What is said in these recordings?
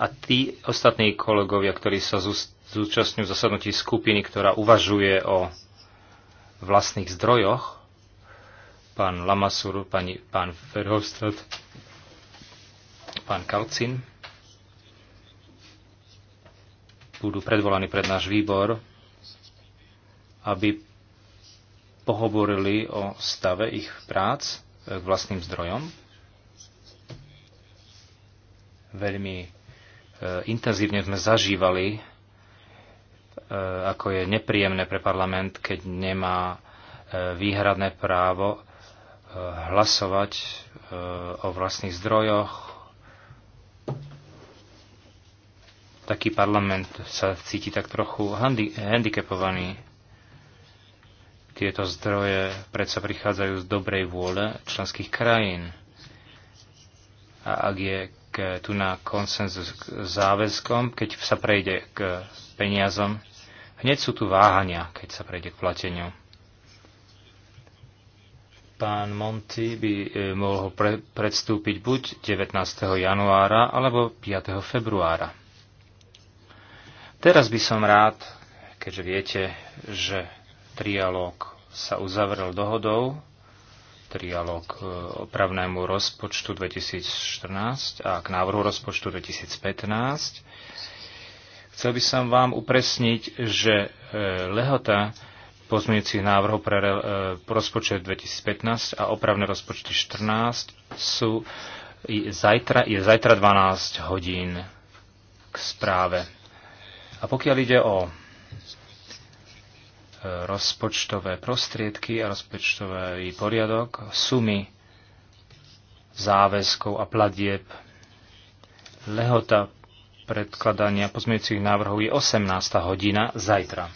A tí ostatní kolegovia, ktorí sa zúčastňujú zasadnutí skupiny, ktorá uvažuje o vlastných zdrojoch, pán Lamasur, pani, pán Verhofstadt, pán Kalcin, budú predvolaní pred náš výbor, aby pohovorili o stave ich prác k vlastným zdrojom. Veľmi E, intenzívne sme zažívali, e, ako je nepríjemné pre parlament, keď nemá e, výhradné právo hlasovať o vlastných zdrojoch. Taký parlament sa cíti tak trochu handi- handicapovaný. Tieto zdroje predsa prichádzajú z dobrej vôle členských krajín. A ak je tu na konsenzu k záväzkom, keď sa prejde k peniazom, hneď sú tu váhania, keď sa prejde k plateniu. Pán Monty by e, mohol pre, predstúpiť buď 19. januára alebo 5. februára. Teraz by som rád, keďže viete, že trialóg sa uzavrel dohodou trialog e, o právnemu rozpočtu 2014 a k návrhu rozpočtu 2015. Chcel by som vám upresniť, že e, lehota pozmeňujúcich návrhov pre e, rozpočet 2015 a opravné rozpočty 14 sú zajtra, je zajtra 12 hodín k správe. A pokiaľ ide o rozpočtové prostriedky a rozpočtový poriadok, sumy záväzkov a platieb. Lehota predkladania pozmeňujúcich návrhov je 18. hodina zajtra.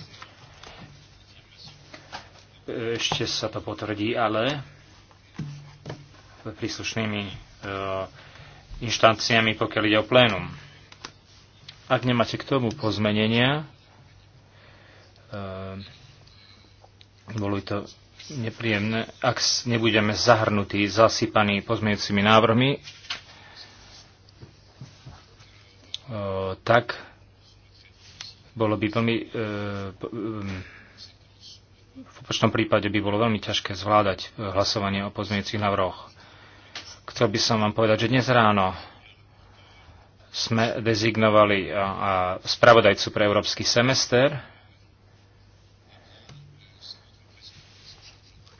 Ešte sa to potvrdí, ale príslušnými e, inštanciami, pokiaľ ide o plénum. Ak nemáte k tomu pozmenenia, e, bolo by to nepríjemné, ak nebudeme zahrnutí, zasypaní pozmeňujúcimi návrhmi, tak bolo by veľmi e, e, v opačnom prípade by bolo veľmi ťažké zvládať e, hlasovanie o pozmeňujúcich návrhoch. Chcel by som vám povedať, že dnes ráno sme dezignovali a, a spravodajcu pre európsky semester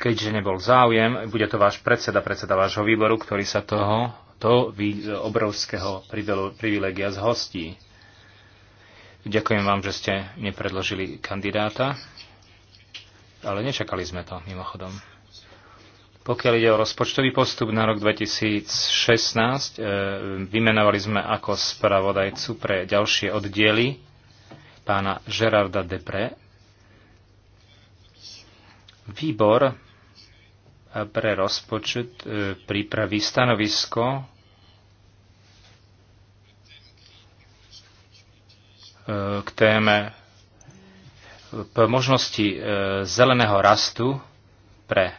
Keďže nebol záujem, bude to váš predseda, predseda vášho výboru, ktorý sa toho, toho obrovského privilegia zhostí. Ďakujem vám, že ste nepredložili kandidáta, ale nečakali sme to mimochodom. Pokiaľ ide o rozpočtový postup na rok 2016, e, vymenovali sme ako spravodajcu pre ďalšie oddiely pána Gerarda Depre. Výbor pre rozpočet e, pripraví stanovisko e, k téme e, možnosti zeleného rastu pre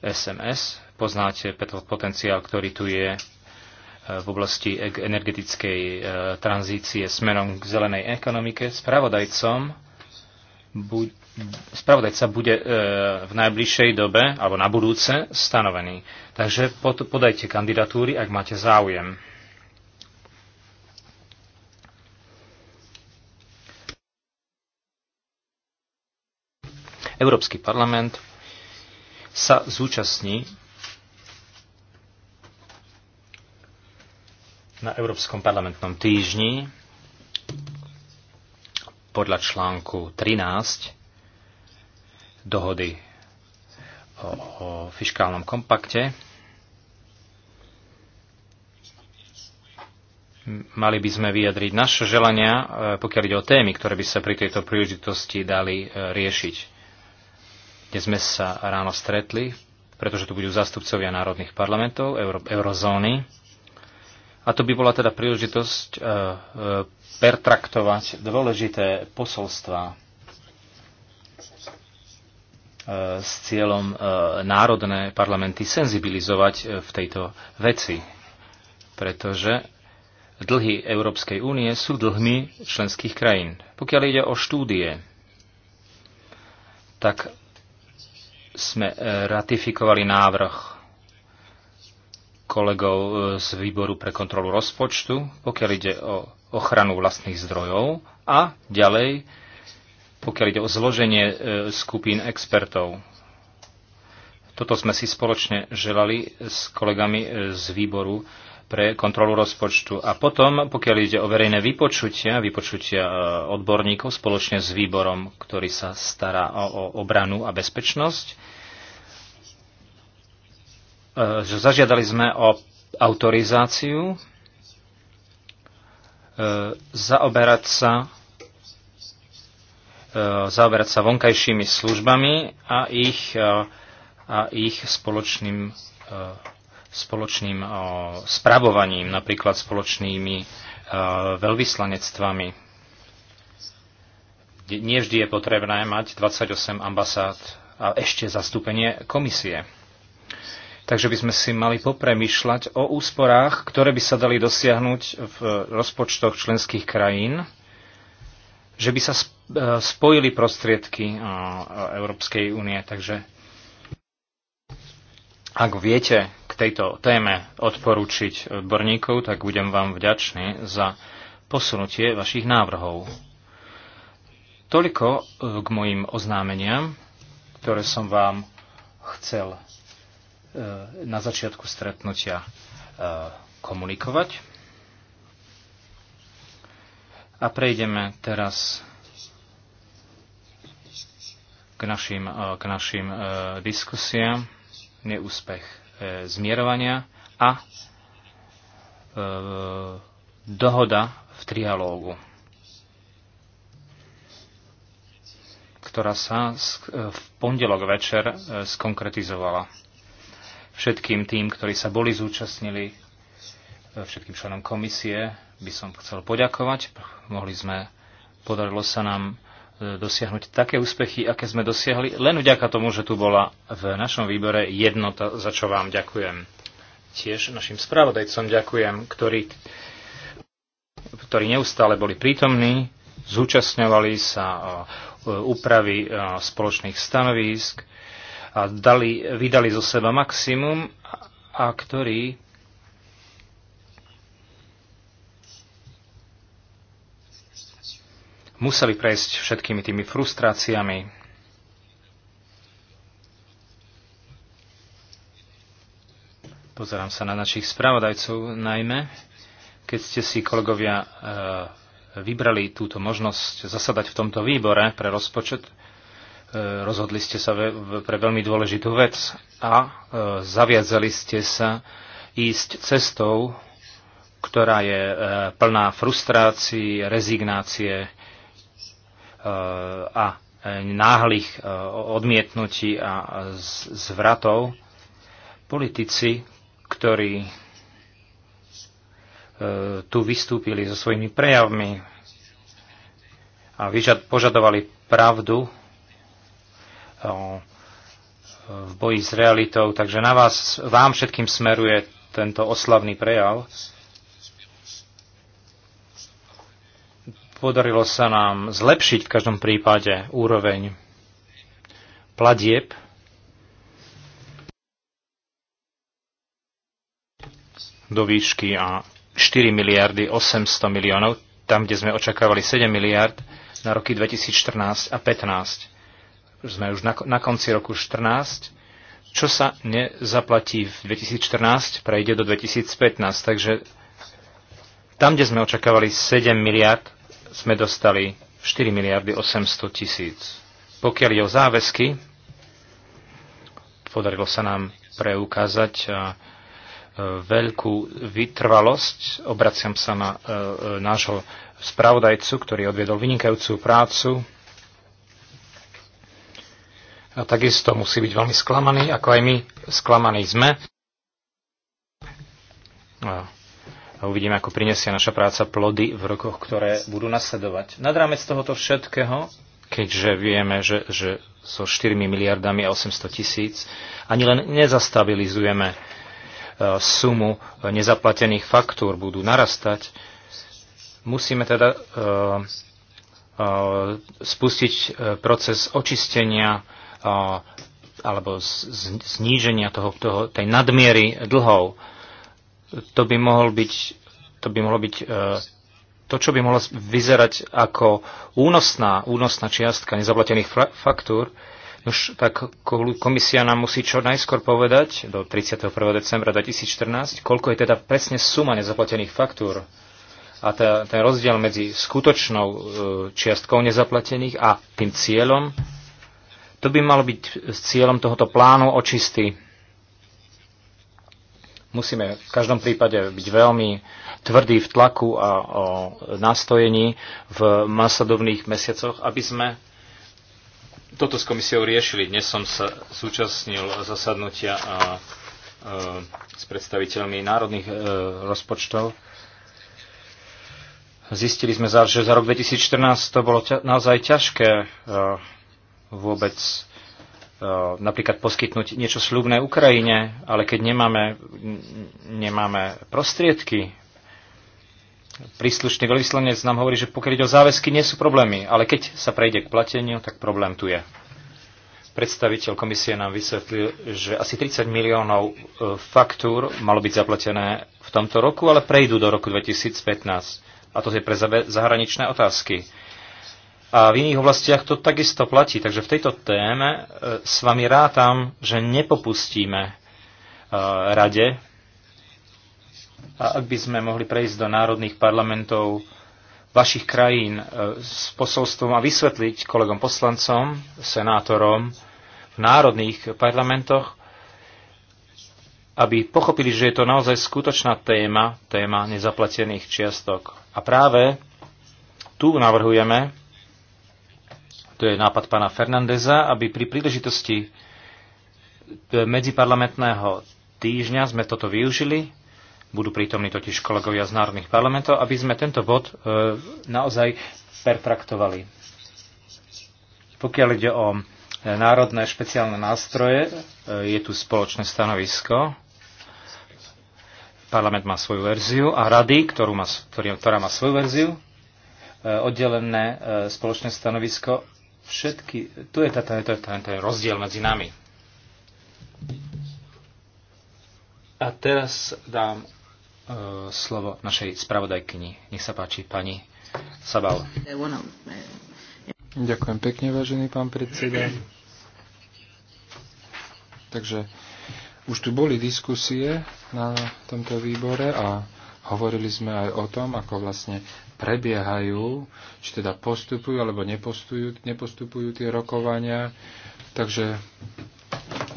SMS. Poznáte potenciál, ktorý tu je v oblasti energetickej tranzície smerom k zelenej ekonomike. Spravodajcom spravodajca bude e, v najbližšej dobe alebo na budúce stanovený. Takže podajte kandidatúry, ak máte záujem. Európsky parlament sa zúčastní na Európskom parlamentnom týždni podľa článku 13 dohody o, o fiskálnom kompakte. Mali by sme vyjadriť naše želania, e, pokiaľ ide o témy, ktoré by sa pri tejto príležitosti dali e, riešiť. Dnes sme sa ráno stretli, pretože tu budú zástupcovia národných parlamentov, euro, eurozóny. A to by bola teda príležitosť e, pertraktovať dôležité posolstva E, s cieľom e, národné parlamenty senzibilizovať e, v tejto veci, pretože dlhy Európskej únie sú dlhmi členských krajín. Pokiaľ ide o štúdie, tak sme ratifikovali návrh kolegov z výboru pre kontrolu rozpočtu, pokiaľ ide o ochranu vlastných zdrojov a ďalej pokiaľ ide o zloženie e, skupín expertov. Toto sme si spoločne želali s kolegami e, z výboru pre kontrolu rozpočtu. A potom, pokiaľ ide o verejné vypočutia, vypočutia e, odborníkov spoločne s výborom, ktorý sa stará o obranu a bezpečnosť, zažiadali sme o autorizáciu zaoberať sa E, zaoberať sa vonkajšími službami a ich, e, a ich spoločným, e, spoločným spravovaním, napríklad spoločnými veľvyslanectvami. Nie vždy je potrebné mať 28 ambasád a ešte zastúpenie komisie. Takže by sme si mali popremýšľať o úsporách, ktoré by sa dali dosiahnuť v rozpočtoch členských krajín, že by sa spojili prostriedky Európskej únie. Takže ak viete k tejto téme odporúčiť odborníkov, tak budem vám vďačný za posunutie vašich návrhov. Toliko e, k mojim oznámeniam, ktoré som vám chcel e, na začiatku stretnutia e, komunikovať. A prejdeme teraz k našim, e, k našim e, diskusiám, neúspech e, zmierovania a dohoda v trialógu, ktorá sa v pondelok večer skonkretizovala. Všetkým tým, ktorí sa boli zúčastnili, všetkým členom komisie by som chcel poďakovať. Mohli sme, podarilo sa nám E, dosiahnuť také úspechy, aké sme dosiahli, len vďaka tomu, že tu bola v našom výbore jednota, za čo vám ďakujem. Tiež našim spravodajcom ďakujem, ktorí, ktorí neustále boli prítomní, zúčastňovali sa e, úpravy e, spoločných stanovísk a dali, vydali zo seba maximum a ktorí museli prejsť všetkými tými frustráciami. Pozerám sa na našich spravodajcov najmä. Keď ste si, kolegovia, eh, vybrali túto možnosť zasadať v tomto výbore pre rozpočet, eh, rozhodli ste sa pre veľmi dôležitú vec a eh, zaviazali ste sa ísť cestou, ktorá je plná frustrácií, rezignácie, Eh, a náhlych eh, odmietnutí a zvratov. Politici, ktorí eh, tu vystúpili so svojimi prejavmi a požadovali pravdu v boji s realitou. Takže na vás, vám všetkým smeruje tento oslavný prejav. Podarilo sa nám zlepšiť v každom prípade úroveň platieb. do výšky a 4 miliardy 800 miliónov, tam, kde sme očakávali 7 miliard na roky 2014 a 15. Sme už na, na konci roku 14. Čo sa nezaplatí v 2014, prejde do 2015. Takže tam, kde sme očakávali 7 miliard, sme dostali 4 miliardy 800 tisíc. Pokiaľ je o záväzky, podarilo sa nám preukázať e, veľkú vytrvalosť. Obraciam sa na e, e, nášho spravodajcu, ktorý odviedol vynikajúcu prácu. A takisto musí byť veľmi sklamaný, ako aj my sklamaní sme a uvidíme, ako prinesie naša práca plody v rokoch, ktoré budú nasledovať. Nad rámec tohoto všetkého, keďže vieme, že, že so 4 miliardami a 800 tisíc ani len nezastabilizujeme e, sumu e, nezaplatených faktúr budú narastať, musíme teda e, spustiť proces očistenia alebo zníženia toho, toho, tej nadmiery dlhov to by mohol byť, to by mohlo byť e, to, čo by mohlo vyzerať ako únosná, únosná čiastka nezaplatených faktúr, už tak komisia nám musí čo najskôr povedať do 31. decembra 2014, koľko je teda presne suma nezaplatených faktúr a tá, ten rozdiel medzi skutočnou e, čiastkou nezaplatených a tým cieľom, to by malo byť cieľom tohoto plánu očisty Musíme v každom prípade byť veľmi tvrdí v tlaku a o nastojení v následovných mesiacoch, aby sme toto s komisiou riešili. Dnes som sa súčasnil zasadnutia a, s predstaviteľmi národných a, e, rozpočtov. Zistili sme, za, že za rok 2014 to bolo ťa, naozaj ťažké a, e, vôbec Eh, napríklad poskytnúť niečo slúbne Ukrajine, ale keď nemáme, nemáme prostriedky, príslušný veľvyslanec nám hovorí, že pokiaľ ide o záväzky, nie sú problémy, ale keď sa prejde k plateniu, tak problém tu je. Predstaviteľ komisie nám vysvetlil, že asi 30 miliónov eh, faktúr malo byť zaplatené v tomto roku, ale prejdú do roku 2015. A to je pre zahraničné otázky a v iných oblastiach to takisto platí. Takže v tejto téme e, s vami rátam, že nepopustíme e, rade. A ak by sme mohli prejsť do národných parlamentov vašich krajín e, s posolstvom a vysvetliť kolegom poslancom, senátorom v národných parlamentoch, aby pochopili, že je to naozaj skutočná téma, téma nezaplatených čiastok. A práve tu navrhujeme, to je nápad pána Fernandeza, aby pri príležitosti medziparlamentného týždňa sme toto využili, budú prítomní totiž kolegovia z národných parlamentov, aby sme tento bod e, naozaj pertraktovali. Pokiaľ ide o e, národné špeciálne nástroje, e, je tu spoločné stanovisko. Parlament má svoju verziu a rady, ktorú má, ktorý, ktorá má svoju verziu, e, oddelené e, spoločné stanovisko všetky, tu je ten, tá, tá, tá, ten rozdiel medzi nami. A teraz dám e, slovo našej spravodajkyni. Nech sa páči, pani Sabal. Ďakujem pekne, vážený pán predseda. Takže už tu boli diskusie na tomto výbore a Hovorili sme aj o tom, ako vlastne prebiehajú, či teda postupujú alebo nepostupujú, nepostupujú tie rokovania. Takže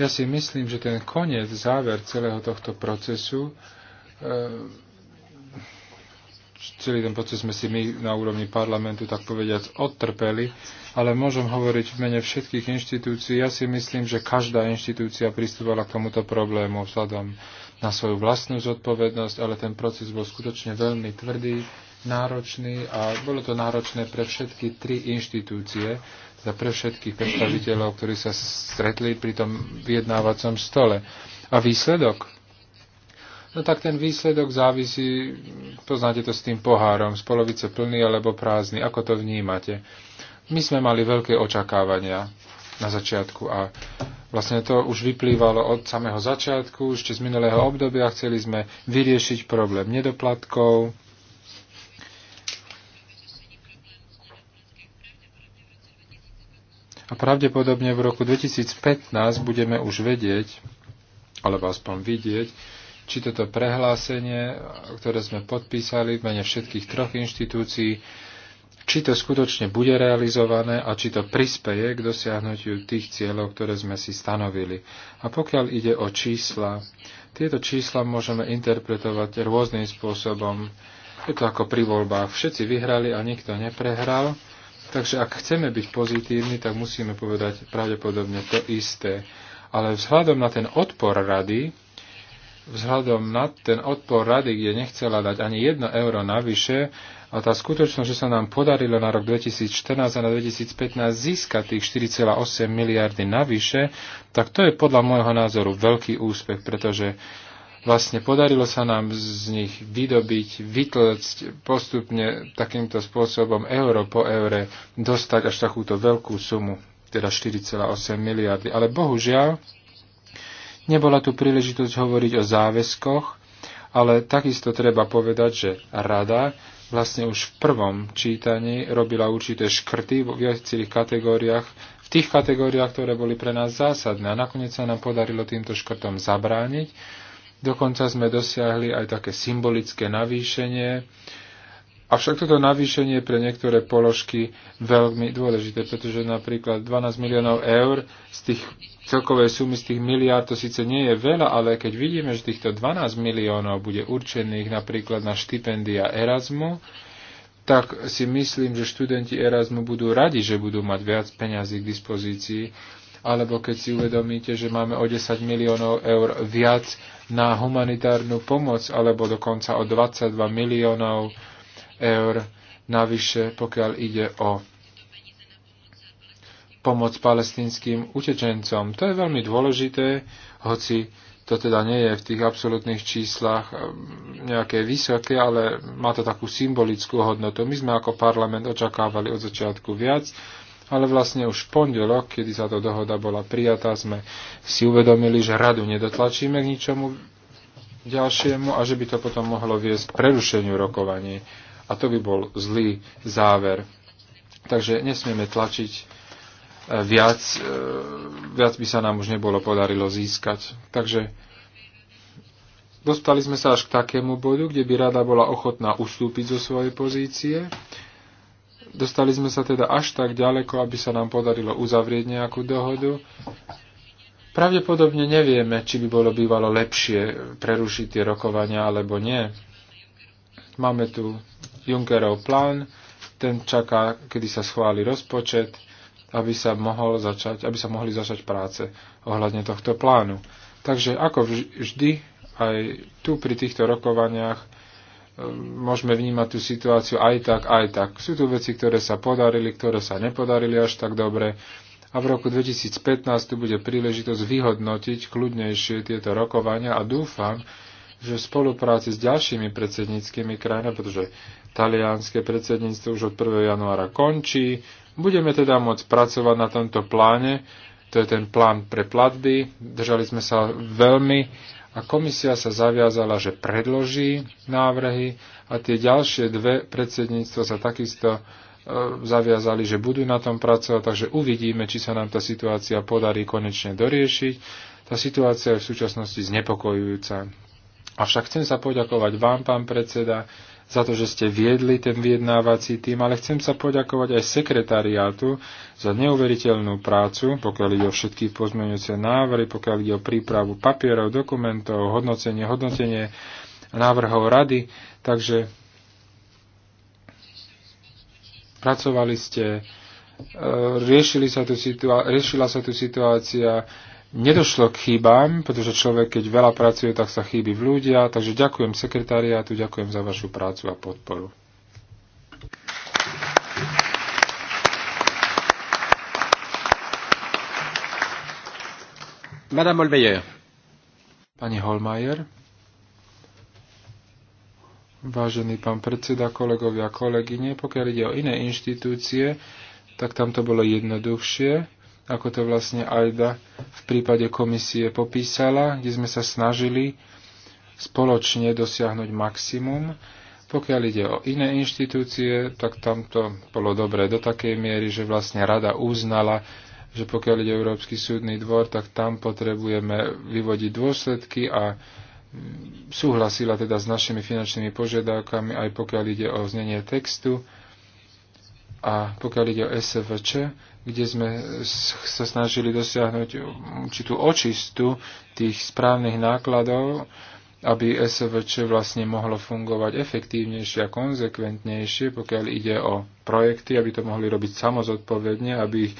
ja si myslím, že ten koniec, záver celého tohto procesu, eh, celý ten proces sme si my na úrovni parlamentu, tak povediať, odtrpeli, ale môžem hovoriť v mene všetkých inštitúcií. Ja si myslím, že každá inštitúcia pristupovala k tomuto problému vzhľadom na svoju vlastnú zodpovednosť, ale ten proces bol skutočne veľmi tvrdý, náročný a bolo to náročné pre všetky tri inštitúcie, teda pre všetkých predstaviteľov, ktorí sa stretli pri tom vyjednávacom stole. A výsledok? No tak ten výsledok závisí, poznáte to s tým pohárom, z polovice plný alebo prázdny, ako to vnímate. My sme mali veľké očakávania na začiatku a Vlastne to už vyplývalo od samého začiatku, ešte z minulého obdobia chceli sme vyriešiť problém nedoplatkov. A pravdepodobne v roku 2015 budeme už vedieť, alebo aspoň vidieť, či toto prehlásenie, ktoré sme podpísali v mene všetkých troch inštitúcií, či to skutočne bude realizované a či to prispeje k dosiahnutiu tých cieľov, ktoré sme si stanovili. A pokiaľ ide o čísla, tieto čísla môžeme interpretovať rôznym spôsobom. Je to ako pri voľbách. Všetci vyhrali a nikto neprehral. Takže ak chceme byť pozitívni, tak musíme povedať pravdepodobne to isté. Ale vzhľadom na ten odpor rady, vzhľadom na ten odpor rady, kde nechcela dať ani jedno euro navyše, a tá skutočnosť, že sa nám podarilo na rok 2014 a na 2015 získať tých 4,8 miliardy navyše, tak to je podľa môjho názoru veľký úspech, pretože vlastne podarilo sa nám z nich vydobiť, vytlcť postupne takýmto spôsobom euro po eure, dostať až takúto veľkú sumu, teda 4,8 miliardy. Ale bohužiaľ, nebola tu príležitosť hovoriť o záväzkoch, ale takisto treba povedať, že rada vlastne už v prvom čítaní robila určité škrty v viacerých kategóriách, v tých kategóriách, ktoré boli pre nás zásadné. A nakoniec sa nám podarilo týmto škrtom zabrániť. Dokonca sme dosiahli aj také symbolické navýšenie Avšak toto navýšenie je pre niektoré položky veľmi dôležité, pretože napríklad 12 miliónov eur z tých celkovej sumy z tých miliárd to síce nie je veľa, ale keď vidíme, že týchto 12 miliónov bude určených napríklad na štipendia Erasmu, tak si myslím, že študenti Erasmu budú radi, že budú mať viac peňazí k dispozícii, alebo keď si uvedomíte, že máme o 10 miliónov eur viac na humanitárnu pomoc, alebo dokonca o 22 miliónov eur eur. Navyše, pokiaľ ide o pomoc palestinským utečencom. To je veľmi dôležité, hoci to teda nie je v tých absolútnych číslach ehm, nejaké vysoké, ale má to takú symbolickú hodnotu. My sme ako parlament očakávali od začiatku viac, ale vlastne už v pondelok, kedy sa to dohoda bola prijatá, sme si uvedomili, že radu nedotlačíme k ničomu ďalšiemu a že by to potom mohlo viesť k prerušeniu rokovaní a to by bol zlý záver. Takže nesmieme tlačiť e, viac, e, viac by sa nám už nebolo podarilo získať. Takže dostali sme sa až k takému bodu, kde by rada bola ochotná ustúpiť zo svojej pozície. Dostali sme sa teda až tak ďaleko, aby sa nám podarilo uzavrieť nejakú dohodu. Pravdepodobne nevieme, či by bolo bývalo lepšie prerušiť tie rokovania alebo nie. Máme tu Junckerov plán, ten čaká, kedy sa schváli rozpočet, aby sa, mohol začať, aby sa mohli začať práce ohľadne tohto plánu. Takže ako vždy, aj tu pri týchto rokovaniach ehm, môžeme vnímať tú situáciu aj tak, aj tak. Sú tu veci, ktoré sa podarili, ktoré sa nepodarili až tak dobre. A v roku 2015 tu bude príležitosť vyhodnotiť kľudnejšie tieto rokovania a dúfam, že v spolupráci s ďalšími predsedníckými krajinami, pretože talianské predsedníctvo už od 1. januára končí, budeme teda môcť pracovať na tomto pláne, to je ten plán pre platby, držali sme sa veľmi a komisia sa zaviazala, že predloží návrhy a tie ďalšie dve predsedníctva sa takisto e, zaviazali, že budú na tom pracovať, takže uvidíme, či sa nám tá situácia podarí konečne doriešiť. Tá situácia je v súčasnosti znepokojujúca. Avšak chcem sa poďakovať vám, pán predseda, za to, že ste viedli ten vyjednávací tým, ale chcem sa poďakovať aj sekretariátu za neuveriteľnú prácu, pokiaľ ide o všetky pozmeňujúce návrhy, pokiaľ ide o prípravu papierov, dokumentov, hodnocenie, hodnotenie návrhov rady. Takže pracovali ste, e, riešili sa tu situá- riešila sa tu situácia, nedošlo k chybám, pretože človek, keď veľa pracuje, tak sa chýbi v ľudia. Takže ďakujem sekretariátu, ďakujem za vašu prácu a podporu. Madame Holmeyer. Pani Holmeyer. Vážený pán predseda, kolegovia, kolegyne, pokiaľ ide o iné inštitúcie, tak tam to bolo jednoduchšie ako to vlastne Ajda v prípade komisie popísala, kde sme sa snažili spoločne dosiahnuť maximum. Pokiaľ ide o iné inštitúcie, tak tam to bolo dobré do takej miery, že vlastne rada uznala, že pokiaľ ide Európsky súdny dvor, tak tam potrebujeme vyvodiť dôsledky a mm, súhlasila teda s našimi finančnými požiadavkami, aj pokiaľ ide o znenie textu a pokiaľ ide o SVČ, kde sme sa snažili dosiahnuť určitú očistu tých správnych nákladov, aby SVČ vlastne mohlo fungovať efektívnejšie a konzekventnejšie, pokiaľ ide o projekty, aby to mohli robiť samozodpovedne, aby ich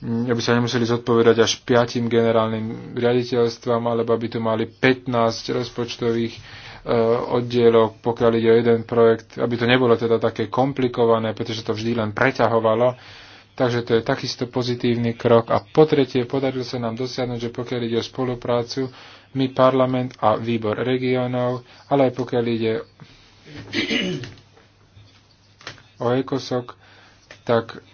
aby sa nemuseli zodpovedať až piatim generálnym riaditeľstvom, alebo aby tu mali 15 rozpočtových e, oddielok, pokiaľ ide o jeden projekt, aby to nebolo teda také komplikované, pretože to vždy len preťahovalo. Takže to je takisto pozitívny krok. A po tretie, podarilo sa nám dosiahnuť, že pokiaľ ide o spoluprácu, my parlament a výbor regionov, ale aj pokiaľ ide o ECOSOC, tak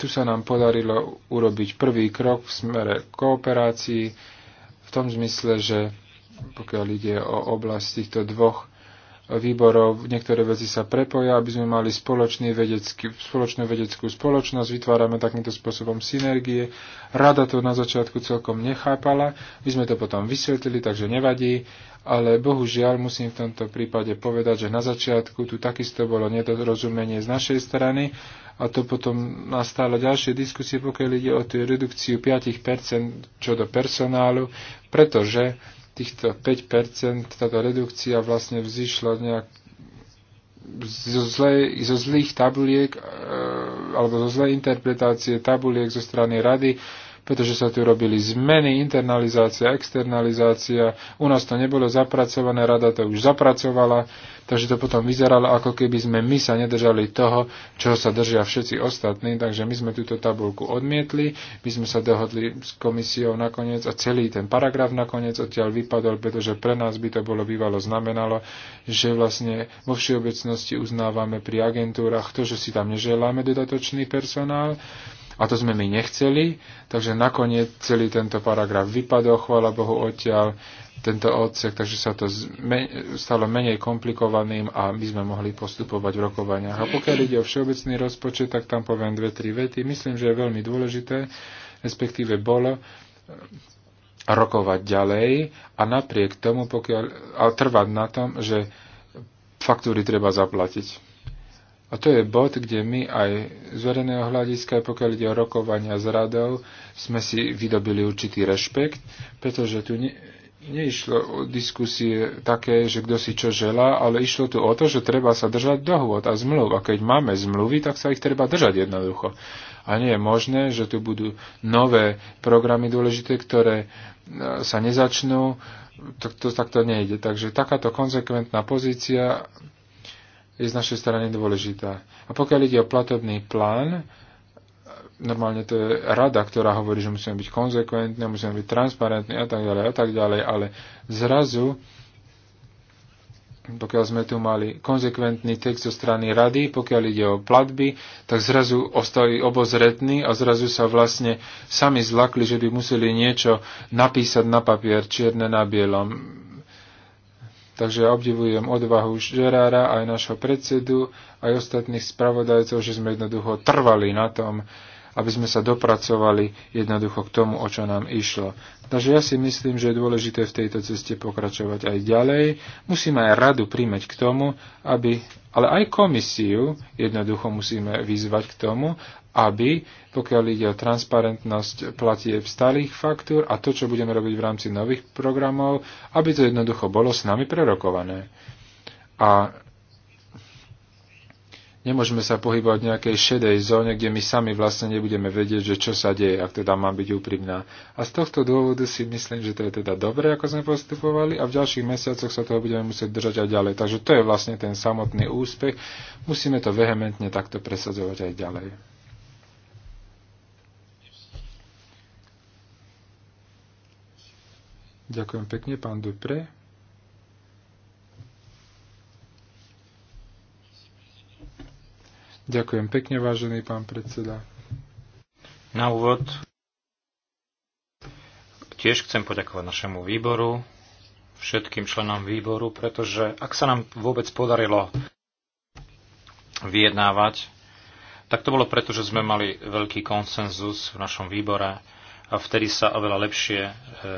tu sa nám podarilo urobiť prvý krok v smere kooperácií v tom zmysle, že pokiaľ ide o oblasť týchto dvoch výborov, niektoré veci sa prepoja, aby sme mali spoločný vedecký, spoločnú vedeckú spoločnosť, vytvárame takýmto spôsobom synergie. Rada to na začiatku celkom nechápala, my sme to potom vysvetlili, takže nevadí, ale bohužiaľ musím v tomto prípade povedať, že na začiatku tu takisto bolo nedorozumenie z našej strany a to potom nastále ďalšie diskusie, pokiaľ ide o tú redukciu 5%, čo do personálu, pretože týchto 5%, táto redukcia vlastne vzýšla nejak zo, zlej, zo zlých tabuliek e, alebo zo zlej interpretácie tabuliek zo strany rady pretože sa tu robili zmeny, internalizácia, externalizácia. U nás to nebolo zapracované, rada to už zapracovala, takže to potom vyzeralo, ako keby sme my sa nedržali toho, čo sa držia všetci ostatní. Takže my sme túto tabulku odmietli, my sme sa dohodli s komisiou nakoniec a celý ten paragraf nakoniec odtiaľ vypadol, pretože pre nás by to bolo bývalo znamenalo, že vlastne vo všeobecnosti uznávame pri agentúrach to, že si tam neželáme dodatočný personál, a to sme my nechceli, takže nakoniec celý tento paragraf vypadol, chvála Bohu, odtiaľ tento odsek, takže sa to stalo menej komplikovaným a my sme mohli postupovať v rokovaniach. A pokiaľ ide o všeobecný rozpočet, tak tam poviem dve, tri vety. Myslím, že je veľmi dôležité, respektíve bolo eh, rokovať ďalej a napriek tomu, pokiaľ, a trvať na tom, že faktúry treba zaplatiť. A to je bod, kde my aj z verejného hľadiska, pokiaľ ide o rokovania s radou, sme si vydobili určitý rešpekt, pretože tu ne, neišlo o diskusie také, že kto si čo želá, ale išlo tu o to, že treba sa držať dohôd a zmluv. A keď máme zmluvy, tak sa ich treba držať jednoducho. A nie je možné, že tu budú nové programy dôležité, ktoré e, sa nezačnú, tak to, takto nejde. Takže takáto konsekventná pozícia je z našej strany dôležitá. A pokiaľ ide o platobný plán, normálne to je rada, ktorá hovorí, že musíme byť konzekventní, musíme byť transparentní a tak ďalej a tak ďalej, ale zrazu pokiaľ sme tu mali konzekventný text zo strany rady, pokiaľ ide o platby, tak zrazu ostali obozretní a zrazu sa vlastne sami zlakli, že by museli niečo napísať na papier čierne na bielom Takže ja obdivujem odvahu Žerára, aj našho predsedu, aj ostatných spravodajcov, že sme jednoducho trvali na tom, aby sme sa dopracovali jednoducho k tomu, o čo nám išlo. Takže ja si myslím, že je dôležité v tejto ceste pokračovať aj ďalej. Musíme aj radu príjmať k tomu, aby, ale aj komisiu jednoducho musíme vyzvať k tomu, aby, pokiaľ ide o transparentnosť platieb starých faktúr a to, čo budeme robiť v rámci nových programov, aby to jednoducho bolo s nami prerokované. A nemôžeme sa pohybovať v nejakej šedej zóne, kde my sami vlastne nebudeme vedieť, že čo sa deje, ak teda mám byť úprimná. A z tohto dôvodu si myslím, že to je teda dobre, ako sme postupovali a v ďalších mesiacoch sa toho budeme musieť držať aj ďalej. Takže to je vlastne ten samotný úspech. Musíme to vehementne takto presadzovať aj ďalej. Ďakujem pekne, pán Dupre. Ďakujem pekne, vážený pán predseda. Na úvod tiež chcem poďakovať našemu výboru, všetkým členom výboru, pretože ak sa nám vôbec podarilo vyjednávať, tak to bolo preto, že sme mali veľký konsenzus v našom výbore a vtedy sa oveľa lepšie e,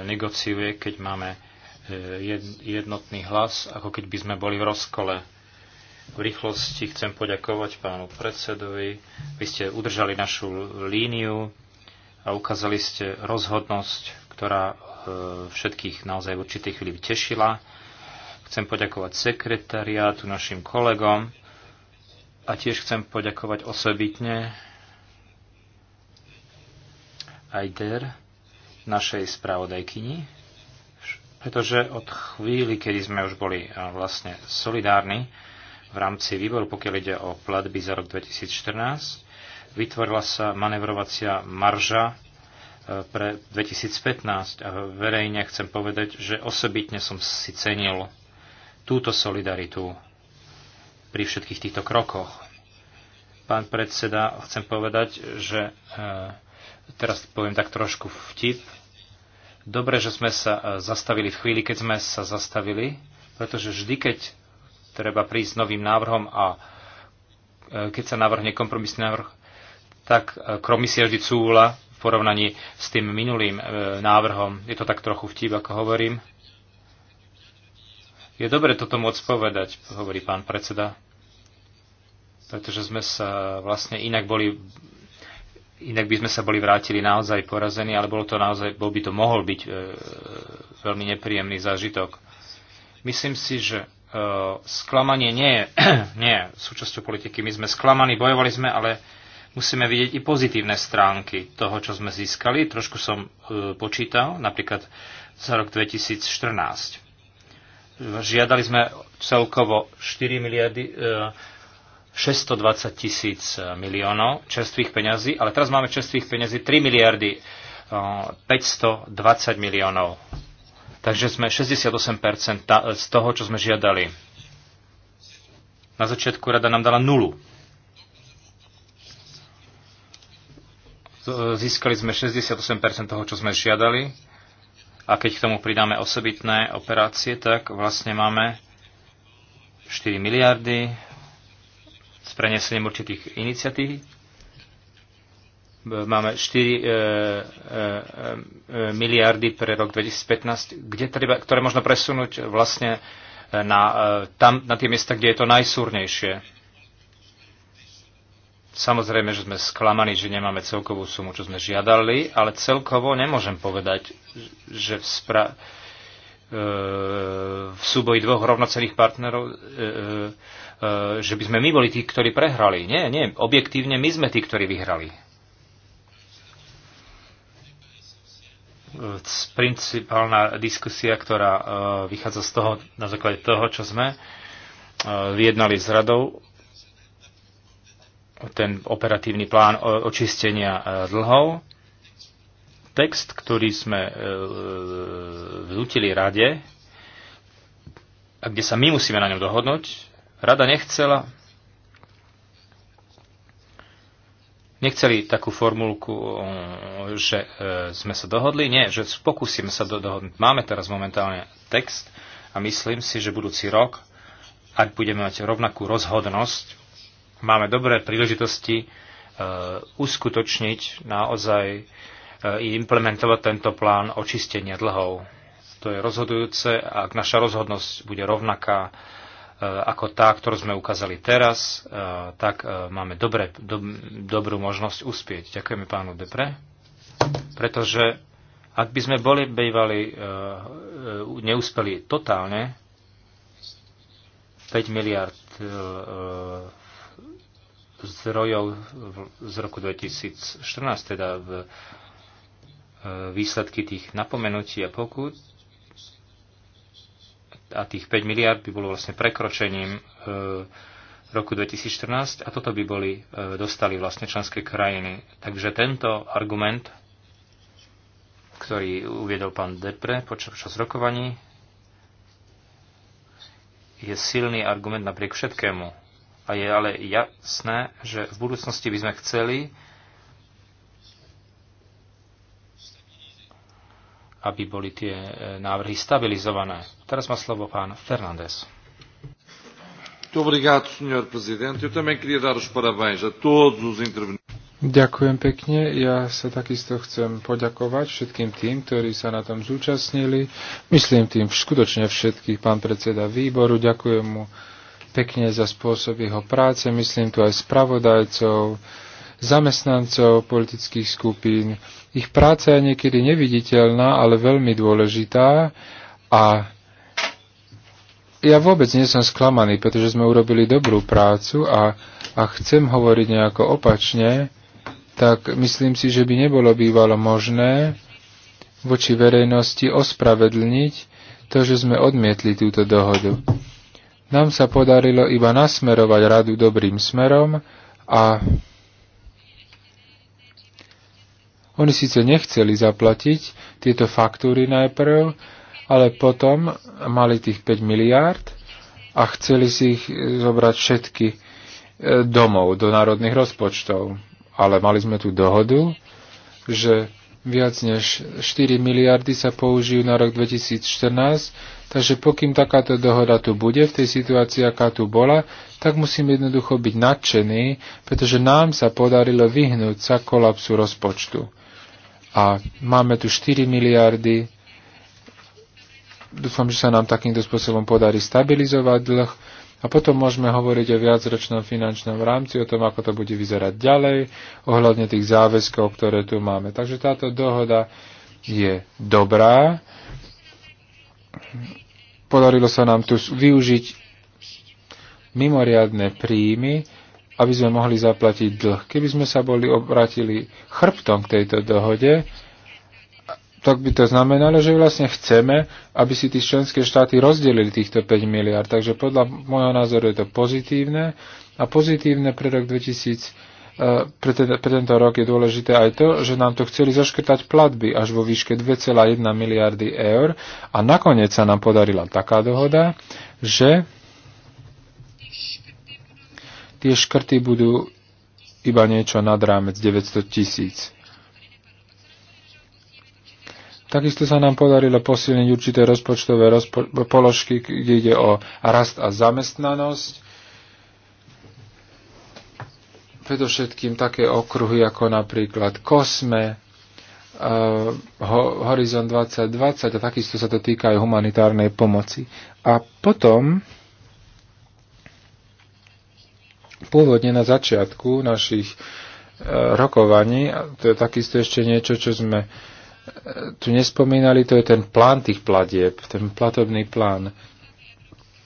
negociuje, keď máme e, jednotný hlas, ako keď by sme boli v rozkole. V rýchlosti chcem poďakovať pánu predsedovi. Vy ste udržali našu líniu a ukázali ste rozhodnosť, ktorá e, všetkých naozaj v určitej chvíli tešila. Chcem poďakovať sekretariátu, našim kolegom a tiež chcem poďakovať osobitne Ajder, našej spravodajkyni, pretože od chvíli, kedy sme už boli eh, vlastne solidárni v rámci výboru, pokiaľ ide o platby za rok 2014, vytvorila sa manevrovacia marža eh, pre 2015 a verejne chcem povedať, že osobitne som si cenil túto solidaritu pri všetkých týchto krokoch. Pán predseda, chcem povedať, že e, Teraz poviem tak trošku vtip. Dobre, že sme sa e, zastavili v chvíli, keď sme sa zastavili, pretože vždy, keď treba prísť novým návrhom a e, keď sa navrhne kompromisný návrh, tak e, kromisie vždy cúla v porovnaní s tým minulým návrhom. Je to tak trochu vtip, ako hovorím. Je dobre toto môcť povedať, hovorí pán predseda, pretože sme sa vlastne inak boli inak by sme sa boli vrátili naozaj porazení, ale bolo to naozaj, bol by to mohol byť e, veľmi nepríjemný zážitok. Myslím si, že e, sklamanie nie je, nie je súčasťou politiky. My sme sklamaní, bojovali sme, ale musíme vidieť i pozitívne stránky toho, čo sme získali. Trošku som e, počítal, napríklad za rok 2014. Žiadali sme celkovo 4 miliardy. E, 620 tisíc eh, miliónov čerstvých peňazí, ale teraz máme čerstvých peňazí 3 miliardy 520 eh, miliónov. Takže sme 68% z toho, čo sme žiadali. Na začiatku rada nám dala nulu. Eh, získali sme 68% toho, čo sme žiadali. A keď k tomu pridáme osobitné operácie, tak vlastne máme 4 miliardy s prenesením určitých iniciatív. Máme 4 e, e, e, e, miliardy pre rok 2015, kde treba, ktoré možno presunúť vlastne e, na, e, tam, na tie miesta, kde je to najsúrnejšie. Samozrejme, že sme sklamaní, že nemáme celkovú sumu, čo sme žiadali, ale celkovo nemôžem povedať, že v správe E, v súboji dvoch rovnocených partnerov, e, e, že by sme my boli tí, ktorí prehrali. Nie, nie, objektívne my sme tí, ktorí vyhrali. Principálna diskusia, ktorá vychádza z toho, na základe toho, čo sme vyjednali s radou, ten operatívny plán očistenia dlhov, Text, ktorý sme e, e, vnútili rade, a kde sa my musíme na ňom dohodnúť, rada nechcela, nechceli takú formulku, že e, sme sa dohodli. Nie, že pokúsime sa do, dohodnúť. Máme teraz momentálne text a myslím si, že budúci rok, ak budeme mať rovnakú rozhodnosť, máme dobré príležitosti e, uskutočniť naozaj implementovať tento plán očistenia dlhov. To je rozhodujúce, ak naša rozhodnosť bude rovnaká e, ako tá, ktorú sme ukázali teraz, e, tak e, máme dobre, do, dobrú možnosť uspieť. Ďakujeme pánu Depre, pretože ak by sme boli bývali, neúspeli totálne, 5 miliard zdrojov z roku 2014, teda v výsledky tých napomenutí a pokut a tých 5 miliard by bolo vlastne prekročením e, roku 2014 a toto by boli, e, dostali vlastne členské krajiny. Takže tento argument, ktorý uviedol pán Depre počas rokovaní, je silný argument napriek všetkému. A je ale jasné, že v budúcnosti by sme chceli, aby boli tie e, návrhy stabilizované. Teraz má slovo pán Fernández. Ďakujem pekne. Ja sa takisto chcem poďakovať všetkým tým, ktorí sa na tom zúčastnili. Myslím tým skutočne všetkých. Pán predseda výboru, ďakujem mu pekne za spôsob jeho práce. Myslím tu aj spravodajcov, zamestnancov politických skupín. Ich práca je niekedy neviditeľná, ale veľmi dôležitá a ja vôbec nie som sklamaný, pretože sme urobili dobrú prácu a ak chcem hovoriť nejako opačne, tak myslím si, že by nebolo bývalo možné voči verejnosti ospravedlniť to, že sme odmietli túto dohodu. Nám sa podarilo iba nasmerovať radu dobrým smerom a oni síce nechceli zaplatiť tieto faktúry najprv, ale potom mali tých 5 miliárd a chceli si ich e, zobrať všetky e, domov do národných rozpočtov. Ale mali sme tu dohodu, že viac než 4 miliardy sa použijú na rok 2014, takže pokým takáto dohoda tu bude, v tej situácii, aká tu bola, tak musíme jednoducho byť nadšení, pretože nám sa podarilo vyhnúť sa kolapsu rozpočtu a máme tu 4 miliardy. Dúfam, že sa nám takýmto spôsobom podarí stabilizovať dlh a potom môžeme hovoriť o viacročnom finančnom rámci, o tom, ako to bude vyzerať ďalej, ohľadne tých záväzkov, ktoré tu máme. Takže táto dohoda je dobrá. Podarilo sa nám tu využiť mimoriadne príjmy, aby sme mohli zaplatiť dlh. Keby sme sa boli obratili chrbtom k tejto dohode, tak by to znamenalo, že vlastne chceme, aby si tí členské štáty rozdelili týchto 5 miliard. Takže podľa môjho názoru je to pozitívne a pozitívne pre rok 2000 e, pre, ten, teda- pre tento rok je dôležité aj to, že nám to chceli zaškrtať platby až vo výške 2,1 miliardy eur a nakoniec sa nám podarila taká dohoda, že tie škrty budú iba niečo nad rámec 900 tisíc. Takisto sa nám podarilo posilniť určité rozpočtové rozpo- položky, kde ide o rast a zamestnanosť. Predovšetkým také okruhy ako napríklad Kosme, uh, Horizon 2020 a takisto sa to týka aj humanitárnej pomoci. A potom Pôvodne na začiatku našich e, rokovaní, a to je takisto ešte niečo, čo sme e, tu nespomínali, to je ten plán tých platieb, ten platobný plán.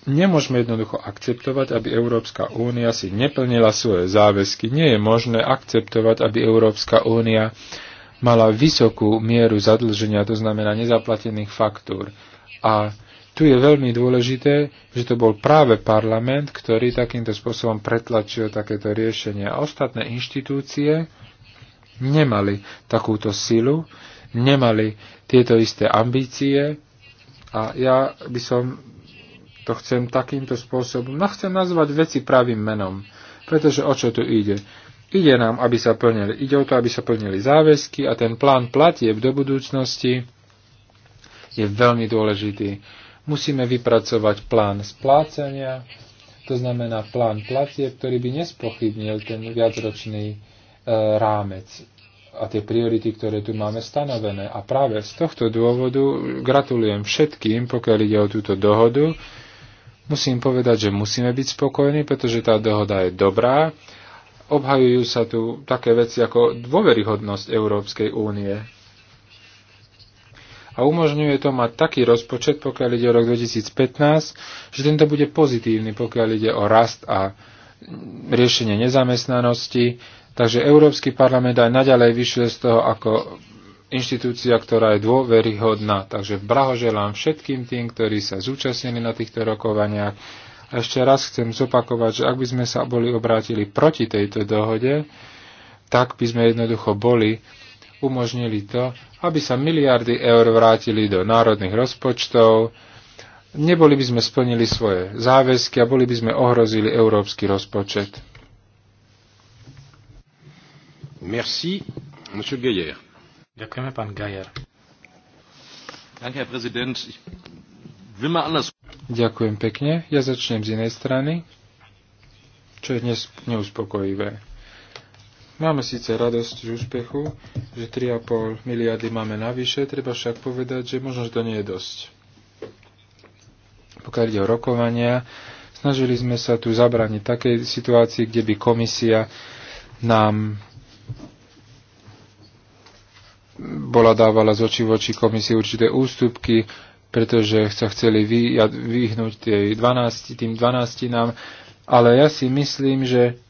Nemôžeme jednoducho akceptovať, aby Európska únia si neplnila svoje záväzky. Nie je možné akceptovať, aby Európska únia mala vysokú mieru zadlženia, to znamená nezaplatených faktúr. A tu je veľmi dôležité, že to bol práve parlament, ktorý takýmto spôsobom pretlačil takéto riešenie. A ostatné inštitúcie nemali takúto silu, nemali tieto isté ambície a ja by som to chcem takýmto spôsobom, no chcem nazvať veci pravým menom, pretože o čo tu ide? Ide nám, aby sa plnili, ide o to, aby sa plnili záväzky a ten plán platieb do budúcnosti je veľmi dôležitý. Musíme vypracovať plán splácania, to znamená plán platie, ktorý by nespochybnil ten viacročný e, rámec a tie priority, ktoré tu máme stanovené. A práve z tohto dôvodu gratulujem všetkým, pokiaľ ide o túto dohodu. Musím povedať, že musíme byť spokojní, pretože tá dohoda je dobrá. Obhajujú sa tu také veci ako dôveryhodnosť Európskej únie a umožňuje to mať taký rozpočet, pokiaľ ide o rok 2015, že tento bude pozitívny, pokiaľ ide o rast a riešenie nezamestnanosti. Takže Európsky parlament aj naďalej vyšiel z toho ako inštitúcia, ktorá je dôveryhodná. Takže blahoželám všetkým tým, ktorí sa zúčastnili na týchto rokovaniach. A ešte raz chcem zopakovať, že ak by sme sa boli obrátili proti tejto dohode, tak by sme jednoducho boli umožnili to, aby sa miliardy eur vrátili do národných rozpočtov, neboli by sme splnili svoje záväzky a boli by sme ohrozili európsky rozpočet. Merci, monsieur Geyer. Ďakujeme, pán Gajer. Ďakujem pekne. Ja začnem z inej strany, čo je dnes neuspokojivé. Máme síce radosť z úspechu, že 3,5 miliardy máme navyše, treba však povedať, že možno, že to nie je dosť. Pokiaľ ide o rokovania, snažili sme sa tu zabrániť takej situácii, kde by komisia nám bola dávala z očí v oči komisii určité ústupky, pretože sa chceli vyhnúť tým 12, tým 12 nám. Ale ja si myslím, že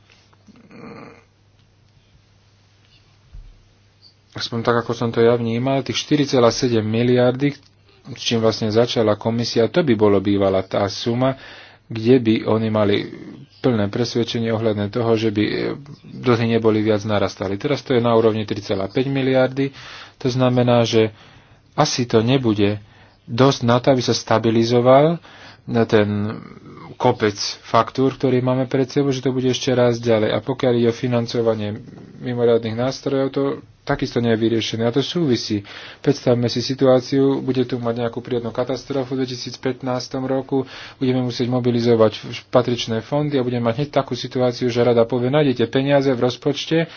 aspoň tak, ako som to ja vnímal, tých 4,7 miliardy, s čím vlastne začala komisia, to by bolo bývala tá suma, kde by oni mali plné presvedčenie ohľadne toho, že by eh, dlhy neboli viac narastali. Teraz to je na úrovni 3,5 miliardy, to znamená, že asi to nebude dosť na to, aby sa stabilizoval na eh, ten kopec faktúr, ktorý máme pred sebou, že to bude ešte raz ďalej. A pokiaľ ide o financovanie mimoriadných nástrojov, to takisto nie je vyriešené. A to súvisí. Predstavme si situáciu, bude tu mať nejakú prírodnú katastrofu v 2015 roku, budeme musieť mobilizovať patričné fondy a budeme mať hneď takú situáciu, že rada povie, nájdete peniaze v rozpočte,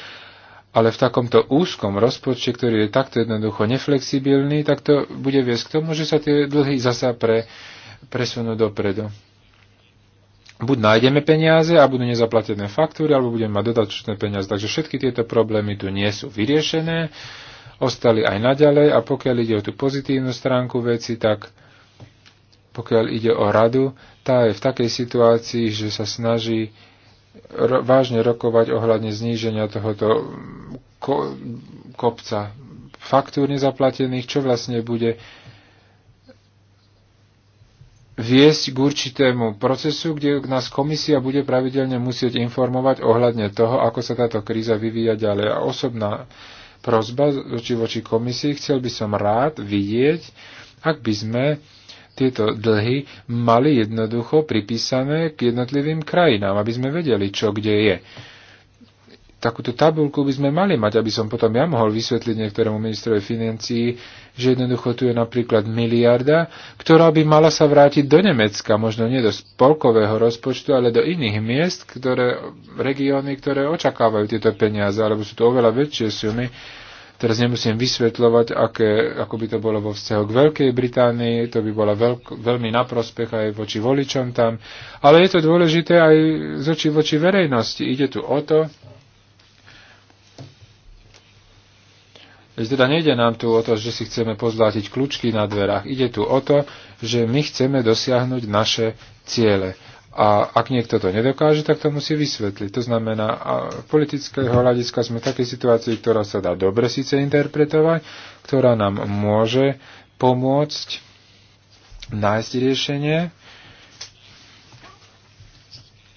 ale v takomto úzkom rozpočte, ktorý je takto jednoducho neflexibilný, tak to bude viesť k tomu, že sa tie dlhy zasa pre, presunú dopredu buď nájdeme peniaze a budú nezaplatené faktúry, alebo budeme mať dodatočné peniaze. Takže všetky tieto problémy tu nie sú vyriešené, ostali aj naďalej a pokiaľ ide o tú pozitívnu stránku veci, tak pokiaľ ide o radu, tá je v takej situácii, že sa snaží ro- vážne rokovať ohľadne zníženia tohoto ko- kopca faktúr nezaplatených, čo vlastne bude viesť k určitému procesu, kde nás komisia bude pravidelne musieť informovať ohľadne toho, ako sa táto kríza vyvíja ďalej. A osobná prozba voči voči komisii, chcel by som rád vidieť, ak by sme tieto dlhy mali jednoducho pripísané k jednotlivým krajinám, aby sme vedeli, čo kde je takúto tabulku by sme mali mať, aby som potom ja mohol vysvetliť niektorému ministrovi financií, že jednoducho tu je napríklad miliarda, ktorá by mala sa vrátiť do Nemecka, možno nie do spolkového rozpočtu, ale do iných miest, ktoré, regióny, ktoré očakávajú tieto peniaze, alebo sú to oveľa väčšie sumy. Teraz nemusím vysvetľovať, aké, ako by to bolo vo vzťahu k Veľkej Británii, to by bola veľk, veľmi na prospech aj voči voličom tam, ale je to dôležité aj z oči voči verejnosti. Ide tu o to, teda nejde nám tu o to, že si chceme pozlátiť kľúčky na dverách. Ide tu o to, že my chceme dosiahnuť naše ciele. A ak niekto to nedokáže, tak to musí vysvetliť. To znamená, a politického hľadiska sme v takej situácii, ktorá sa dá dobre síce interpretovať, ktorá nám môže pomôcť nájsť riešenie,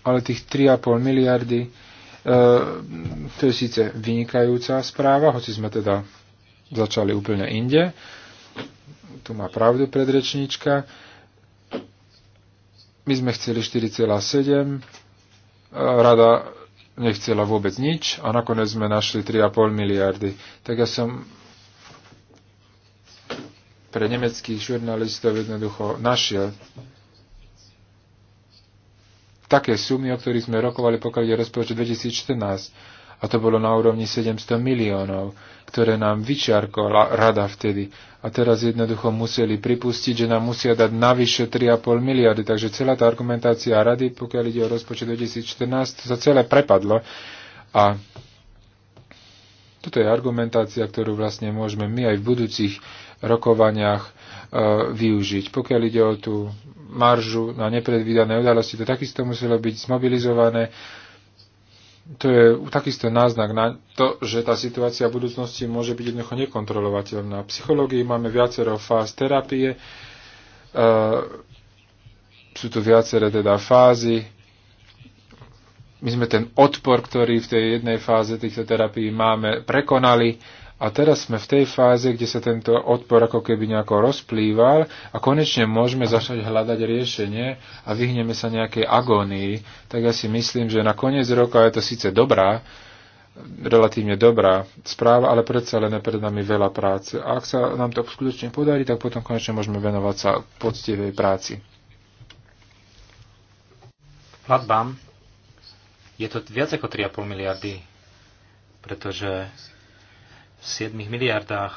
ale tých 3,5 miliardy, e, to je síce vynikajúca správa, hoci sme teda začali úplne inde. Tu má pravdu predrečníčka. My sme chceli 4,7, rada nechcela vôbec nič a nakoniec sme našli 3,5 miliardy. Tak ja som pre nemeckých žurnalistov jednoducho našiel také sumy, o ktorých sme rokovali, pokiaľ je rozpočet 2014 a to bolo na úrovni 700 miliónov, ktoré nám vyčiarkovala rada vtedy. A teraz jednoducho museli pripustiť, že nám musia dať navyše 3,5 miliardy. Takže celá tá argumentácia rady, pokiaľ ide o rozpočet 2014, to sa celé prepadlo. A toto je argumentácia, ktorú vlastne môžeme my aj v budúcich rokovaniach e, využiť. Pokiaľ ide o tú maržu na nepredvídané udalosti, to takisto muselo byť zmobilizované to je takisto náznak na to, že tá situácia v budúcnosti môže byť jednoducho nekontrolovateľná. V psychológii máme viacero fáz terapie, e, sú tu viaceré teda fázy. My sme ten odpor, ktorý v tej jednej fáze týchto terapií máme, prekonali a teraz sme v tej fáze, kde sa tento odpor ako keby nejako rozplýval a konečne môžeme začať hľadať riešenie a vyhneme sa nejakej agónii. Tak ja si myslím, že na koniec roka je to síce dobrá, relatívne dobrá správa, ale predsa len je pred nami veľa práce. A ak sa nám to skutočne podarí, tak potom konečne môžeme venovať sa poctivej práci. Platbám je to viac ako 3,5 miliardy, pretože 7 miliardách.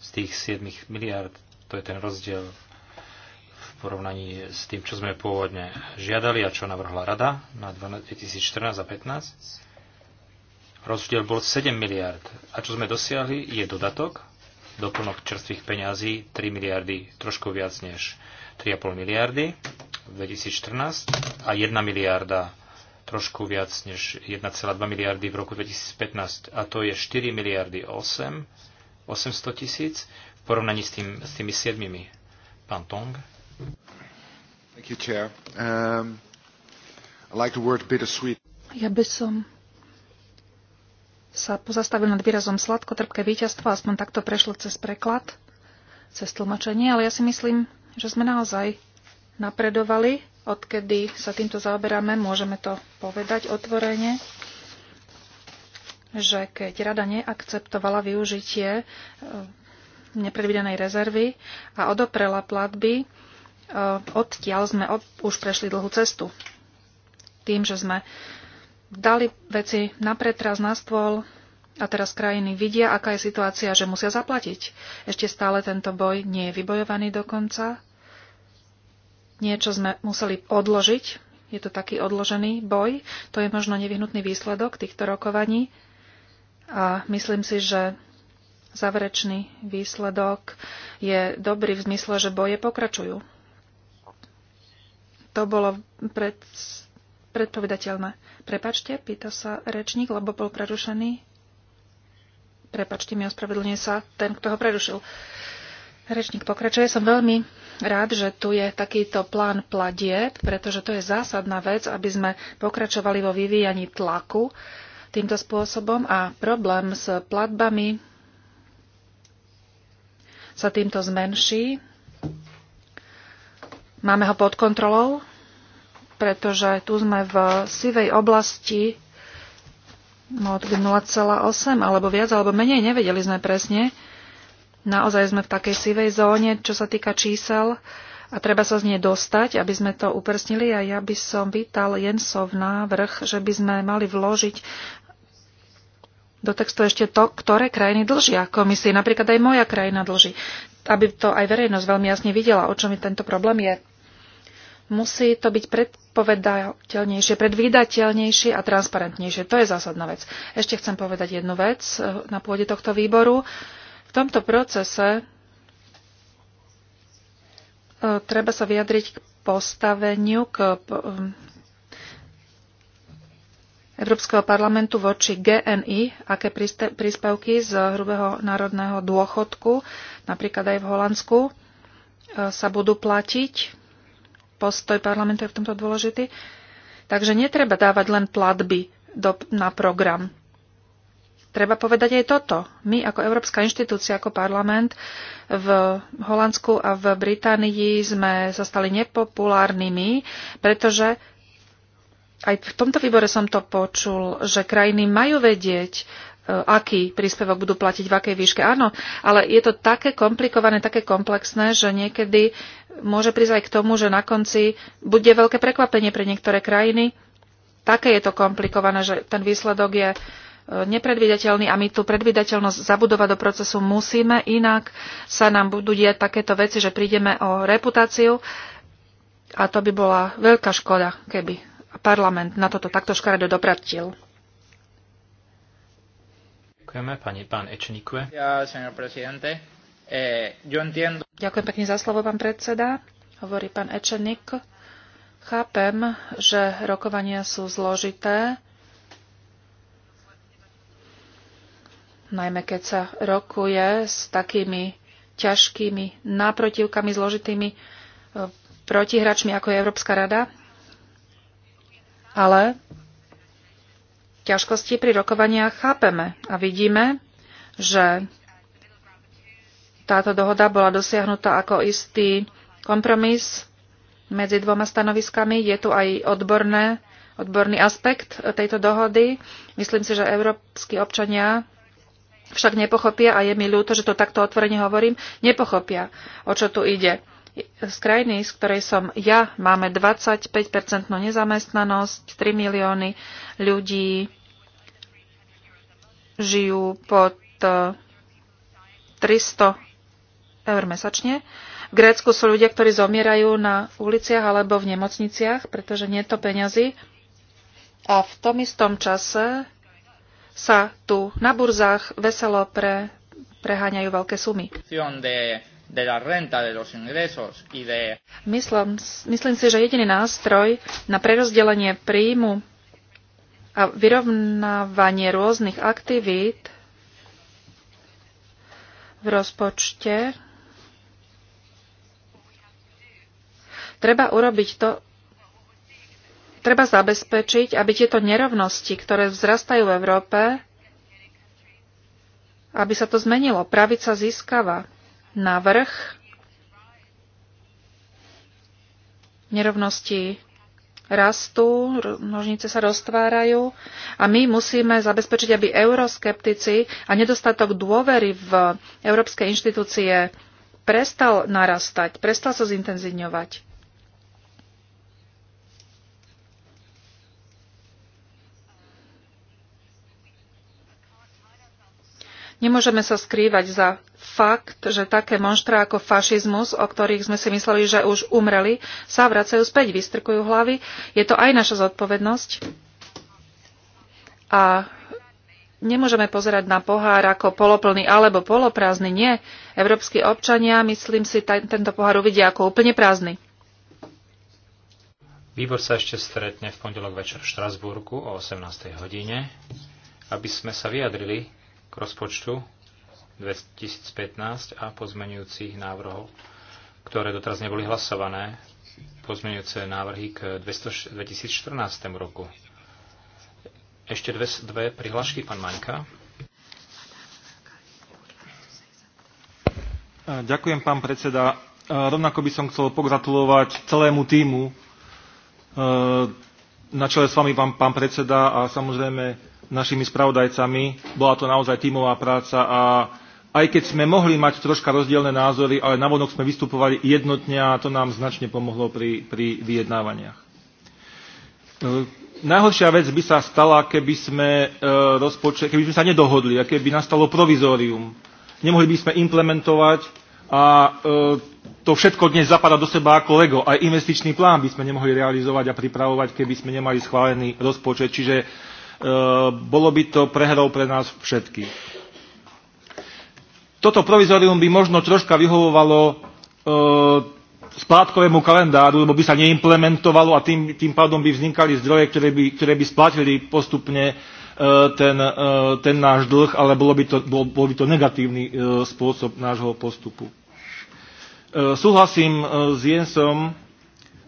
Z tých 7 miliard, to je ten rozdiel v porovnaní s tým, čo sme pôvodne žiadali a čo navrhla Rada na 2014 a 15. Rozdiel bol 7 miliard. A čo sme dosiahli, je dodatok, doplnok čerstvých peňazí 3 miliardy, trošku viac než 3,5 miliardy v 2014 a 1 miliarda trošku viac než 1,2 miliardy v roku 2015 a to je 4 miliardy 8, 800 tisíc v porovnaní s, tým, s tými siedmimi. Pán Tong. You, um, like ja by som sa pozastavil nad výrazom sladko, trpké víťazstvo, aspoň takto prešlo cez preklad, cez tlmočenie, ale ja si myslím, že sme naozaj napredovali odkedy sa týmto zaoberáme, môžeme to povedať otvorene, že keď rada neakceptovala využitie e, nepredvidenej rezervy a odoprela platby, e, odtiaľ sme od, už prešli dlhú cestu. Tým, že sme dali veci na pretras na stôl a teraz krajiny vidia, aká je situácia, že musia zaplatiť. Ešte stále tento boj nie je vybojovaný dokonca Niečo sme museli odložiť. Je to taký odložený boj. To je možno nevyhnutný výsledok týchto rokovaní. A myslím si, že záverečný výsledok je dobrý v zmysle, že boje pokračujú. To bolo pred, predpovedateľné. Prepačte, pýta sa rečník, lebo bol prerušený. Prepačte mi, ospravedlňuje sa ten, kto ho prerušil. Rečník pokračuje, som veľmi rád, že tu je takýto plán pladieb, pretože to je zásadná vec, aby sme pokračovali vo vyvíjaní tlaku týmto spôsobom a problém s platbami sa týmto zmenší. Máme ho pod kontrolou, pretože tu sme v sivej oblasti od 0,8 alebo viac alebo menej, nevedeli sme presne, Naozaj sme v takej sivej zóne, čo sa týka čísel a treba sa z nej dostať, aby sme to uprstnili. a ja by som vítal Jensov návrh, že by sme mali vložiť do textu ešte to, ktoré krajiny dlžia komisie. Napríklad aj moja krajina dlží. Aby to aj verejnosť veľmi jasne videla, o čom je tento problém je. Musí to byť predpovedateľnejšie, predvídateľnejšie a transparentnejšie. To je zásadná vec. Ešte chcem povedať jednu vec eh, na pôde tohto výboru. Uh, v tomto procese e, treba sa vyjadriť k postaveniu, k e, Európskeho parlamentu voči GNI, aké príspevky z hrubého národného dôchodku, napríklad aj v Holandsku, e, sa budú platiť. Postoj parlamentu je v tomto dôležitý. Takže netreba dávať len platby do, na program treba povedať aj toto. My ako Európska inštitúcia, ako parlament v Holandsku a v Británii sme sa stali nepopulárnymi, pretože aj v tomto výbore som to počul, že krajiny majú vedieť, e, aký príspevok budú platiť, v akej výške. Áno, ale je to také komplikované, také komplexné, že niekedy môže prísť aj k tomu, že na konci bude veľké prekvapenie pre niektoré krajiny. Také je to komplikované, že ten výsledok je nepredvídateľný a my tú predvidateľnosť zabudovať do procesu musíme, inak sa nám budú diať takéto veci, že prídeme o reputáciu a to by bola veľká škoda, keby parlament na toto takto škaredo dopratil. Ďakujeme, pani, pán Ečenikve. Ja, senor eh, yo entiendo... Ďakujem pekne za slovo, pán predseda. Hovorí pán Ečenik. Chápem, že rokovania sú zložité najmä keď sa rokuje s takými ťažkými náprotivkami, zložitými e, protihračmi, ako je Európska rada. Ale ťažkosti pri rokovaniach chápeme a vidíme, že táto dohoda bola dosiahnutá ako istý kompromis medzi dvoma stanoviskami. Je tu aj odborné, odborný aspekt tejto dohody. Myslím si, že európsky občania však nepochopia, a je mi ľúto, že to takto otvorene hovorím, nepochopia, o čo tu ide. Z krajiny, z ktorej som ja, máme 25-percentnú nezamestnanosť, 3 milióny ľudí žijú pod 300 e, eur mesačne. V Grécku sú ľudia, ktorí zomierajú na uliciach alebo v nemocniciach, pretože nie je to peňazí. A v tom istom čase sa tu na burzách veselo pre, preháňajú veľké sumy. Myslím, myslím si, že jediný nástroj na prerozdelenie príjmu a vyrovnávanie rôznych aktivít v rozpočte treba urobiť to, treba zabezpečiť, aby tieto nerovnosti, ktoré vzrastajú v Európe, aby sa to zmenilo. Pravica získava navrh nerovnosti rastú, nožnice sa roztvárajú a my musíme zabezpečiť, aby euroskeptici a nedostatok dôvery v európske inštitúcie prestal narastať, prestal sa zintenzívňovať. Nemôžeme sa skrývať za fakt, že také monštra ako fašizmus, o ktorých sme si mysleli, že už umreli, sa vracajú späť, vystrkujú hlavy. Je to aj naša zodpovednosť. A nemôžeme pozerať na pohár ako poloplný alebo poloprázdny. Nie. Európsky občania, myslím si, tento pohár uvidia ako úplne prázdny. Výbor sa ešte stretne v pondelok večer v Štrasburgu o 18. hodine, aby sme sa vyjadrili k rozpočtu 2015 a pozmenujúcich návrhov, ktoré doteraz neboli hlasované, pozmenujúce návrhy k 2014 roku. Ešte dve, dve prihlášky, pán Maňka. E, ďakujem, pán predseda. E, rovnako by som chcel pogratulovať celému týmu. E, na čele s vami, pán, pán predseda, a samozrejme našimi spravodajcami. Bola to naozaj tímová práca a aj keď sme mohli mať troška rozdielne názory, ale navonok sme vystupovali jednotne a to nám značne pomohlo pri, pri vyjednávaniach. E, najhoršia vec by sa stala, keby sme, e, rozpočet, keby sme sa nedohodli a keby nastalo provizórium. Nemohli by sme implementovať a e, to všetko dnes zapadá do seba ako Lego. Aj investičný plán by sme nemohli realizovať a pripravovať, keby sme nemali schválený rozpočet. Čiže Eh, bolo by to prehrou pre nás všetkých. Toto provizorium by možno troška vyhovovalo eh, splátkovému kalendáru, lebo by sa neimplementovalo a tým, tým pádom by vznikali zdroje, ktoré by, ktoré by splatili postupne eh, ten, ten náš dlh, ale bolo by to, bol, bol by to negatívny spôsob nášho postupu. Súhlasím s Jensom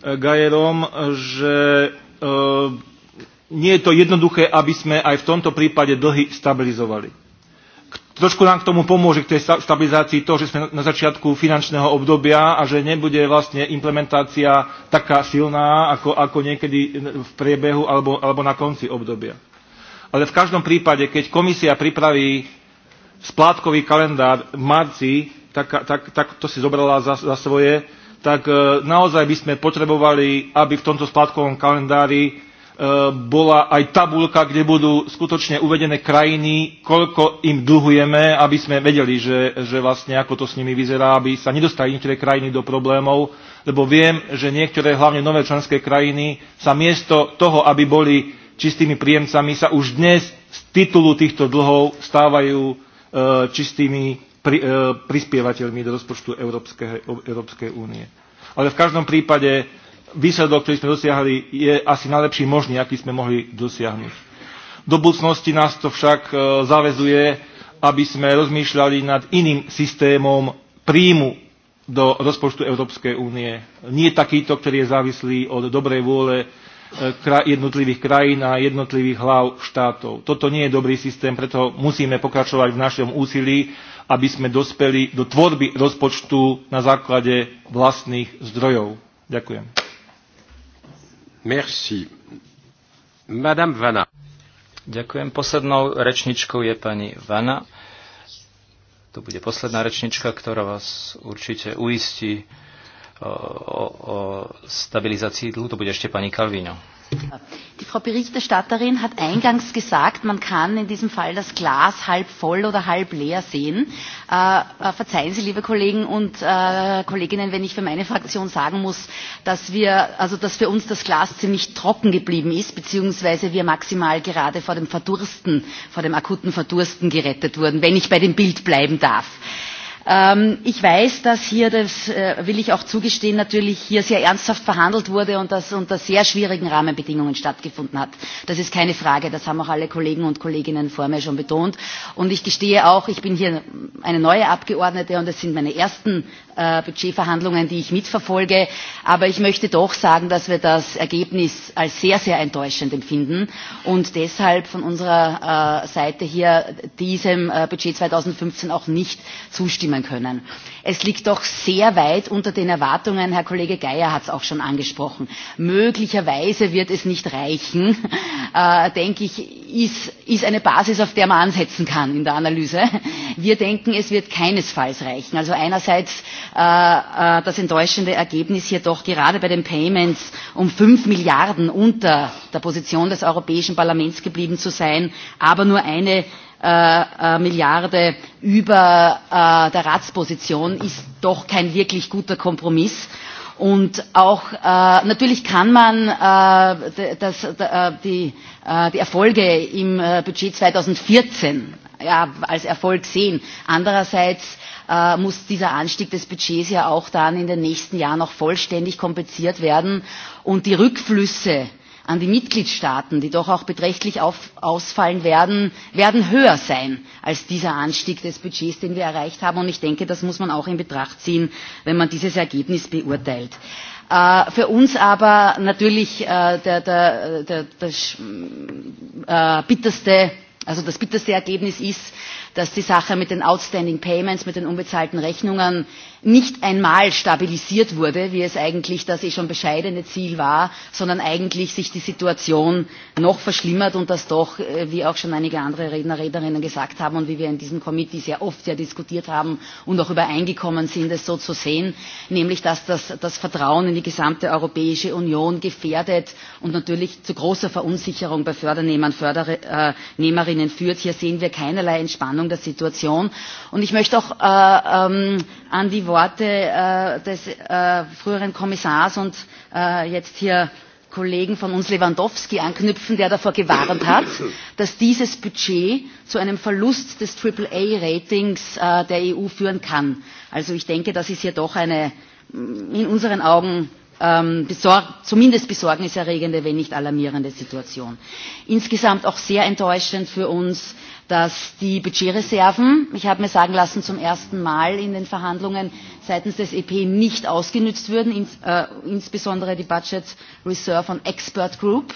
Gajerom, že nie je to jednoduché, aby sme aj v tomto prípade dlhy stabilizovali. Trošku nám k tomu pomôže k tej stabilizácii to, že sme na začiatku finančného obdobia a že nebude vlastne implementácia taká silná, ako, ako niekedy v priebehu alebo, alebo na konci obdobia. Ale v každom prípade, keď komisia pripraví splátkový kalendár v marci, tak, tak, tak to si zobrala za, za svoje, tak e, naozaj by sme potrebovali, aby v tomto splátkovom kalendári E, bola aj tabulka, kde budú skutočne uvedené krajiny, koľko im dlhujeme, aby sme vedeli, že, že vlastne ako to s nimi vyzerá, aby sa nedostali niektoré krajiny do problémov, lebo viem, že niektoré, hlavne nové členské krajiny, sa miesto toho, aby boli čistými príjemcami, sa už dnes z titulu týchto dlhov stávajú e, čistými pri, e, prispievateľmi do rozpočtu Európskej únie. Ale v každom prípade výsledok, ktorý sme dosiahli, je asi najlepší možný, aký sme mohli dosiahnuť. Do budúcnosti nás to však e, zavezuje, aby sme rozmýšľali nad iným systémom príjmu do rozpočtu Európskej únie. Nie takýto, ktorý je závislý od dobrej vôle e, jednotlivých krajín a jednotlivých hlav štátov. Toto nie je dobrý systém, preto musíme pokračovať v našom úsilí, aby sme dospeli do tvorby rozpočtu na základe vlastných zdrojov. Ďakujem. Merci. Madame Vana. Ďakujem. Poslednou rečničkou je pani Vana. To bude posledná rečnička, ktorá vás určite uistí o, o stabilizácii dlhu. To bude ešte pani Kalvino. Die Frau Berichterstatterin hat eingangs gesagt, man kann in diesem Fall das Glas halb voll oder halb leer sehen. Äh, äh, verzeihen Sie, liebe Kollegen und äh, Kolleginnen, wenn ich für meine Fraktion sagen muss, dass, wir, also, dass für uns das Glas ziemlich trocken geblieben ist, beziehungsweise wir maximal gerade vor dem Verdursten, vor dem akuten Verdursten gerettet wurden, wenn ich bei dem Bild bleiben darf. Ähm, ich weiß dass hier das äh, will ich auch zugestehen natürlich hier sehr ernsthaft verhandelt wurde und das unter sehr schwierigen rahmenbedingungen stattgefunden hat das ist keine frage das haben auch alle kollegen und kolleginnen vor mir schon betont und ich gestehe auch ich bin hier eine neue abgeordnete und es sind meine ersten Äh, budgetverhandlungen die ich mitverfolge aber ich möchte doch sagen dass wir das ergebnis als sehr sehr enttäuschend empfinden und deshalb von unserer äh, seite hier diesem äh, budget zweitausendfünfzehn auch nicht zustimmen können. Es liegt doch sehr weit unter den Erwartungen. Herr Kollege Geier hat es auch schon angesprochen. Möglicherweise wird es nicht reichen, äh, denke ich, ist, ist eine Basis, auf der man ansetzen kann in der Analyse. Wir denken, es wird keinesfalls reichen. Also einerseits äh, äh das enttäuschende Ergebnis hier doch gerade bei den Payments um 5 Milliarden unter der Position des Europäischen Parlaments geblieben zu sein, aber nur eine Äh, äh, Milliarde über äh, der Ratsposition ist doch kein wirklich guter Kompromiss. Und auch äh, natürlich kann man äh, das, die, äh, die Erfolge im äh, Budget 2014 ja, als Erfolg sehen. Andererseits äh, muss dieser Anstieg des Budgets ja auch dann in den nächsten Jahren noch vollständig kompensiert werden und die Rückflüsse an die Mitgliedstaaten, die doch auch beträchtlich auf, ausfallen werden, werden höher sein als dieser Anstieg des Budgets, den wir erreicht haben. Und ich denke, das muss man auch in Betracht ziehen, wenn man dieses Ergebnis beurteilt. Äh, für uns aber natürlich äh, der, der, der, der äh, bitterste Also das bitterste Ergebnis ist, dass die Sache mit den Outstanding Payments, mit den unbezahlten Rechnungen nicht einmal stabilisiert wurde, wie es eigentlich das eh schon bescheidene Ziel war, sondern eigentlich sich die Situation noch verschlimmert und das doch, äh, wie auch schon einige andere Redner, Rednerinnen gesagt haben und wie wir in diesem Committee sehr oft ja diskutiert haben und auch übereingekommen sind, es so zu sehen, nämlich dass das, das Vertrauen in die gesamte Europäische Union gefährdet und natürlich zu großer Verunsicherung bei Fördernehmern, Fördernehmerinnen äh, Verbraucherinnen führt. Hier sehen wir keinerlei Entspannung der Situation. Und ich möchte auch äh, ähm, an die Worte äh, des äh, früheren Kommissars und äh, jetzt hier Kollegen von uns Lewandowski anknüpfen, der davor gewarnt hat, dass dieses Budget zu einem Verlust des AAA-Ratings äh, der EU führen kann. Also ich denke, das ist hier doch eine in unseren Augen ähm, besorg zumindest besorgniserregende, wenn nicht alarmierende Situation. Insgesamt auch sehr enttäuschend für uns, dass die Budgetreserven, ich habe mir sagen lassen, zum ersten Mal in den Verhandlungen seitens des EP nicht ausgenutzt würden, ins, äh, insbesondere die Budget Reserve und Expert Group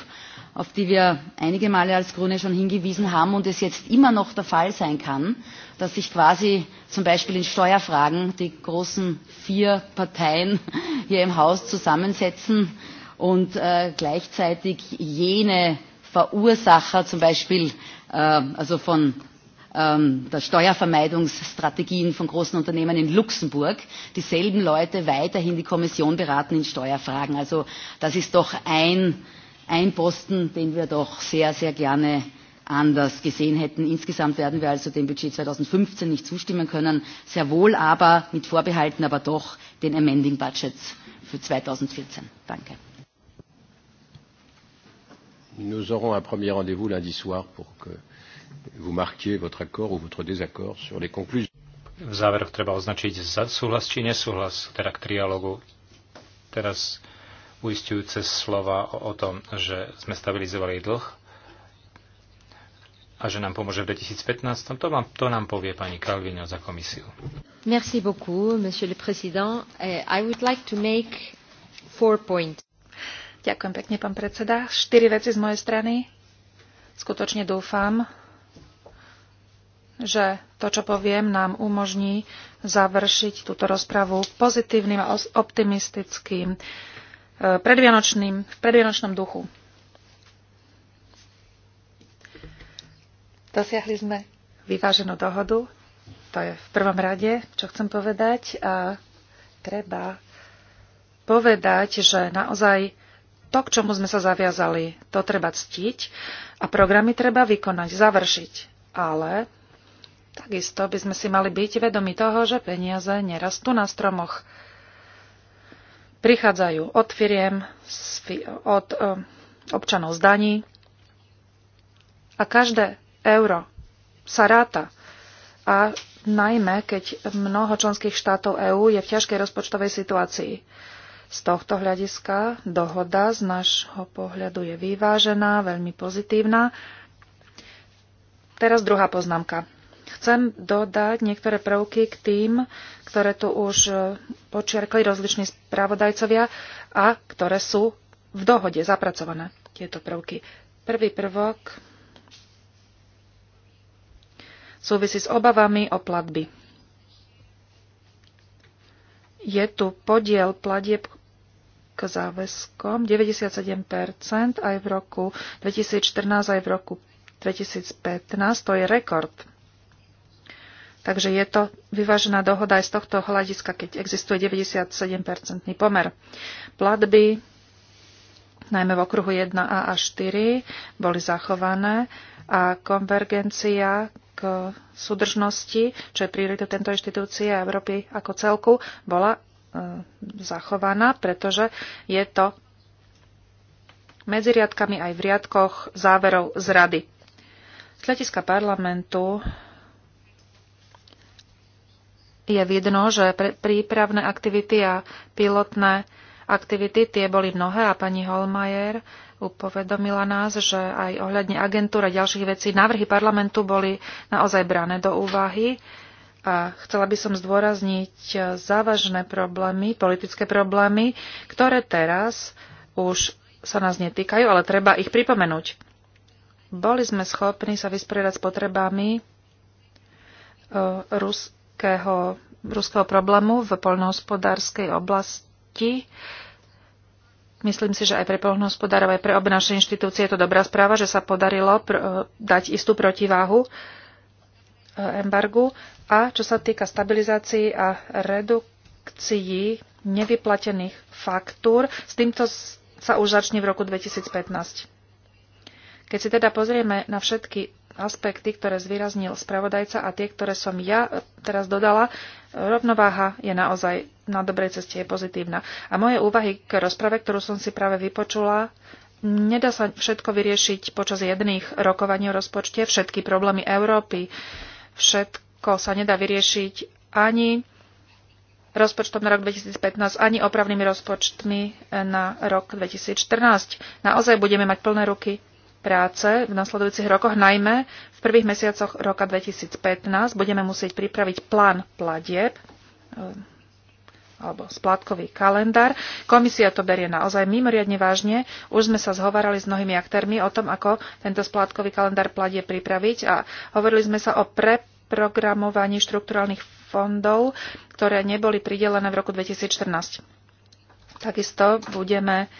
auf die wir einige Male als Grüne schon hingewiesen haben und es jetzt immer noch der Fall sein kann dass sich quasi zum Beispiel in Steuerfragen die großen vier Parteien hier im Haus zusammensetzen und äh, gleichzeitig jene Verursacher zum Beispiel äh, also von ähm, der Steuervermeidungsstrategien von großen Unternehmen in Luxemburg dieselben Leute weiterhin die Kommission beraten in Steuerfragen. Also das ist doch ein, ein Posten, den wir doch sehr, sehr gerne anders gesehen hätten. Insgesamt werden wir also dem Budget 2015 nicht zustimmen können, sehr wohl aber mit Vorbehalten aber doch den Amending Budgets für 2014. Danke. Nous aurons un premier rendez-vous lundi soir pour que vous marquiez votre accord ou votre désaccord sur les conclusions. V záveroch treba označiť za súhlas či nesúhlas, teda k trialogu. Teraz uistujúce slova o, o tom, že sme stabilizovali dlh a že nám pomôže v 2015. To, vám, to nám povie pani Kalvino za komisiu. Merci beaucoup, monsieur le président. Eh, I would like to make four points. Ďakujem pekne, pán predseda. Štyri veci z mojej strany. Skutočne dúfam, že to, čo poviem, nám umožní završiť túto rozpravu pozitívnym a optimistickým eh, predvianočným, v predvianočnom duchu. Dosiahli sme vyváženú dohodu. To je v prvom rade, čo chcem povedať. A treba povedať, že naozaj to, k čomu sme sa zaviazali, to treba ctiť a programy treba vykonať, završiť. Ale takisto by sme si mali byť vedomi toho, že peniaze nerastú na stromoch. Prichádzajú od firiem, od eh, občanov z daní a každé euro sa ráta. A najmä, keď mnoho členských štátov EÚ je v ťažkej rozpočtovej situácii. Z tohto hľadiska dohoda z nášho pohľadu je vyvážená, veľmi pozitívna. Teraz druhá poznámka. Chcem dodať niektoré prvky k tým, ktoré tu už počiarkli rozliční správodajcovia a ktoré sú v dohode zapracované, tieto prvky. Prvý prvok súvisí s obavami o platby. Je tu podiel platieb k záväzkom 97% aj v roku 2014, aj v roku 2015. To je rekord. Takže je to vyvážená dohoda aj z tohto hľadiska, keď existuje 97-percentný pomer. Platby, najmä v okruhu 1a a 4, boli zachované a konvergencia k súdržnosti, čo je prioritou tento inštitúcie a Európy ako celku, bola e, zachovaná, pretože je to medzi riadkami aj v riadkoch záverov z rady. Z hľadiska parlamentu je vidno, že prípravné aktivity a pilotné aktivity tie boli mnohé a pani Holmajer upovedomila nás, že aj ohľadne agentúr a ďalších vecí návrhy parlamentu boli naozaj brané do úvahy. A chcela by som zdôrazniť závažné problémy, politické problémy, ktoré teraz už sa nás netýkajú, ale treba ich pripomenúť. Boli sme schopní sa vysporiadať s potrebami e, ruského, ruského problému v poľnohospodárskej oblasti, Myslím si, že aj pre poľnohospodárov, aj pre obe naše inštitúcie je to dobrá správa, že sa podarilo pr- dať istú protiváhu e, embargu. A čo sa týka stabilizácií a redukcií nevyplatených faktúr, s týmto sa už začne v roku 2015. Keď si teda pozrieme na všetky aspekty, ktoré zvýraznil spravodajca a tie, ktoré som ja teraz dodala, rovnováha je naozaj na dobrej ceste, je pozitívna. A moje úvahy k rozprave, ktorú som si práve vypočula, nedá sa všetko vyriešiť počas jedných rokovaní o rozpočte, všetky problémy Európy, všetko sa nedá vyriešiť ani rozpočtom na rok 2015, ani opravnými rozpočtmi na rok 2014. Naozaj budeme mať plné ruky práce v nasledujúcich rokoch, najmä v prvých mesiacoch roka 2015 budeme musieť pripraviť plán pladieb, alebo splátkový kalendár. Komisia to berie naozaj mimoriadne vážne. Už sme sa zhovarali s mnohými aktérmi o tom, ako tento splátkový kalendár pladie pripraviť a hovorili sme sa o preprogramovaní štrukturálnych fondov, ktoré neboli pridelené v roku 2014. Takisto budeme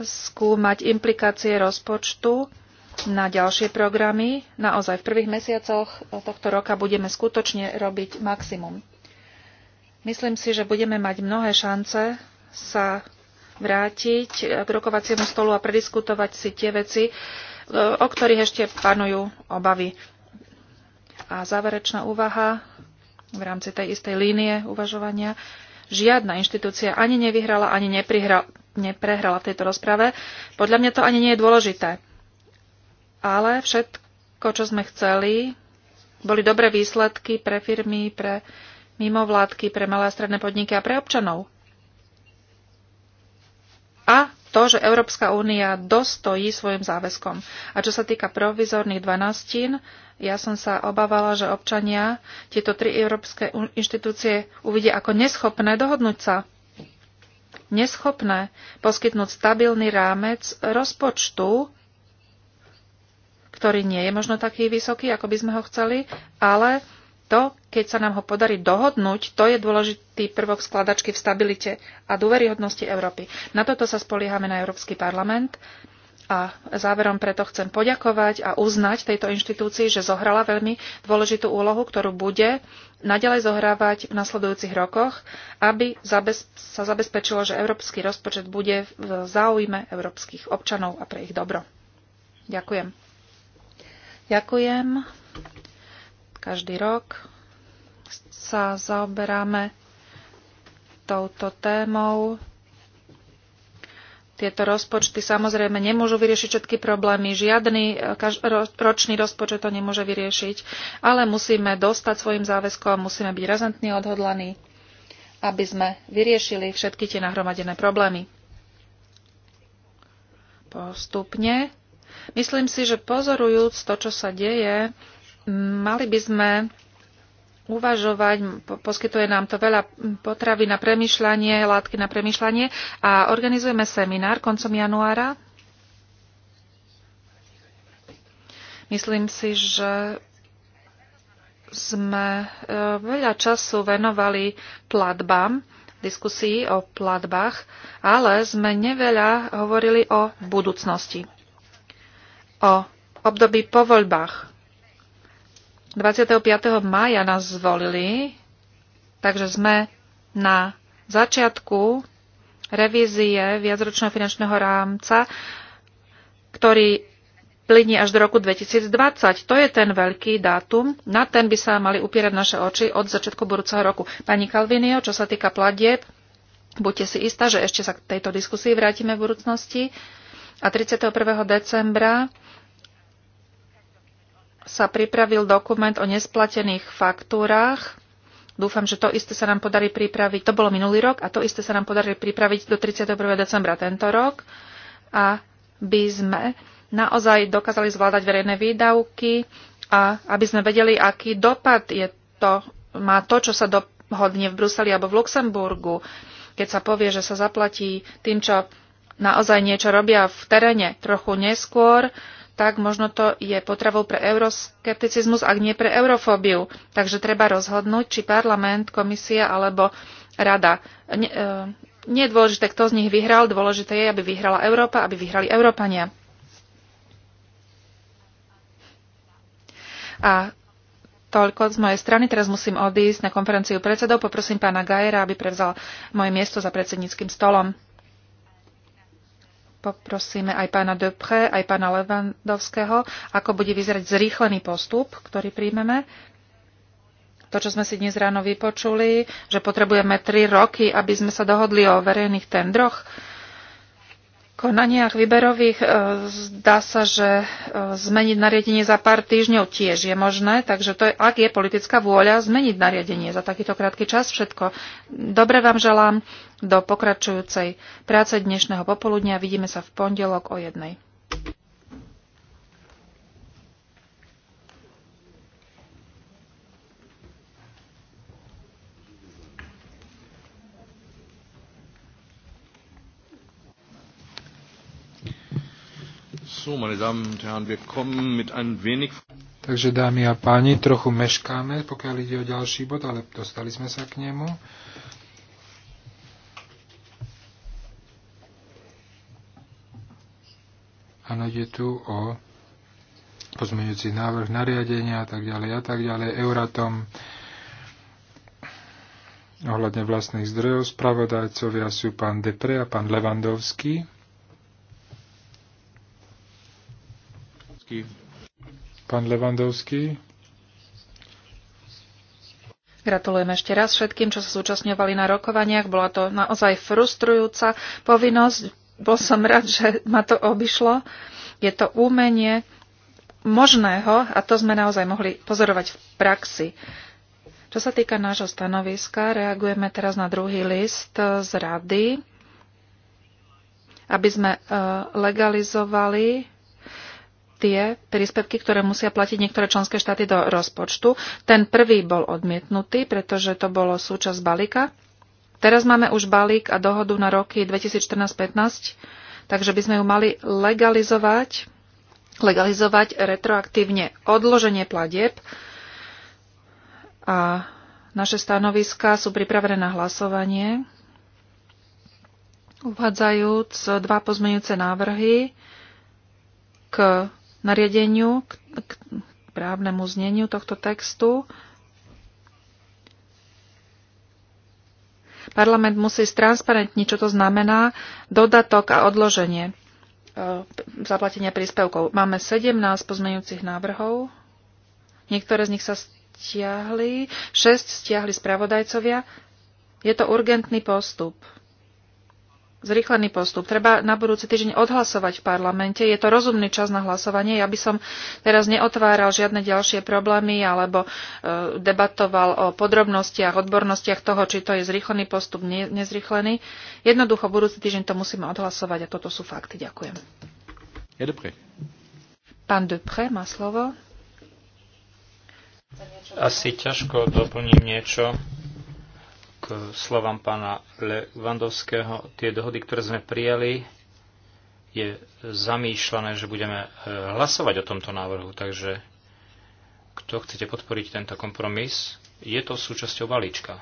skúmať implikácie rozpočtu na ďalšie programy. Naozaj v prvých mesiacoch tohto roka budeme skutočne robiť maximum. Myslím si, že budeme mať mnohé šance sa vrátiť k rokovaciemu stolu a prediskutovať si tie veci, o ktorých ešte panujú obavy. A záverečná úvaha v rámci tej istej línie uvažovania. Žiadna inštitúcia ani nevyhrala, ani neprehrala v tejto rozprave. Podľa mňa to ani nie je dôležité. Ale všetko, čo sme chceli, boli dobré výsledky pre firmy, pre mimo vládky pre malé a stredné podniky a pre občanov. A to, že Európska únia dostojí svojim záväzkom. A čo sa týka provizorných dvanastín, ja som sa obávala, že občania tieto tri európske inštitúcie uvidia ako neschopné dohodnúť sa. Neschopné poskytnúť stabilný rámec rozpočtu, ktorý nie je možno taký vysoký, ako by sme ho chceli, ale to, keď sa nám ho podarí dohodnúť, to je dôležitý prvok skladačky v stabilite a dôveryhodnosti Európy. Na toto sa spoliehame na Európsky parlament a záverom preto chcem poďakovať a uznať tejto inštitúcii, že zohrala veľmi dôležitú úlohu, ktorú bude nadalej zohrávať v nasledujúcich rokoch, aby sa zabezpečilo, že európsky rozpočet bude v záujme európskych občanov a pre ich dobro. Ďakujem. Ďakujem. Každý rok sa zaoberáme touto témou. Tieto rozpočty samozrejme nemôžu vyriešiť všetky problémy. Žiadny ročný rozpočet to nemôže vyriešiť, ale musíme dostať svojim záväzkom, musíme byť razantní, odhodlaní, aby sme vyriešili všetky tie nahromadené problémy. Postupne. Myslím si, že pozorujúc to, čo sa deje, Mali by sme uvažovať, poskytuje nám to veľa potravy na premyšľanie, látky na premyšľanie a organizujeme seminár koncom januára. Myslím si, že sme e, veľa času venovali platbám, diskusii o platbách, ale sme neveľa hovorili o budúcnosti, o období po voľbách. 25. maja nás zvolili, takže sme na začiatku revízie viacročného finančného rámca, ktorý plyní až do roku 2020. To je ten veľký dátum, na ten by sa mali upierať naše oči od začiatku budúceho roku. Pani Kalvinio, čo sa týka platieb, buďte si istá, že ešte sa k tejto diskusii vrátime v budúcnosti. A 31. decembra sa pripravil dokument o nesplatených faktúrach. Dúfam, že to isté sa nám podarí pripraviť, to bolo minulý rok, a to isté sa nám podarí pripraviť do 31. decembra tento rok. A by sme naozaj dokázali zvládať verejné výdavky a aby sme vedeli, aký dopad je to, má to, čo sa dohodne v Bruseli alebo v Luxemburgu, keď sa povie, že sa zaplatí tým, čo naozaj niečo robia v teréne trochu neskôr, tak možno to je potravou pre euroskepticizmus, ak nie pre eurofóbiu. Takže treba rozhodnúť, či parlament, komisia alebo rada. Nie, e, nie je dôležité, kto z nich vyhral, dôležité je, aby vyhrala Európa, aby vyhrali Európania. A toľko z mojej strany. Teraz musím odísť na konferenciu predsedov. Poprosím pána Gajera, aby prevzal moje miesto za predsedníckým stolom poprosíme aj pána Dopre, aj pána Levandovského, ako bude vyzerať zrýchlený postup, ktorý príjmeme. To, čo sme si dnes ráno vypočuli, že potrebujeme tri roky, aby sme sa dohodli o verejných tendroch, konaniach výberových e, zdá sa, že e, zmeniť nariadenie za pár týždňov tiež je možné, takže to je, ak je politická vôľa zmeniť nariadenie za takýto krátky čas, všetko. Dobre vám želám do pokračujúcej práce dnešného popoludnia. Vidíme sa v pondelok o jednej. Takže dámy a páni, trochu meškáme, pokiaľ ide o ďalší bod, ale dostali sme sa k nemu. Áno, ide tu o pozmeňujúci návrh nariadenia a tak ďalej a tak ďalej. Euratom ohľadne vlastných zdrojov spravodajcovia sú pán Depre a pán Levandovský. Lewandowski. Pán Lewandowski. Gratulujem ešte raz všetkým, čo sa zúčastňovali na rokovaniach. Bola to naozaj frustrujúca povinnosť. Bol som rád, že ma to obišlo. Je to umenie možného a to sme naozaj mohli pozorovať v praxi. Čo sa týka nášho stanoviska, reagujeme teraz na druhý list z rady, aby sme eh, legalizovali tie príspevky, ktoré musia platiť niektoré členské štáty do rozpočtu. Ten prvý bol odmietnutý, pretože to bolo súčasť balíka. Teraz máme už balík a dohodu na roky 2014-15, takže by sme ju mali legalizovať, legalizovať retroaktívne odloženie platieb a naše stanoviská sú pripravené na hlasovanie, uvádzajúc dva pozmeňujúce návrhy k nariadeniu, k, k právnemu zneniu tohto textu. Parlament musí stransparentniť, čo to znamená dodatok a odloženie e, zaplatenia príspevkov. Máme 17 pozmeňujúcich návrhov. Niektoré z nich sa stiahli, 6 stiahli spravodajcovia. Je to urgentný postup. Zrýchlený postup. Treba na budúci týždeň odhlasovať v parlamente. Je to rozumný čas na hlasovanie. Ja by som teraz neotváral žiadne ďalšie problémy alebo e, debatoval o podrobnostiach, odbornostiach toho, či to je zrýchlený postup, ne, nezrýchlený. Jednoducho budúci týždeň to musíme odhlasovať a toto sú fakty. Ďakujem. Je dobré. Pán Dupré má slovo. Asi ťažko doplním niečo slovám pána Levandovského. Tie dohody, ktoré sme prijali, je zamýšľané, že budeme e, hlasovať o tomto návrhu. Takže kto chcete podporiť tento kompromis, je to súčasťou balíčka.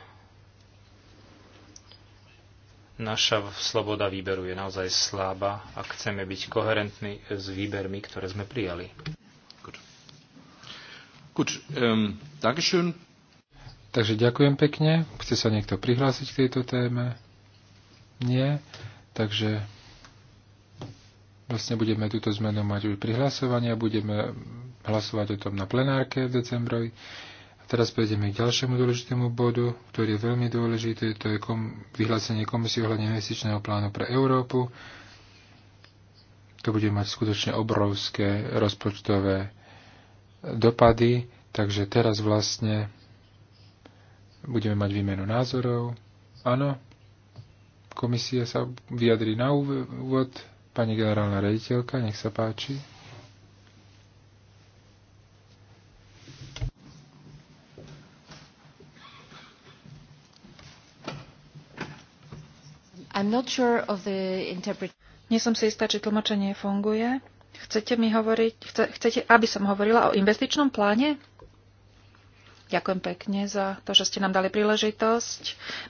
Naša sloboda výberu je naozaj slabá a chceme byť koherentní s výbermi, ktoré sme prijali. Gut, ähm, Dankeschön. Takže ďakujem pekne. Chce sa niekto prihlásiť k tejto téme? Nie. Takže vlastne budeme túto zmenu mať už prihlasovanie a budeme hlasovať o tom na plenárke v decembrovi. A teraz prejdeme k ďalšiemu dôležitému bodu, ktorý je veľmi dôležitý, to je kom- vyhlásenie komisie ohľadne mesičného plánu pre Európu. To bude mať skutočne obrovské rozpočtové dopady, takže teraz vlastne Budeme mať výmenu názorov. Áno, komisia sa vyjadri na úvod. Pani generálna rediteľka, nech sa páči. I'm not sure of the interpret- Nie som si istá, či tlmočenie funguje. Chcete mi hovoriť, chce, chcete, aby som hovorila o investičnom pláne? Ďakujem pekne za to, že ste nám dali príležitosť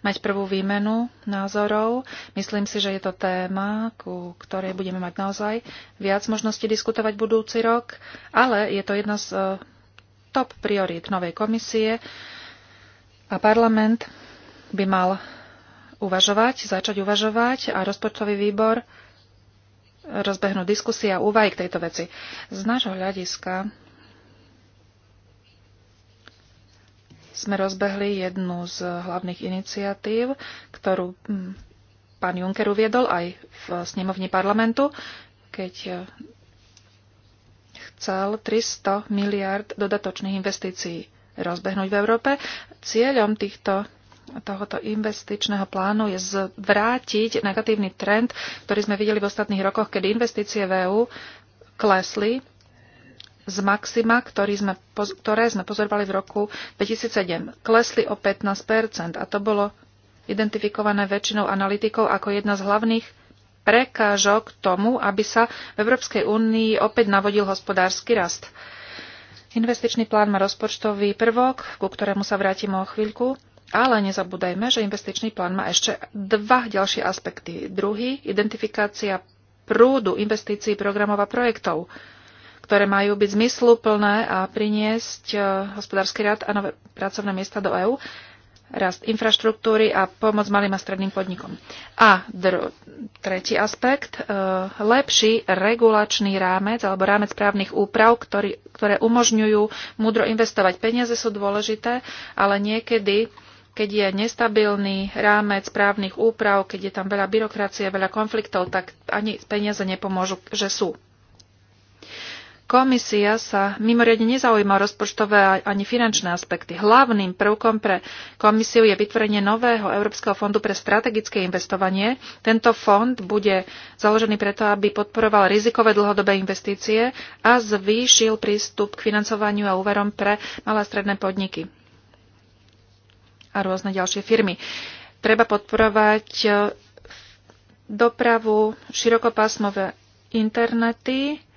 mať prvú výmenu názorov. Myslím si, že je to téma, ku ktorej budeme mať naozaj viac možností diskutovať budúci rok, ale je to jedna z e, top priorít novej komisie a parlament by mal uvažovať, začať uvažovať a rozpočtový výbor rozbehnúť diskusie a úvahy k tejto veci. Z nášho hľadiska sme rozbehli jednu z hlavných iniciatív, ktorú mm, pán Juncker uviedol aj v snemovni parlamentu, keď e, chcel 300 miliard dodatočných investícií rozbehnúť v Európe. Cieľom týchto tohoto investičného plánu je zvrátiť negatívny trend, ktorý sme videli v ostatných rokoch, kedy investície v EÚ klesli z maxima, ktorý sme, ktoré sme pozorovali v roku 2007. Klesli o 15 a to bolo identifikované väčšinou analytikov ako jedna z hlavných prekážok tomu, aby sa v Európskej únii opäť navodil hospodársky rast. Investičný plán má rozpočtový prvok, ku ktorému sa vrátime o chvíľku, ale nezabúdajme, že investičný plán má ešte dva ďalšie aspekty. Druhý, identifikácia prúdu investícií programov a projektov ktoré majú byť zmysluplné a priniesť e, hospodársky rad a nové pracovné miesta do EÚ, rast infraštruktúry a pomoc malým a stredným podnikom. A dr- tretí aspekt, e, lepší regulačný rámec alebo rámec právnych úprav, ktorý, ktoré umožňujú múdro investovať. Peniaze sú dôležité, ale niekedy keď je nestabilný rámec právnych úprav, keď je tam veľa byrokracie, veľa konfliktov, tak ani peniaze nepomôžu, že sú. Komisia sa mimoriadne nezaujíma o rozpočtové ani finančné aspekty. Hlavným prvkom pre komisiu je vytvorenie nového Európskeho fondu pre strategické investovanie. Tento fond bude založený preto, aby podporoval rizikové dlhodobé investície a zvýšil prístup k financovaniu a úverom pre malé a stredné podniky a rôzne ďalšie firmy. Treba podporovať eh, dopravu, širokopásmové internety,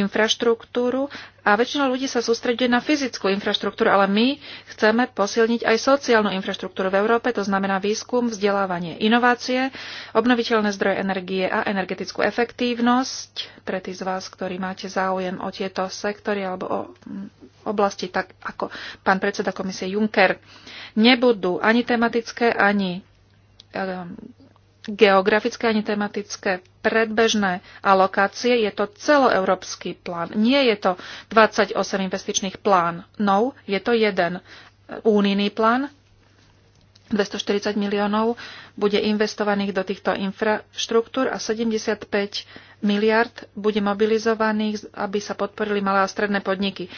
infraštruktúru a väčšina ľudí sa sústreduje na fyzickú infraštruktúru, ale my chceme posilniť aj sociálnu infraštruktúru v Európe, to znamená výskum, vzdelávanie, inovácie, obnoviteľné zdroje energie a energetickú efektívnosť. Pre tých z vás, ktorí máte záujem o tieto sektory alebo o mm, oblasti, tak ako pán predseda komisie Juncker, nebudú ani tematické, ani ehm, geografické ani tematické predbežné alokácie. Je to celoeurópsky plán. Nie je to 28 investičných plán. No, je to jeden únijný plán. 240 miliónov bude investovaných do týchto infraštruktúr a 75 miliard bude mobilizovaných, aby sa podporili malé a stredné podniky.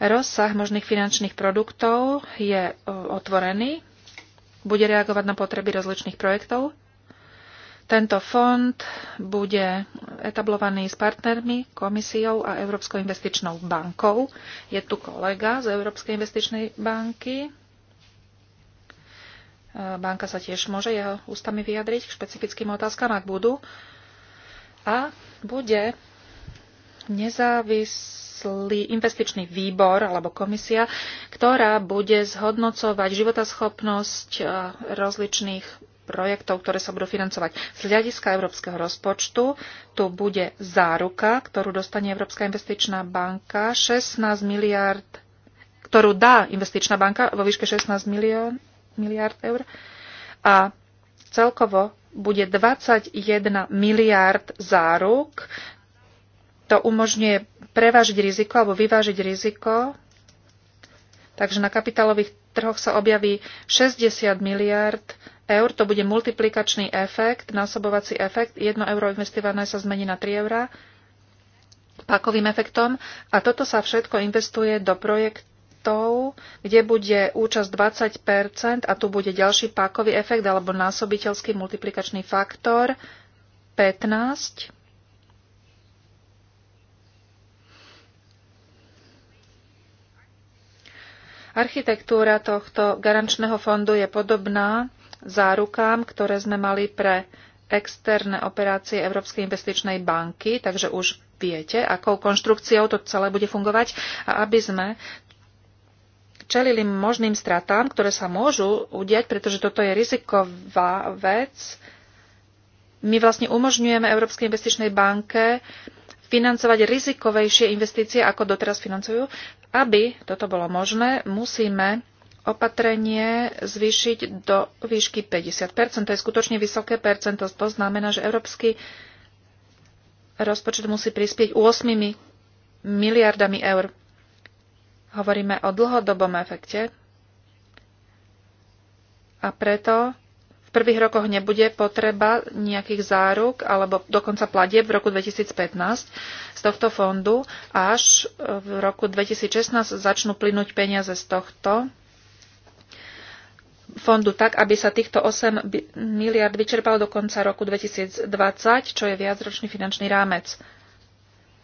Rozsah možných finančných produktov je e, otvorený, bude reagovať na potreby rozličných projektov tento fond bude etablovaný s partnermi, komisiou a Európskou investičnou bankou. Je tu kolega z Európskej investičnej banky. E, banka sa tiež môže jeho ústami vyjadriť k špecifickým otázkam, ak budú. A bude nezávislý investičný výbor alebo komisia, ktorá bude zhodnocovať životaschopnosť e, rozličných projektov, ktoré sa budú financovať. Z hľadiska európskeho rozpočtu tu bude záruka, ktorú dostane Európska investičná banka 16 miliard, ktorú dá investičná banka vo výške 16 milión, miliard eur a celkovo bude 21 miliard záruk. To umožňuje prevážiť riziko alebo vyvážiť riziko. Takže na kapitálových trhoch sa objaví 60 miliard eur, to bude multiplikačný efekt, násobovací efekt. 1 euro investované sa zmení na 3 eurá pakovým efektom a toto sa všetko investuje do projektov, kde bude účasť 20% a tu bude ďalší pákový efekt alebo násobiteľský multiplikačný faktor 15. Architektúra tohto garančného fondu je podobná zárukám, ktoré sme mali pre externé operácie Európskej investičnej banky, takže už viete, akou konštrukciou to celé bude fungovať a aby sme čelili možným stratám, ktoré sa môžu udiať, pretože toto je riziková vec. My vlastne umožňujeme Európskej investičnej banke financovať rizikovejšie investície, ako doteraz financujú. Aby toto bolo možné, musíme opatrenie zvýšiť do výšky 50 To je skutočne vysoké percento. To znamená, že európsky rozpočet musí prispieť 8 miliardami eur. Hovoríme o dlhodobom efekte a preto v prvých rokoch nebude potreba nejakých záruk alebo dokonca platieb v roku 2015 z tohto fondu, až v roku 2016 začnú plynúť peniaze z tohto fondu tak, aby sa týchto 8 miliard vyčerpalo do konca roku 2020, čo je viacročný finančný rámec.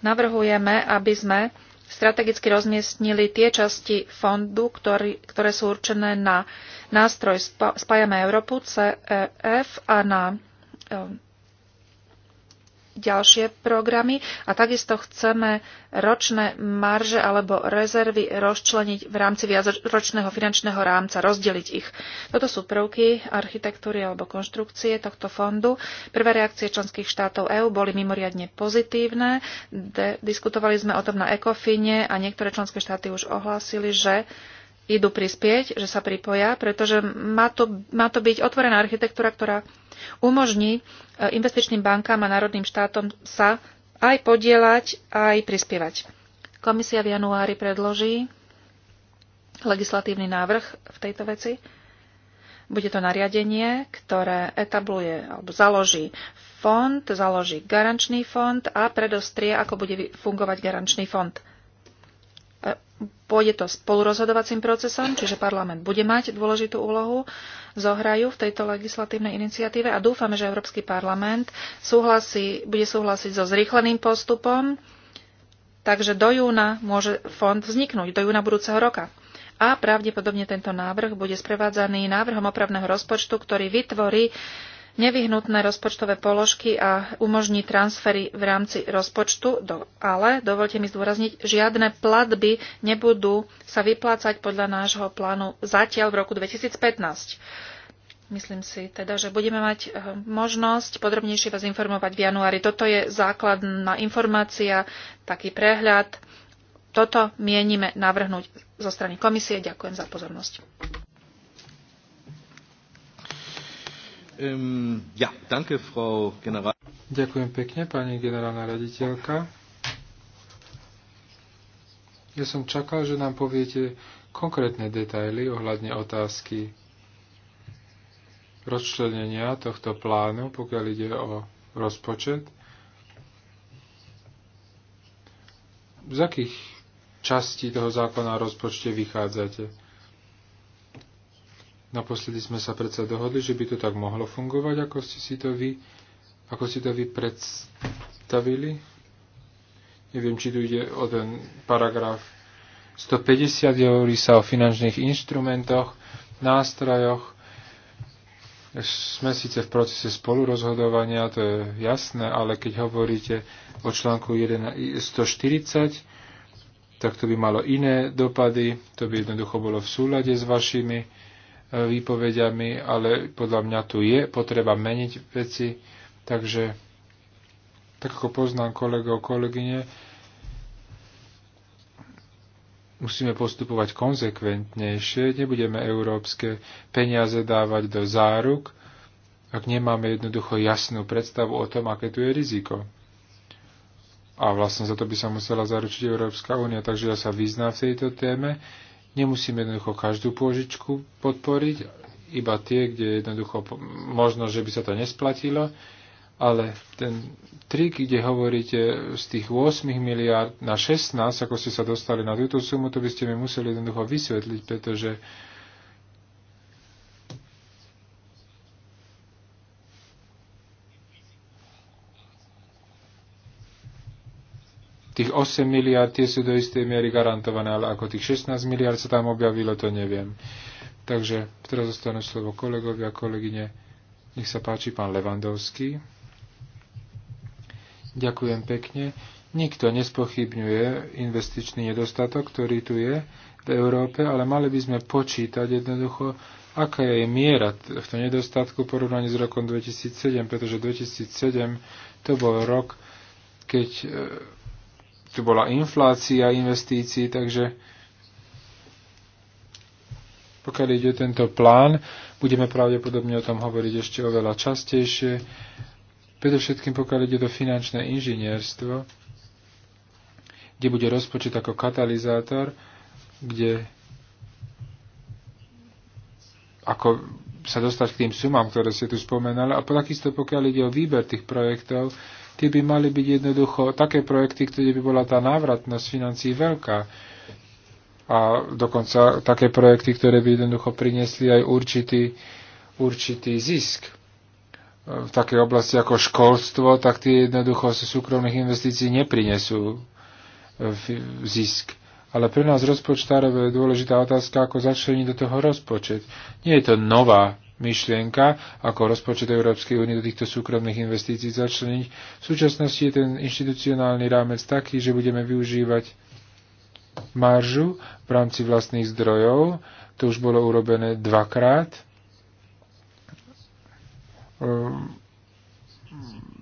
Navrhujeme, aby sme strategicky rozmiestnili tie časti fondu, ktorý, ktoré sú určené na nástroj Spájame Európu, CEF a na e, ďalšie programy a takisto chceme ročné marže alebo rezervy rozčleniť v rámci viacročného finančného rámca, rozdeliť ich. Toto sú prvky architektúry alebo konštrukcie tohto fondu. Prvé reakcie členských štátov EÚ boli mimoriadne pozitívne. De- diskutovali sme o tom na ECOFINE a niektoré členské štáty už ohlásili, že idú prispieť, že sa pripoja, pretože má to, má to byť otvorená architektúra, ktorá umožní e, investičným bankám a národným štátom sa aj podielať, aj prispievať. Komisia v januári predloží legislatívny návrh v tejto veci. Bude to nariadenie, ktoré etabluje alebo založí fond, založí garančný fond a predostrie, ako bude fungovať garančný fond. Pôjde to spolurozhodovacím procesom, čiže parlament bude mať dôležitú úlohu, zohrajú v tejto legislatívnej iniciatíve a dúfame, že Európsky parlament súhlasí, bude súhlasiť so zrýchleným postupom, takže do júna môže fond vzniknúť, do júna budúceho roka. A pravdepodobne tento návrh bude sprevádzaný návrhom opravného rozpočtu, ktorý vytvorí nevyhnutné rozpočtové položky a umožní transfery v rámci rozpočtu, do, ale dovolte mi zdôrazniť, žiadne platby nebudú sa vyplácať podľa nášho plánu zatiaľ v roku 2015. Myslím si teda, že budeme mať eh, možnosť podrobnejšie vás informovať v januári. Toto je základná informácia, taký prehľad. Toto mienime navrhnúť zo strany komisie. Ďakujem za pozornosť. Ehm, ja, danke, Frau General. Ďakujem pekne, pani generálna raditeľka. Ja som čakal, že nám poviete konkrétne detaily ohľadne otázky rozčlenenia tohto plánu, pokiaľ ide o rozpočet. Z akých častí toho zákona o rozpočte vychádzate? Naposledy sme sa predsa dohodli, že by to tak mohlo fungovať, ako ste si to vy, ako si to vy predstavili. Neviem, či tu ide o ten paragraf 150, hovorí sa o finančných inštrumentoch, nástrojoch. Sme síce v procese spolurozhodovania, to je jasné, ale keď hovoríte o článku 140, tak to by malo iné dopady, to by jednoducho bolo v súlade s vašimi výpovediami, ale podľa mňa tu je potreba meniť veci, takže tak ako poznám kolegov, kolegyne, musíme postupovať konzekventnejšie, nebudeme európske peniaze dávať do záruk, ak nemáme jednoducho jasnú predstavu o tom, aké tu je riziko. A vlastne za to by sa musela zaručiť Európska únia, takže ja sa vyznám v tejto téme Nemusíme jednoducho každú pôžičku podporiť, iba tie, kde jednoducho možno, že by sa to nesplatilo, ale ten trik, kde hovoríte z tých 8 miliard na 16, ako ste sa dostali na túto sumu, to by ste mi museli jednoducho vysvetliť, pretože uh, Tých 8 miliard tie sú do istej miery garantované, ale ako tých 16 miliard sa tam objavilo, to neviem. Takže teraz zostanú slovo kolegovia a kolegyne. Nech sa páči pán Levandovský. Ďakujem pekne. Nikto nespochybňuje investičný nedostatok, ktorý tu je v Európe, ale mali by sme počítať jednoducho, aká je miera tom nedostatku v porovnaní s rokom 2007, pretože 2007 to bol rok, keď tu bola inflácia investícií, takže pokiaľ ide o tento plán, budeme pravdepodobne o tom hovoriť ešte oveľa častejšie. Predovšetkým pokiaľ ide o finančné inžinierstvo, kde bude rozpočet ako katalizátor, kde ako sa dostať k tým sumám, ktoré ste tu spomenali. A takisto pokiaľ ide o výber tých projektov, tie by mali byť jednoducho také projekty, kde by bola tá návratnosť financí veľká. A dokonca také projekty, ktoré by jednoducho priniesli aj určitý, určitý zisk. V takej oblasti ako školstvo, tak tie jednoducho z súkromných investícií neprinesú e, zisk. Ale pre nás rozpočtárov je dôležitá otázka, ako začleniť do toho rozpočet. Nie je to nová myšlienka, ako rozpočet Európskej únie do týchto súkromných investícií začleniť. V súčasnosti je ten inštitucionálny rámec taký, že budeme využívať maržu v rámci vlastných zdrojov. To už bolo urobené dvakrát. Ehm,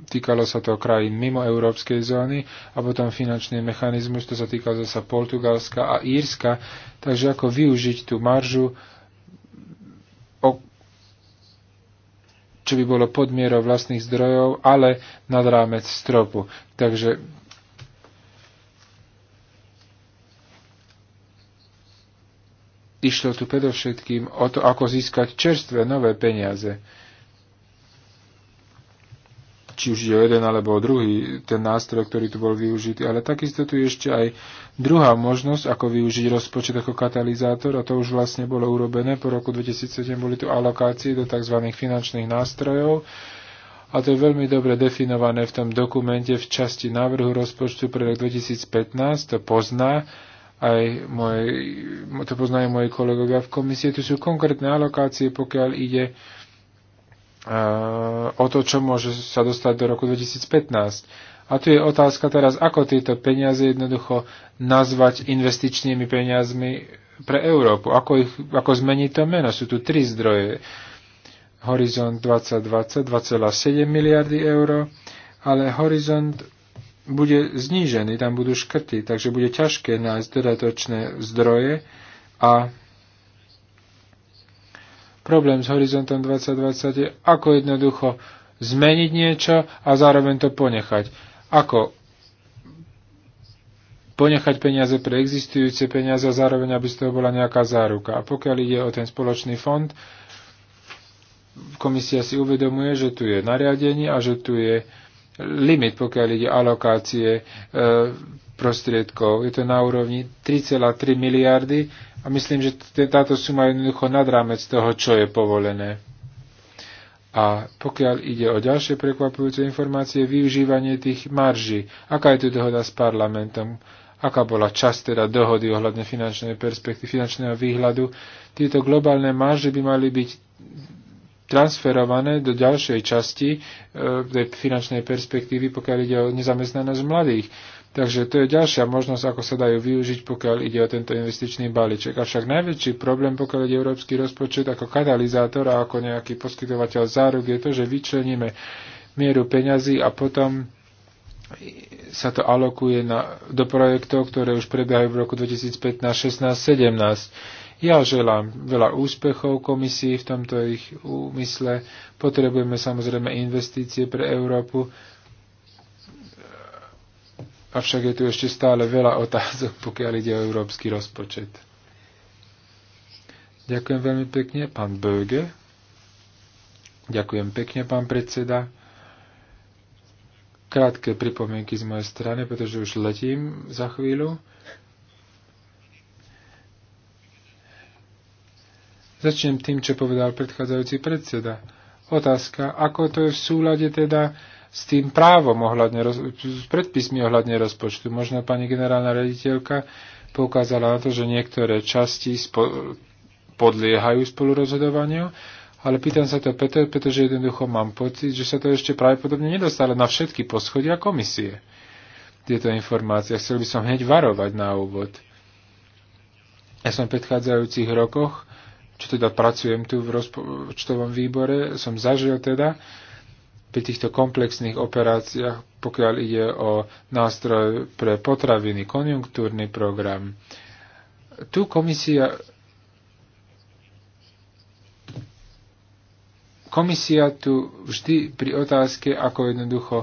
týkalo sa to krajín mimo európskej zóny a potom finančný mechanizmus, to sa týka zasa Portugalska a Írska. Takže ako využiť tú maržu, o čo by bolo podmierou vlastných zdrojov, ale nad rámec stropu. Takže išlo tu predovšetkým o to, ako získať čerstvé nové peniaze či už je o jeden alebo o druhý, ten nástroj, ktorý tu bol využitý. Ale takisto tu je ešte aj druhá možnosť, ako využiť rozpočet ako katalizátor, a to už vlastne bolo urobené. Po roku 2007 boli tu alokácie do tzv. finančných nástrojov, a to je veľmi dobre definované v tom dokumente v časti návrhu rozpočtu pre rok 2015, to pozná aj moje, to poznajú moji kolegovia v komisie. Tu sú konkrétne alokácie, pokiaľ ide o to, čo môže sa dostať do roku 2015. A tu je otázka teraz, ako tieto peniaze jednoducho nazvať investičnými peniazmi pre Európu. Ako, ich, ako zmeniť to meno? Sú tu tri zdroje. Horizont 2020 2,7 miliardy eur, ale horizont bude znížený, tam budú škrty, takže bude ťažké nájsť dodatočné zdroje a Problém s horizontom 2020 je, ako jednoducho zmeniť niečo a zároveň to ponechať. Ako ponechať peniaze pre existujúce peniaze a zároveň, aby z toho bola nejaká záruka. A pokiaľ ide o ten spoločný fond, komisia si uvedomuje, že tu je nariadenie a že tu je limit, pokiaľ ide alokácie e, prostriedkov. Je to na úrovni 3,3 miliardy a myslím, že táto suma je jednoducho nad rámec toho, čo je povolené. A pokiaľ ide o ďalšie prekvapujúce informácie, využívanie tých marží. Aká je tu dohoda s parlamentom? Aká bola časť teda dohody ohľadne finančnej perspektívy, finančného výhľadu? Tieto globálne marže by mali byť transferované do ďalšej časti e, tej finančnej perspektívy, pokiaľ ide o nezamestnanosť mladých. Takže to je ďalšia možnosť, ako sa dajú využiť, pokiaľ ide o tento investičný balíček. Avšak najväčší problém, pokiaľ ide európsky rozpočet ako katalizátor a ako nejaký poskytovateľ záruk, je to, že vyčleníme mieru peňazí a potom sa to alokuje na, do projektov, ktoré už prebiehajú v roku 2015, 16, 17. Ja želám veľa úspechov komisii v tomto ich úmysle. Potrebujeme samozrejme investície pre Európu, Avšak je tu ešte stále veľa otázok, pokiaľ ide o európsky rozpočet. Ďakujem veľmi pekne, pán Böge. Ďakujem pekne, pán predseda. Krátke pripomienky z mojej strany, pretože už letím za chvíľu. Začnem tým, čo povedal predchádzajúci predseda. Otázka, ako to je v súlade teda s tým právom ohľadne, s predpismi ohľadne rozpočtu. Možno pani generálna rediteľka poukázala na to, že niektoré časti spo, podliehajú spolurozhodovaniu, ale pýtam sa to preto, pretože jednoducho mám pocit, že sa to ešte pravdepodobne nedostalo na všetky poschodia komisie. Tieto informácie. Chcel by som hneď varovať na úvod. Ja som v predchádzajúcich rokoch, čo teda pracujem tu v rozpočtovom výbore, som zažil teda, pri týchto komplexných operáciách, pokiaľ ide o nástroj pre potraviny, konjunktúrny program. Tu komisia komisia tu vždy pri otázke, ako jednoducho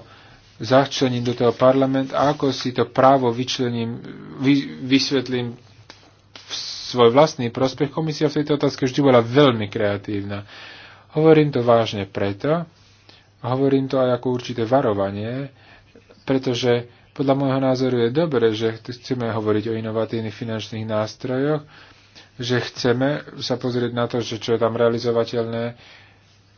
začlením do toho parlament a ako si to právo vyčlením, vy, vysvetlím v svoj vlastný prospech. Komisia v tejto otázke vždy bola veľmi kreatívna. Hovorím to vážne preto, a hovorím to aj ako určité varovanie, pretože podľa môjho názoru je dobre, že chceme hovoriť o inovatívnych finančných nástrojoch, že chceme sa pozrieť na to, že čo je tam realizovateľné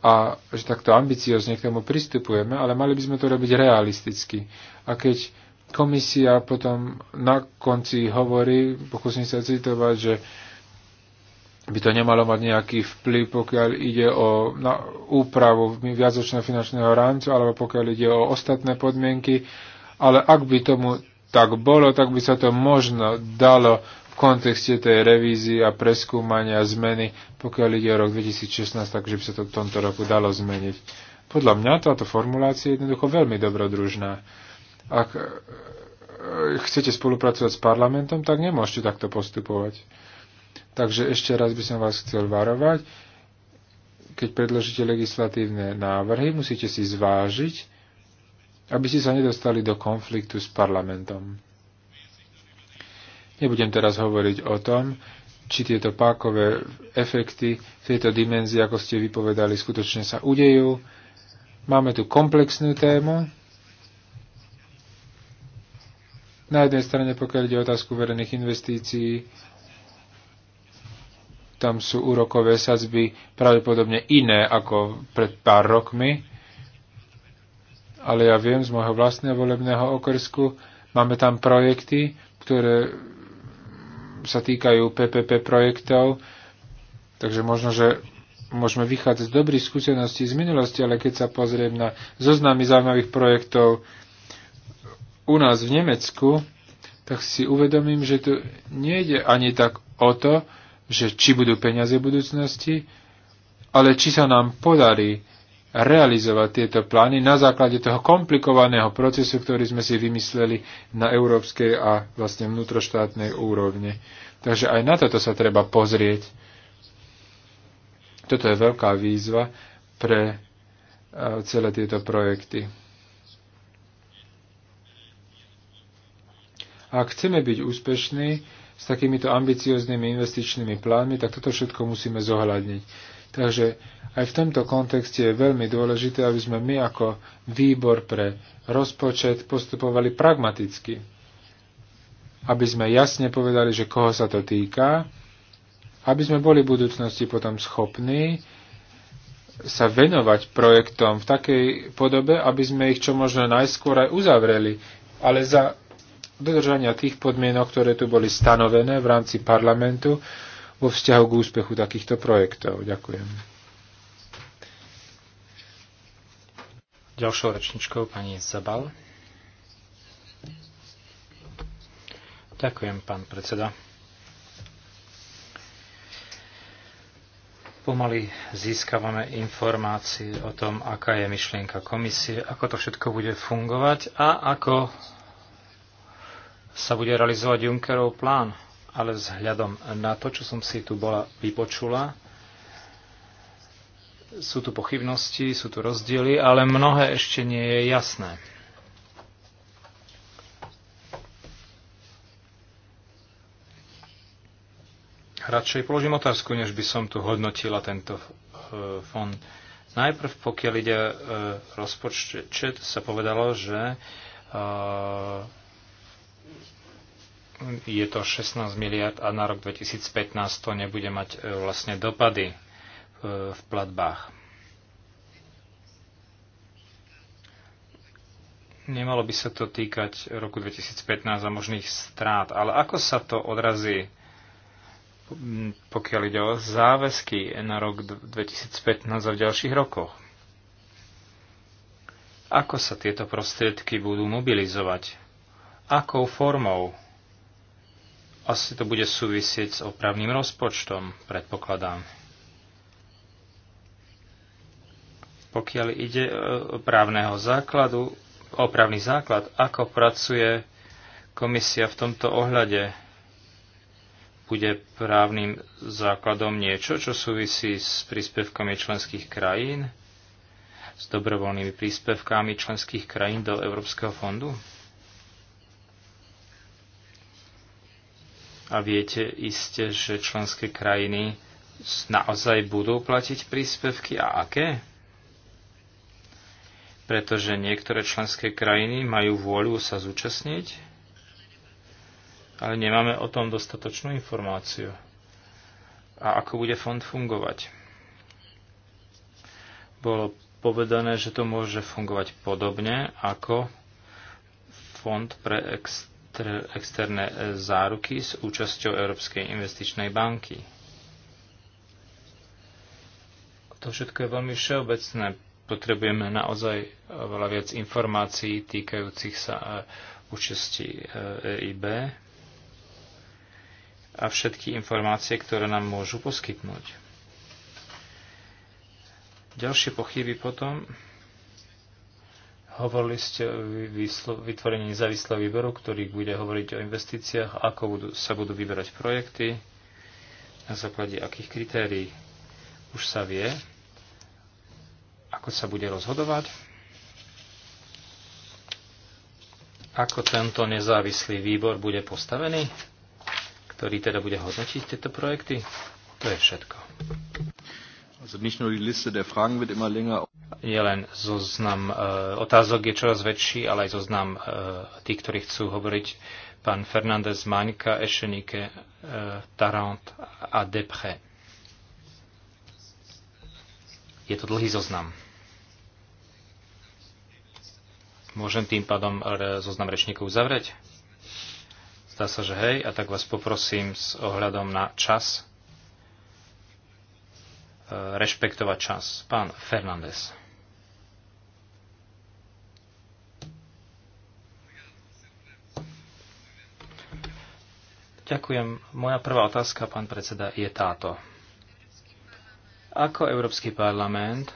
a že takto ambiciozne k tomu pristupujeme, ale mali by sme to robiť realisticky. A keď komisia potom na konci hovorí, pokúsim sa citovať, že by to nemalo mať nejaký vplyv, pokiaľ ide o na úpravu viacočného finančného rámcu, alebo pokiaľ ide o ostatné podmienky. Ale ak by tomu tak bolo, tak by sa to možno dalo v kontexte tej revízie a preskúmania zmeny, pokiaľ ide o rok 2016, takže by sa to v tomto roku dalo zmeniť. Podľa mňa táto formulácia je jednoducho veľmi dobrodružná. Ak chcete spolupracovať s parlamentom, tak nemôžete takto postupovať. Takže ešte raz by som vás chcel varovať, keď predložíte legislatívne návrhy, musíte si zvážiť, aby ste sa nedostali do konfliktu s parlamentom. Nebudem teraz hovoriť o tom, či tieto pákové efekty v tejto ako ste vypovedali, skutočne sa udejú. Máme tu komplexnú tému. Na jednej strane, pokiaľ ide o otázku verejných investícií, tam sú úrokové sadzby pravdepodobne iné ako pred pár rokmi, ale ja viem z môjho vlastného volebného okrsku, máme tam projekty, ktoré sa týkajú PPP projektov, takže možno, že môžeme vychádzať z dobrých skúseností z minulosti, ale keď sa pozriem na zoznamy zaujímavých projektov u nás v Nemecku, tak si uvedomím, že tu nejde ani tak o to, že či budú peniaze v budúcnosti, ale či sa nám podarí realizovať tieto plány na základe toho komplikovaného procesu, ktorý sme si vymysleli na európskej a vlastne vnútroštátnej úrovni. Takže aj na toto sa treba pozrieť. Toto je veľká výzva pre e, celé tieto projekty. Ak chceme byť úspešní, s takýmito ambicioznými investičnými plánmi, tak toto všetko musíme zohľadniť. Takže aj v tomto kontexte je veľmi dôležité, aby sme my ako výbor pre rozpočet postupovali pragmaticky. Aby sme jasne povedali, že koho sa to týka, aby sme boli v budúcnosti potom schopní sa venovať projektom v takej podobe, aby sme ich čo možno najskôr aj uzavreli, ale za dodržania tých podmienok, ktoré tu boli stanovené v rámci parlamentu vo vzťahu k úspechu takýchto projektov. Ďakujem. Ďalšou rečničkou pani Zabal. Ďakujem, pán predseda. Pomaly získavame informácie o tom, aká je myšlienka komisie, ako to všetko bude fungovať a ako sa bude realizovať Junckerov plán, ale vzhľadom na to, čo som si tu bola vypočula, sú tu pochybnosti, sú tu rozdiely, ale mnohé ešte nie je jasné. Radšej položím otázku, než by som tu hodnotila tento e, fond. Najprv, pokiaľ ide e, rozpočet, sa povedalo, že e, je to 16 miliard a na rok 2015 to nebude mať e, vlastne dopady e, v platbách. Nemalo by sa to týkať roku 2015 a možných strát, ale ako sa to odrazí, pokiaľ ide o záväzky na rok 2015 a v ďalších rokoch? Ako sa tieto prostriedky budú mobilizovať? Akou formou? Asi to bude súvisieť s opravným rozpočtom, predpokladám. Pokiaľ ide e, o právneho základu, opravný základ, ako pracuje komisia v tomto ohľade? Bude právnym základom niečo, čo súvisí s príspevkami členských krajín? S dobrovoľnými príspevkami členských krajín do Európskeho fondu? A viete iste, že členské krajiny naozaj budú platiť príspevky a aké? Pretože niektoré členské krajiny majú vôľu sa zúčastniť, ale nemáme o tom dostatočnú informáciu. A ako bude fond fungovať? Bolo povedané, že to môže fungovať podobne ako fond pre ex- externé e, záruky s účasťou Európskej investičnej banky. To všetko je veľmi všeobecné. Potrebujeme naozaj veľa viac informácií týkajúcich sa e, účasti EIB e a všetky informácie, ktoré nám môžu poskytnúť. Ďalšie pochyby potom Hovorili ste o vytvorení nezávislého výboru, ktorý bude hovoriť o investíciách, ako budú, sa budú vyberať projekty, na základe akých kritérií už sa vie, ako sa bude rozhodovať, ako tento nezávislý výbor bude postavený, ktorý teda bude hodnotiť tieto projekty. To je všetko. Also nicht nur die Liste der Fragen wird immer länger nie len zoznam e, otázok je čoraz väčší, ale aj zoznam e, tých, ktorí chcú hovoriť. Pán Fernández Maňka, Ešenike, e, Tarant a Depre. Je to dlhý zoznam. Môžem tým pádom zoznam rečníkov zavrieť? Zdá sa, že hej, a tak vás poprosím s ohľadom na čas rešpektovať čas. Pán Fernández. Ďakujem. Moja prvá otázka, pán predseda, je táto. Ako Európsky parlament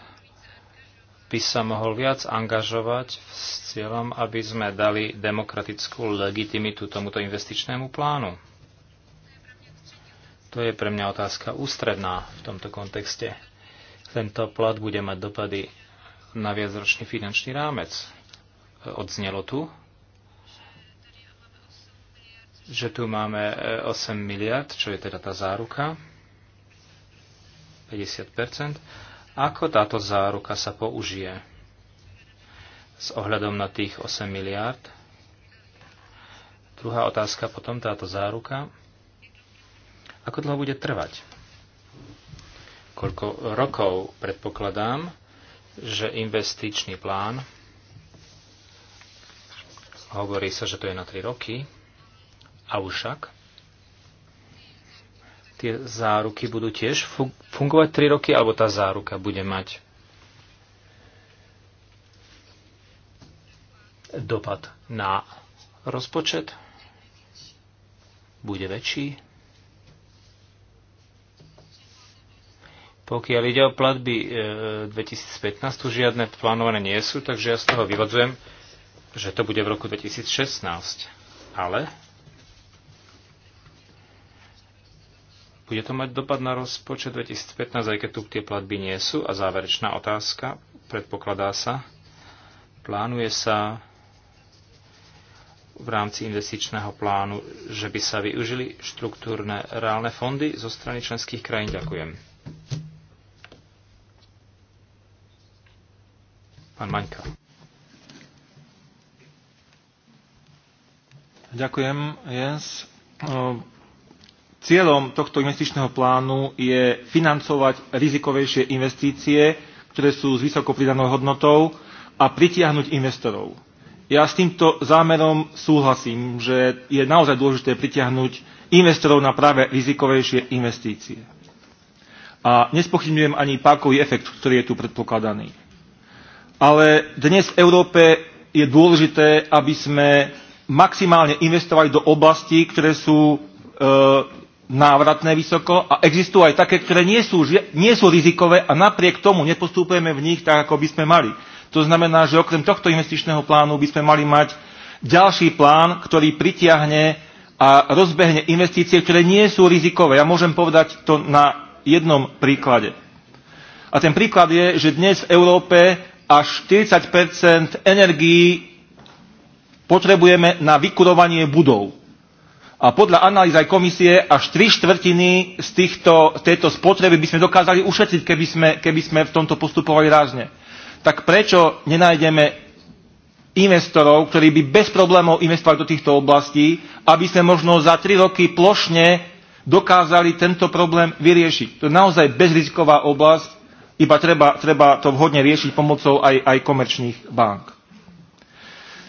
by sa mohol viac angažovať s cieľom, aby sme dali demokratickú legitimitu tomuto investičnému plánu? To je pre mňa otázka ústredná v tomto kontexte. Tento plat bude mať dopady na viacročný finančný rámec. Odznelo tu, že tu máme 8 e, miliard, čo je teda tá záruka, 50 Ako táto záruka sa použije s ohľadom na tých 8 miliard? Druhá otázka potom, táto záruka. Ako dlho bude trvať? Koľko rokov predpokladám, že investičný plán, hovorí sa, že to je na 3 roky, Avšak tie záruky budú tiež fungovať 3 roky, alebo tá záruka bude mať dopad na rozpočet? Bude väčší? Pokiaľ ide o platby 2015, e, tu žiadne plánované nie sú, takže ja z toho vyvodzujem, že to bude v roku 2016. Ale Bude to mať dopad na rozpočet 2015, aj keď tu tie platby nie sú. A záverečná otázka, predpokladá sa, plánuje sa v rámci investičného plánu, že by sa využili štruktúrne reálne fondy zo strany členských krajín. Ďakujem. Pán Maňka. Ďakujem, Jens. Cieľom tohto investičného plánu je financovať rizikovejšie investície, ktoré sú s vysokou pridanou hodnotou a pritiahnuť investorov. Ja s týmto zámerom súhlasím, že je naozaj dôležité pritiahnuť investorov na práve rizikovejšie investície. A nespochybňujem ani pákový efekt, ktorý je tu predpokladaný. Ale dnes v Európe je dôležité, aby sme maximálne investovali do oblastí, ktoré sú e, návratné vysoko a existujú aj také, ktoré nie sú, nie sú rizikové a napriek tomu nepostupujeme v nich tak, ako by sme mali. To znamená, že okrem tohto investičného plánu by sme mali mať ďalší plán, ktorý pritiahne a rozbehne investície, ktoré nie sú rizikové. Ja môžem povedať to na jednom príklade. A ten príklad je, že dnes v Európe až 40 energií potrebujeme na vykurovanie budov a podľa analýz aj komisie až tri štvrtiny z týchto, tejto spotreby by sme dokázali ušetriť, keby sme, keby sme v tomto postupovali rázne. Tak prečo nenájdeme investorov, ktorí by bez problémov investovali do týchto oblastí, aby sme možno za tri roky plošne dokázali tento problém vyriešiť. To je naozaj bezriziková oblasť, iba treba, treba to vhodne riešiť pomocou aj, aj komerčných bank.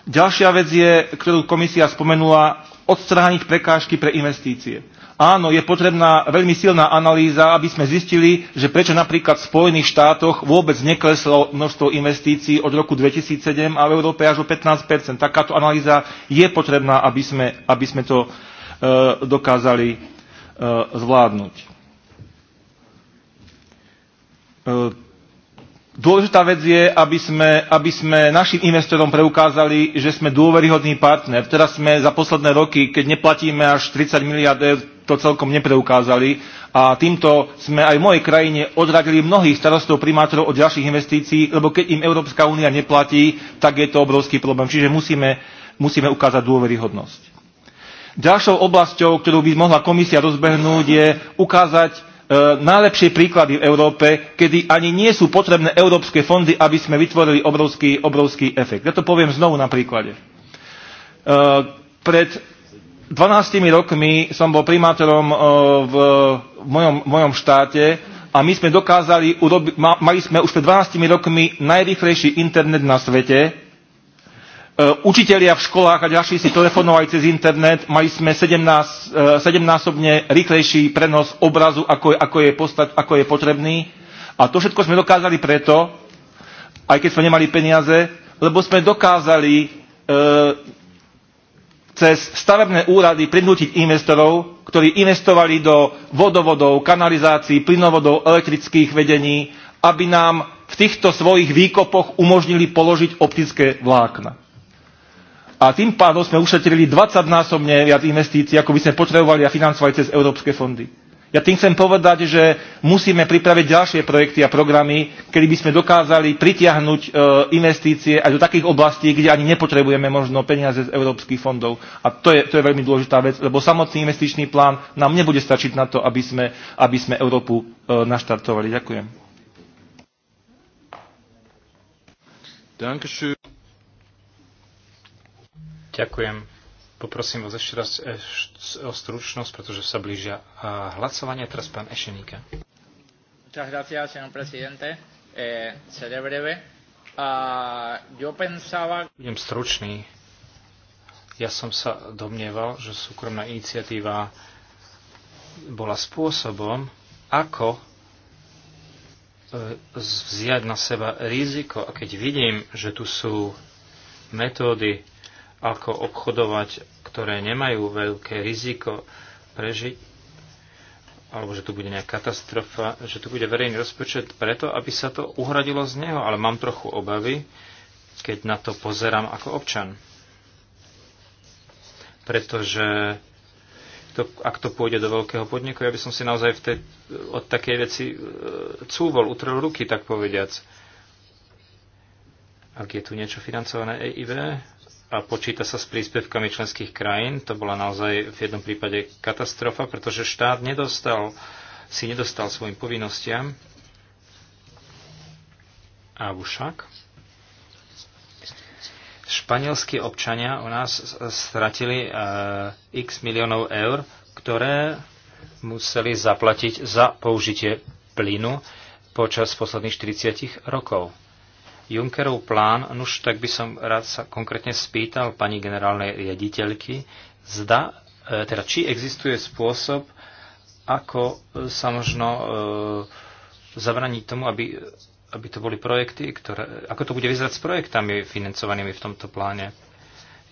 Ďalšia vec je, ktorú komisia spomenula, odstrániť prekážky pre investície. Áno, je potrebná veľmi silná analýza, aby sme zistili, že prečo napríklad v Spojených štátoch vôbec nekleslo množstvo investícií od roku 2007 a v Európe až o 15 Takáto analýza je potrebná, aby sme, aby sme to e, dokázali e, zvládnuť. E, Dôležitá vec je, aby sme, aby sme našim investorom preukázali, že sme dôveryhodný partner. Teraz sme za posledné roky, keď neplatíme až 30 miliard eur, to celkom nepreukázali. A týmto sme aj v mojej krajine odradili mnohých starostov, primátorov od ďalších investícií, lebo keď im Európska únia neplatí, tak je to obrovský problém. Čiže musíme, musíme ukázať dôveryhodnosť. Ďalšou oblasťou, ktorú by mohla komisia rozbehnúť, je ukázať E, najlepšie príklady v Európe, kedy ani nie sú potrebné európske fondy, aby sme vytvorili obrovský, obrovský efekt. Ja to poviem znovu na príklade. E, pred 12 rokmi som bol primátorom e, v mojom, v mojom štáte a my sme dokázali urobiť, mali sme už pred 12 rokmi najrýchlejší internet na svete Eh, učitelia v školách a ďalší si telefonovali cez internet, mali sme eh, sedemnásobne rýchlejší prenos obrazu, ako je, ako, je postať, ako je potrebný. A to všetko sme dokázali preto, aj keď sme nemali peniaze, lebo sme dokázali e, cez stavebné úrady prinútiť investorov, ktorí investovali do vodovodov, kanalizácií, plynovodov, elektrických vedení, aby nám v týchto svojich výkopoch umožnili položiť optické vlákna a tým pádom sme ušetrili 20 násobne viac investícií, ako by sme potrebovali a financovali cez európske fondy. Ja tým chcem povedať, že musíme pripraviť ďalšie projekty a programy, kedy by sme dokázali pritiahnuť e, investície aj do takých oblastí, kde ani nepotrebujeme možno peniaze z európskych fondov. A to je, to je veľmi dôležitá vec, lebo samotný investičný plán nám nebude stačiť na to, aby sme, aby sme Európu e, naštartovali. Ďakujem. Dankeschön. Ďakujem. Poprosím vás ešte raz eh, o stručnosť, pretože sa blížia eh, hlasovanie. Teraz pán Ešeníka. Muchas gracias, señor presidente. Eh, seré breve. Uh, yo pensaba... Budem stručný. Ja som sa domnieval, že súkromná iniciatíva bola spôsobom, ako eh, vziať na seba riziko. A keď vidím, že tu sú metódy ako obchodovať, ktoré nemajú veľké riziko prežiť, alebo že tu bude nejaká katastrofa, že tu bude verejný rozpočet preto, aby sa to uhradilo z neho, ale mám trochu obavy, keď na to pozerám ako občan. Pretože to, ak to pôjde do veľkého podniku, ja by som si naozaj v tej, od takej veci e, cúvol, utrel ruky, tak povediac. Ak je tu niečo financované EIB, a počíta sa s príspevkami členských krajín. To bola naozaj v jednom prípade katastrofa, pretože štát nedostal, si nedostal svojim povinnostiam. A však španielskí občania u nás stratili e, x miliónov eur, ktoré museli zaplatiť za použitie plynu počas posledných 40 rokov. Junckerov plán, nuž no tak by som rád sa konkrétne spýtal pani generálnej riaditeľky, zda, e, teda či existuje spôsob, ako e, sa možno e, zabraniť tomu, aby, aby to boli projekty, ktoré, ako to bude vyzerať s projektami financovanými v tomto pláne.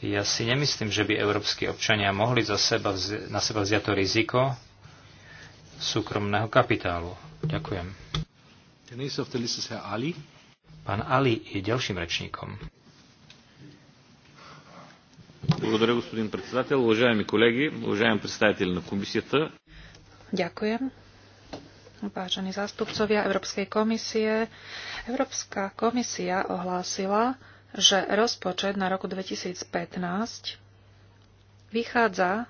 Ja si nemyslím, že by európsky občania mohli za seba, na seba vziať to riziko súkromného kapitálu. Ďakujem. Der nächste auf der Liste ist Herr Ali. Pán Ali je ďalším rečníkom. Благодаря, господин председател. Уважаеми колеги, уважаеми представители на комисията. Ďakujem. Vážení zástupcovia Európskej komisie, Európska komisia ohlásila, že rozpočet na roku 2015 vychádza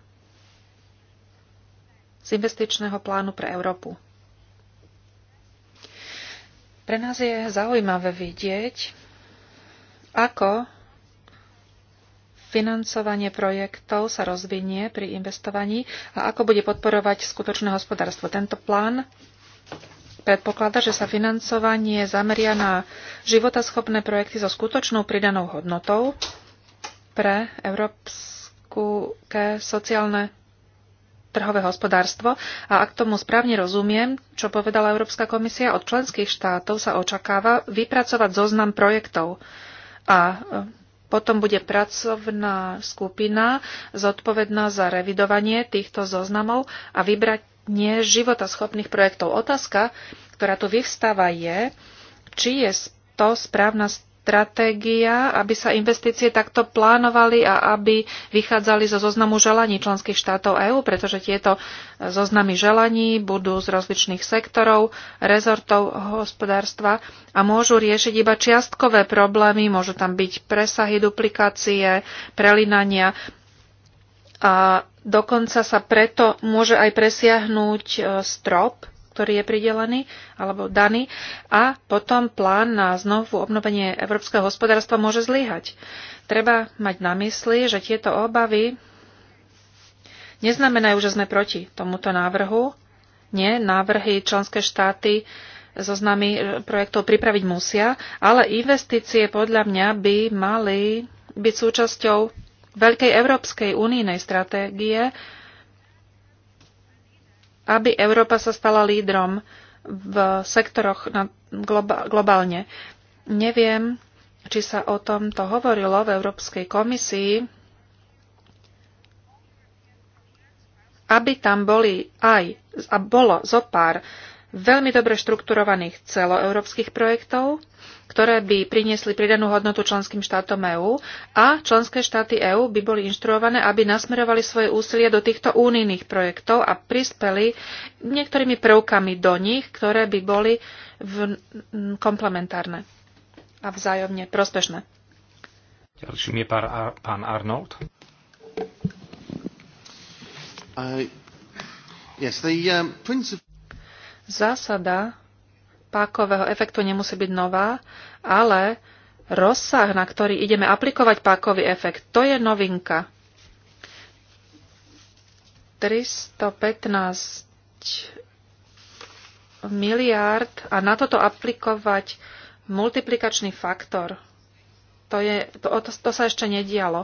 z investičného plánu pre Európu. Pre nás je zaujímavé vidieť, ako financovanie projektov sa rozvinie pri investovaní a ako bude podporovať skutočné hospodárstvo. Tento plán predpokladá, že sa financovanie zameria na životaschopné projekty so skutočnou pridanou hodnotou pre európske sociálne trhové hospodárstvo a ak tomu správne rozumiem, čo povedala Európska komisia, od členských štátov sa očakáva vypracovať zoznam projektov. A e, potom bude pracovná skupina zodpovedná za revidovanie týchto zoznamov a vybrať nie schopných projektov. Otázka, ktorá tu vyvstáva je, či je to správna stratégia, aby sa investície takto plánovali a aby vychádzali zo zoznamu želaní členských štátov EÚ, pretože tieto e, zoznamy želaní budú z rozličných sektorov, rezortov hospodárstva a môžu riešiť iba čiastkové problémy, môžu tam byť presahy, duplikácie, prelinania a dokonca sa preto môže aj presiahnuť e, strop ktorý je pridelený alebo daný a potom plán na znovu obnovenie európskeho hospodárstva môže zlyhať. Treba mať na mysli, že tieto obavy neznamenajú, že sme proti tomuto návrhu. Nie, návrhy členské štáty zoznamy projektov pripraviť musia, ale investície podľa mňa by mali byť súčasťou veľkej európskej unijnej stratégie, aby Európa sa stala lídrom v sektoroch na, globálne. Neviem, či sa o tomto hovorilo v Európskej komisii, aby tam boli aj a bolo zo pár veľmi dobre štrukturovaných celoeurópskych projektov, ktoré by priniesli pridanú hodnotu členským štátom EÚ a členské štáty EÚ by boli inštruované, aby nasmerovali svoje úsilie do týchto únijných projektov a prispeli niektorými prvkami do nich, ktoré by boli v, komplementárne a vzájomne prospešné. Ďalším je pár, Ar- pán Arnold. Uh, yes, the, um, principle... Zásada pákového efektu nemusí byť nová, ale rozsah, na ktorý ideme aplikovať pákový efekt, to je novinka. 315 miliárd a na toto aplikovať multiplikačný faktor. To, je, to, to, to sa ešte nedialo.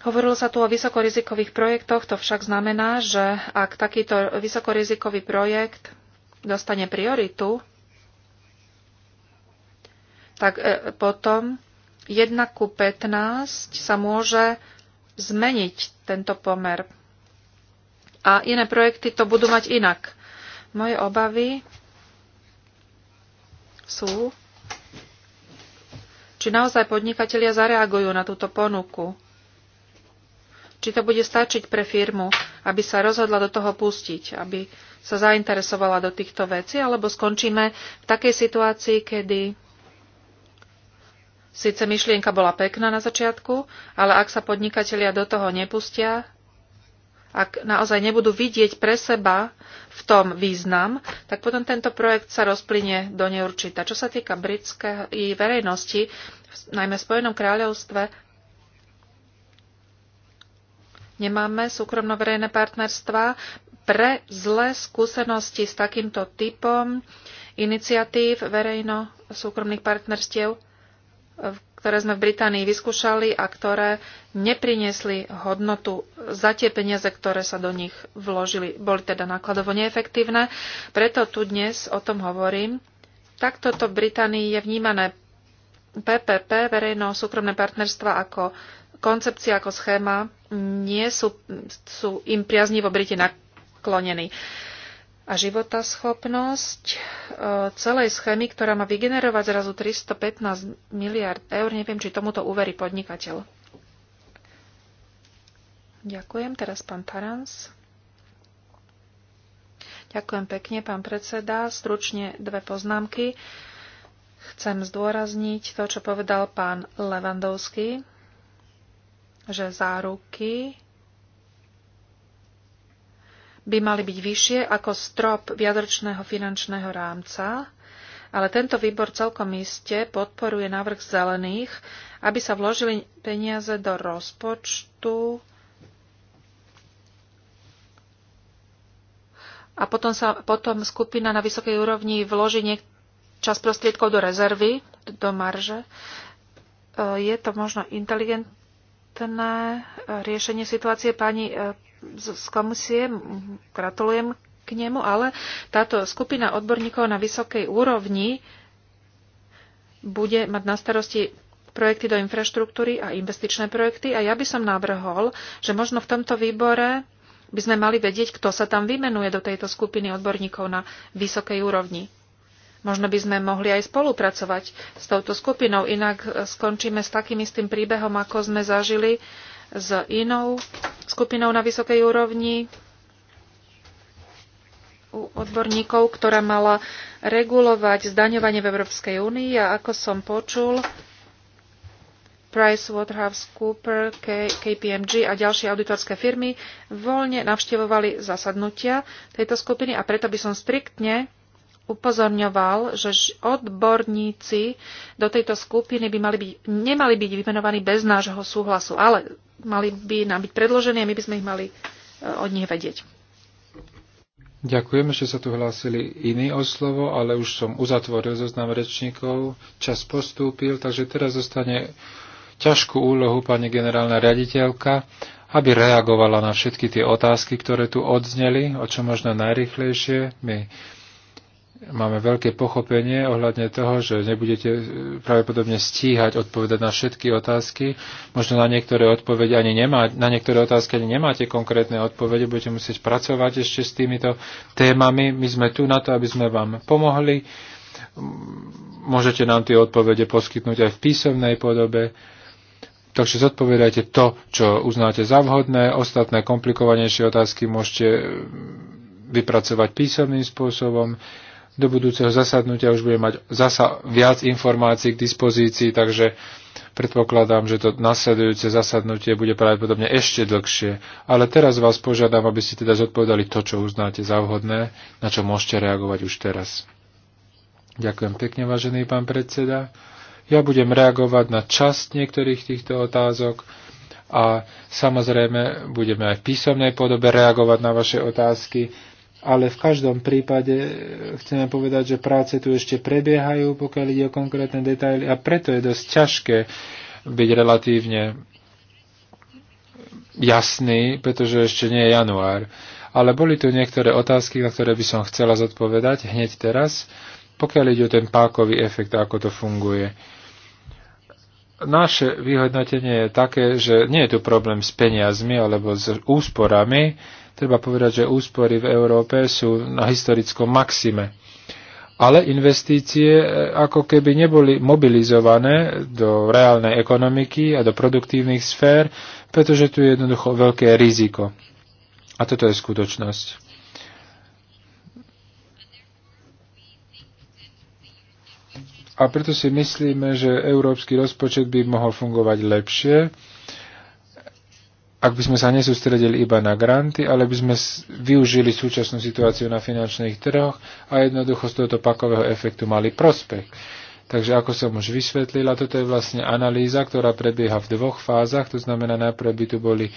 Hovorilo sa tu o vysokorizikových projektoch, to však znamená, že ak takýto vysokorizikový projekt dostane prioritu, tak e, potom 1 ku 15 sa môže zmeniť tento pomer. A iné projekty to budú mať inak. Moje obavy sú, či naozaj podnikatelia zareagujú na túto ponuku či to bude stačiť pre firmu, aby sa rozhodla do toho pustiť, aby sa zainteresovala do týchto vecí, alebo skončíme v takej situácii, kedy síce myšlienka bola pekná na začiatku, ale ak sa podnikatelia do toho nepustia, ak naozaj nebudú vidieť pre seba v tom význam, tak potom tento projekt sa rozplynie do neurčita. Čo sa týka britskej verejnosti, najmä v Spojenom kráľovstve, nemáme súkromno-verejné partnerstva pre zlé skúsenosti s takýmto typom iniciatív verejno-súkromných partnerstiev, ktoré sme v Británii vyskúšali a ktoré nepriniesli hodnotu za tie peniaze, ktoré sa do nich vložili. Boli teda nákladovo neefektívne, preto tu dnes o tom hovorím. Takto to v Británii je vnímané PPP, verejno-súkromné partnerstva, ako koncepcia ako schéma nie sú, sú im priaznivo Briti naklonení. A životaschopnosť e, celej schémy, ktorá má vygenerovať zrazu 315 miliard eur, neviem, či tomuto uverí podnikateľ. Ďakujem. Teraz pán Tarans. Ďakujem pekne, pán predseda. Stručne dve poznámky. Chcem zdôrazniť to, čo povedal pán Levandovský že záruky by mali byť vyššie ako strop viadročného finančného rámca, ale tento výbor celkom iste podporuje návrh zelených, aby sa vložili peniaze do rozpočtu a potom, sa, potom skupina na vysokej úrovni vloží niek- čas prostriedkov do rezervy, do marže. E, je to možno inteligentné kvalitné e, riešenie situácie pani e, z komisie. Gratulujem k nemu, ale táto skupina odborníkov na vysokej úrovni bude mať na starosti projekty do infraštruktúry a investičné projekty a ja by som navrhol, že možno v tomto výbore by sme mali vedieť, kto sa tam vymenuje do tejto skupiny odborníkov na vysokej úrovni. Možno by sme mohli aj spolupracovať s touto skupinou, inak skončíme s takým istým príbehom, ako sme zažili s inou skupinou na vysokej úrovni u odborníkov, ktorá mala regulovať zdaňovanie v Európskej únii a ako som počul, PricewaterhouseCoopers, KPMG a ďalšie auditorské firmy voľne navštevovali zasadnutia tejto skupiny a preto by som striktne upozorňoval, že odborníci do tejto skupiny by mali byť, nemali byť vymenovaní bez nášho súhlasu, ale mali by nám byť predložení a my by sme ich mali e, od nich vedieť. Ďakujem, že sa tu hlásili iní o slovo, ale už som uzatvoril zoznam rečníkov, čas postúpil, takže teraz zostane ťažkú úlohu pani generálna riaditeľka, aby reagovala na všetky tie otázky, ktoré tu odzneli, o čo možno najrychlejšie. My máme veľké pochopenie ohľadne toho, že nebudete e, pravdepodobne stíhať odpovedať na všetky otázky. Možno na niektoré, odpovede ani nemá, na niektoré otázky ani nemáte konkrétne odpovede, budete musieť pracovať ešte s týmito témami. My sme tu na to, aby sme vám pomohli. Môžete nám tie odpovede poskytnúť aj v písomnej podobe. Takže zodpovedajte to, čo uznáte za vhodné. Ostatné komplikovanejšie otázky môžete e, vypracovať písomným spôsobom do budúceho zasadnutia už budem mať zasa viac informácií k dispozícii, takže predpokladám, že to nasledujúce zasadnutie bude pravdepodobne ešte dlhšie. Ale teraz vás požiadam, aby ste teda zodpovedali to, čo uznáte za vhodné, na čo môžete reagovať už teraz. Ďakujem pekne, vážený pán predseda. Ja budem reagovať na časť niektorých týchto otázok a samozrejme budeme aj v písomnej podobe reagovať na vaše otázky ale v každom prípade e, chceme povedať, že práce tu ešte prebiehajú, pokiaľ ide o konkrétne detaily a preto je dosť ťažké byť relatívne jasný, pretože ešte nie je január. Ale boli tu niektoré otázky, na ktoré by som chcela zodpovedať hneď teraz, pokiaľ ide o ten pákový efekt a ako to funguje. Naše vyhodnotenie je také, že nie je tu problém s peniazmi alebo s úsporami, Treba povedať, že úspory v Európe sú na historickom maxime. Ale investície e, ako keby neboli mobilizované do reálnej ekonomiky a do produktívnych sfér, pretože tu je jednoducho veľké riziko. A toto je skutočnosť. A preto si myslíme, že európsky rozpočet by mohol fungovať lepšie ak by sme sa nesústredili iba na granty, ale by sme využili súčasnú situáciu na finančných trhoch a jednoducho z tohoto pakového efektu mali prospech. Takže ako som už vysvetlila, toto je vlastne analýza, ktorá prebieha v dvoch fázach, to znamená najprv by tu boli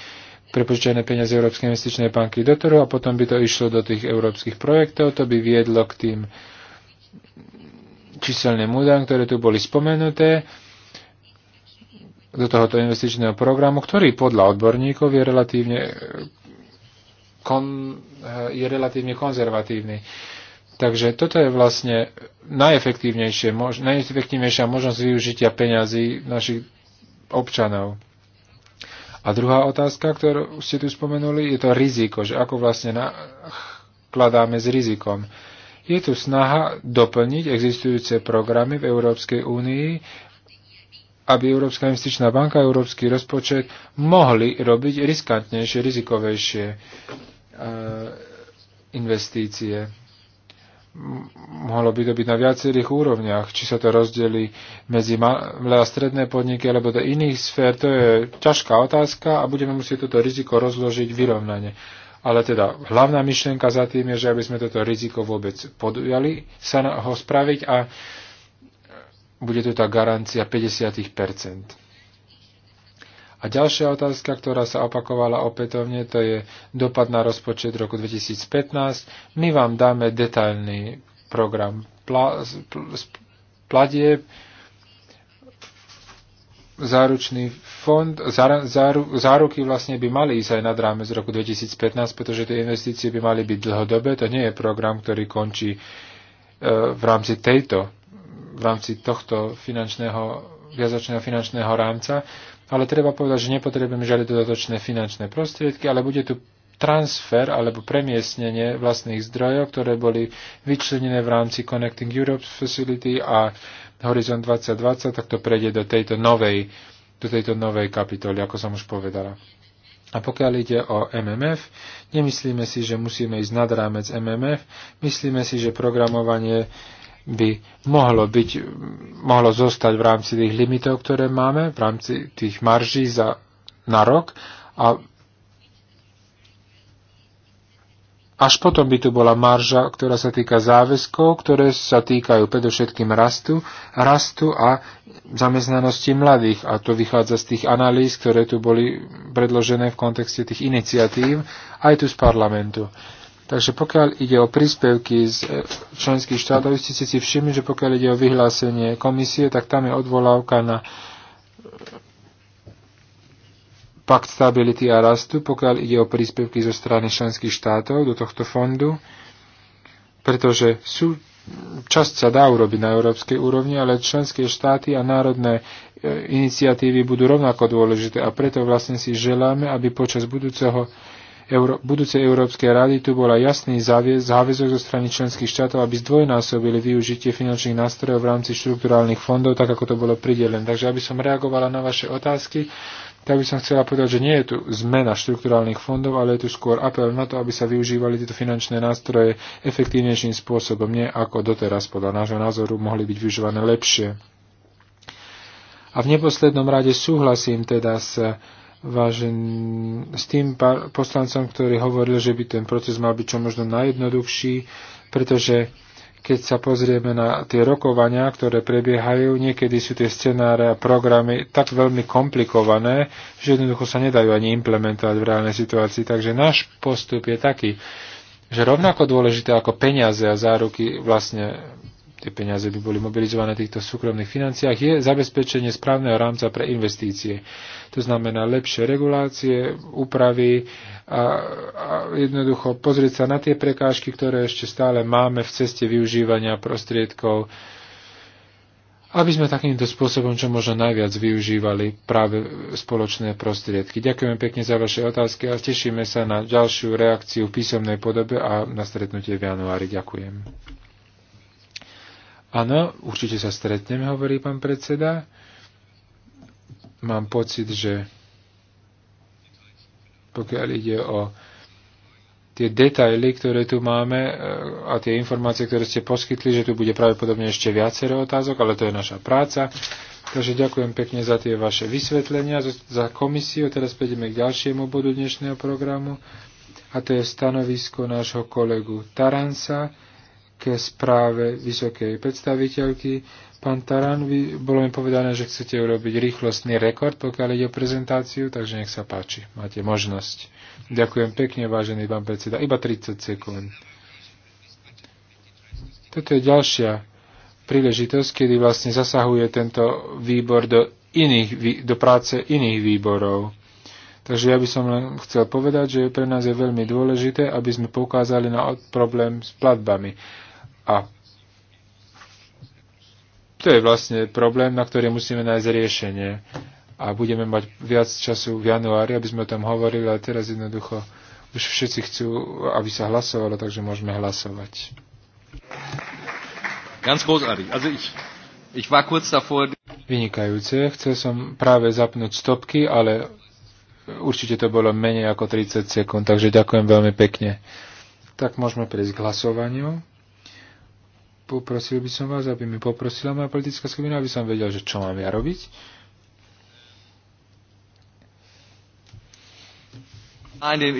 prepočítané peniaze Európskej investičnej banky do trhu a potom by to išlo do tých európskych projektov, to by viedlo k tým číselným údajom, ktoré tu boli spomenuté do tohoto investičného programu, ktorý podľa odborníkov je relatívne, eh, kon, eh, je relatívne konzervatívny. Takže toto je vlastne najefektívnejšie, mož, najefektívnejšia možnosť využitia peňazí našich občanov. A druhá otázka, ktorú ste tu spomenuli, je to riziko, že ako vlastne nakladáme s rizikom. Je tu snaha doplniť existujúce programy v Európskej únii aby Európska investičná banka a Európsky rozpočet mohli robiť riskantnejšie, rizikovejšie e, investície. Mohlo by to byť na viacerých úrovniach, či sa to rozdelí medzi malé a stredné podniky alebo do iných sfér, to je ťažká otázka a budeme musieť toto riziko rozložiť vyrovnane. Ale teda hlavná myšlienka za tým je, že aby sme toto riziko vôbec podujali sa ho spraviť a uh, bude tu tá garancia 50 a ďalšia otázka, ktorá sa opakovala opätovne, to je dopad na rozpočet roku 2015. My vám dáme detailný program pla, záručný fond, záru, záruky vlastne by mali ísť aj nad rámec roku 2015, pretože tie investície by mali byť dlhodobé. To nie je program, ktorý končí e, v rámci tejto v rámci tohto finančného, viazočného finančného rámca, ale treba povedať, že nepotrebujeme žiadne dodatočné finančné prostriedky, ale bude tu transfer alebo premiestnenie vlastných zdrojov, ktoré boli vyčlenené v rámci Connecting Europe Facility a Horizon 2020, tak to prejde do tejto novej, do tejto novej kapitoly, ako som už povedala. A pokiaľ ide o MMF, nemyslíme si, že musíme ísť nad rámec MMF, myslíme si, že programovanie by mohlo, byť, mohlo zostať v rámci tých limitov, ktoré máme, v rámci tých marží za, na rok a Až potom by tu bola marža, ktorá sa týka záväzkov, ktoré sa týkajú predovšetkým rastu, rastu a zamestnanosti mladých. A to vychádza z tých analýz, ktoré tu boli predložené v kontexte tých iniciatív aj tu z parlamentu. Takže pokiaľ ide o príspevky z e, členských štátov, ste si všimli, že pokiaľ ide o vyhlásenie komisie, tak tam je odvolávka na e, pakt stability a rastu, pokiaľ ide o príspevky zo strany členských štátov do tohto fondu, pretože sú, časť sa dá urobiť na európskej úrovni, ale členské štáty a národné e, iniciatívy budú rovnako dôležité a preto vlastne si želáme, aby počas budúceho Euró- budúcej Európskej rady tu bola jasný záväzok zo strany členských štátov, aby zdvojnásobili využitie finančných nástrojov v rámci štruktúrálnych fondov, tak ako to bolo pridelené. Takže aby som reagovala na vaše otázky, tak by som chcela povedať, že nie je tu zmena štruktúrálnych fondov, ale je tu skôr apel na to, aby sa využívali tieto finančné nástroje efektívnejším spôsobom, nie ako doteraz podľa nášho názoru mohli byť využívané lepšie. A v neposlednom rade súhlasím teda s vážen, s tým poslancom, ktorý hovoril, že by ten proces mal byť čo možno najjednoduchší, pretože keď sa pozrieme na tie rokovania, ktoré prebiehajú, niekedy sú tie scenáre a programy tak veľmi komplikované, že jednoducho sa nedajú ani implementovať v reálnej situácii. Takže náš postup je taký, že rovnako dôležité ako peniaze a záruky vlastne tie peniaze by boli mobilizované v týchto súkromných financiách, je zabezpečenie správneho rámca pre investície. To znamená lepšie regulácie, úpravy a, a jednoducho pozrieť sa na tie prekážky, ktoré ešte stále máme v ceste využívania prostriedkov, aby sme takýmto spôsobom čo možno najviac využívali práve spoločné prostriedky. Ďakujem pekne za vaše otázky a tešíme sa na ďalšiu reakciu v písomnej podobe a na stretnutie v januári. Ďakujem. Áno, určite sa stretneme, hovorí pán predseda. Mám pocit, že pokiaľ ide o tie detaily, ktoré tu máme e, a tie informácie, ktoré ste poskytli, že tu bude pravdepodobne ešte viacero otázok, ale to je naša práca. Takže ďakujem pekne za tie vaše vysvetlenia, za komisiu. Teraz prejdeme k ďalšiemu bodu dnešného programu a to je stanovisko nášho kolegu Taransa k správe vysokej predstaviteľky. Pán Taran, vy, bolo mi povedané, že chcete urobiť rýchlostný rekord, pokiaľ ide o prezentáciu, takže nech sa páči, máte možnosť. Ďakujem pekne, vážený pán predseda. Iba 30 sekúnd. Toto je ďalšia príležitosť, kedy vlastne zasahuje tento výbor do, iných, do práce iných výborov. Takže ja by som len chcel povedať, že pre nás je veľmi dôležité, aby sme poukázali na problém s platbami. A to je vlastne problém, na ktorý musíme nájsť riešenie. A budeme mať viac času v januári, aby sme o tom hovorili, ale teraz jednoducho už všetci chcú, aby sa hlasovalo, takže môžeme hlasovať. Ganz großartig. Also ich, ich war kurz davor... Vynikajúce. Chcel som práve zapnúť stopky, ale určite to bolo menej ako 30 sekúnd, takže ďakujem veľmi pekne. Tak môžeme prejsť k hlasovaniu poprosil by som vás, aby mi poprosila moja politická skupina, aby som vedel, že čo mám ja robiť. E e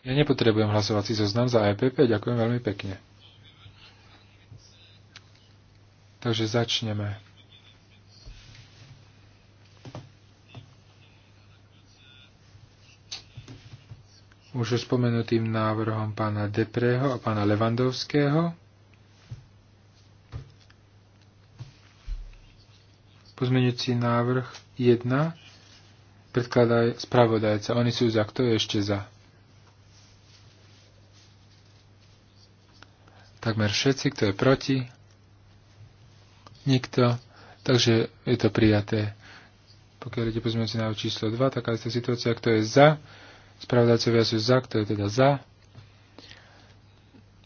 ja nepotrebujem hlasovací zoznam za EPP, ďakujem veľmi pekne. Takže začneme. už spomenutým návrhom pána Depreho a pána Levandovského. Pozmeňujúci návrh 1 predkladá spravodajca. Oni sú za. Kto je ešte za? Takmer všetci. Kto je proti? Nikto. Takže je to prijaté. Pokiaľ ide pozmeňujúci návrh číslo 2, taká je situácia. Kto je za? Spravodajcovia sú za, kto je teda za.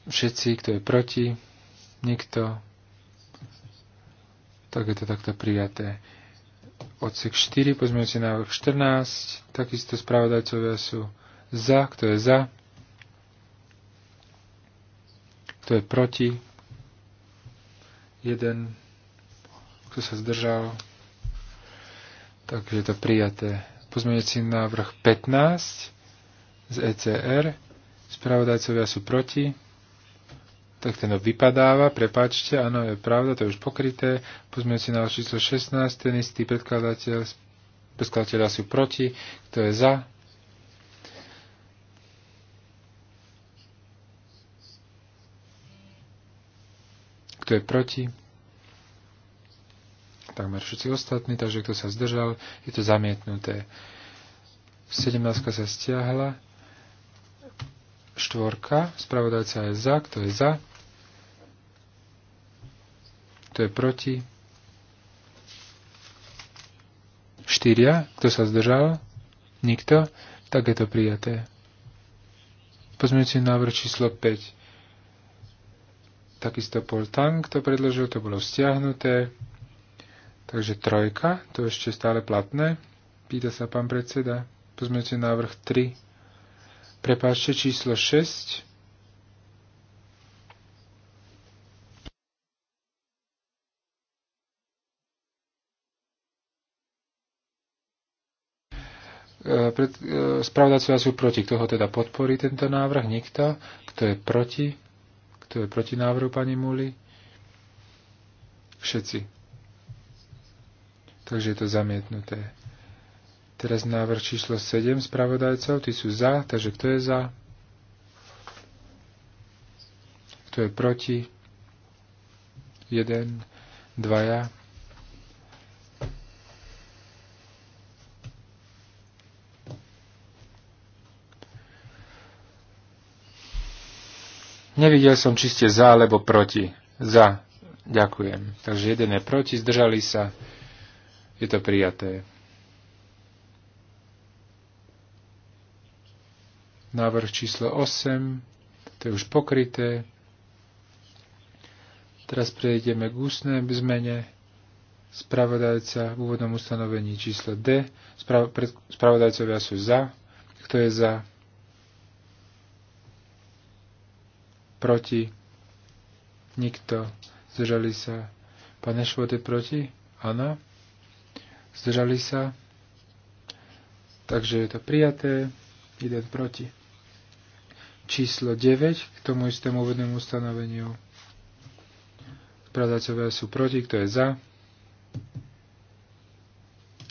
Všetci, kto je proti. Nikto. Tak je to takto prijaté. Odsek 4, pozmeňujúci návrh 14. Takisto spravodajcovia sú za, kto je za. Kto je proti. Jeden. Kto sa zdržal. Takže je to prijaté pozmeňujúci návrh 15 z ECR. Spravodajcovia sú proti. Tak ten vypadáva, prepačte, áno, je pravda, to je už pokryté. si na číslo 16, ten istý predkladateľ, predkladateľa sú proti, kto je za. Kto je proti? Takmer všetci ostatní, takže kto sa zdržal, je to zamietnuté. 17 sa stiahla, štvorka, spravodajca je za, kto je za, kto je proti, štyria, kto sa zdržal, nikto, tak je to prijaté. Pozmeňujúci návrh číslo 5. Takisto Paul Tang to predložil, to bolo stiahnuté. Takže trojka, to ešte stále platné. Pýta sa pán predseda. Pozmeňujúci návrh 3. Prepáčte, číslo 6. E, e, spravodajcovia sú proti. Kto ho teda podporí tento návrh? Nikto. Kto je proti? Kto je proti návrhu pani Muli? Všetci. Takže je to zamietnuté. Teraz návrh číslo 7 spravodajcov, tí sú za, takže kto je za? Kto je proti? 1, 2, Nevidel som, či ste za alebo proti. Za. Ďakujem. Takže jeden je proti, zdržali sa. Je to prijaté. Návrh číslo 8, to je už pokryté. Teraz prejdeme k ústnej zmene spravodajca v úvodnom ustanovení číslo D. spravodajcovia sú za. Kto je za? Proti? Nikto. Zdržali sa. Pane Švod je proti? Áno. Zdržali sa. Takže je to prijaté. Jeden proti číslo 9 k tomu istému úvodnému ustanoveniu. Spravodajcovia sú proti, kto je za?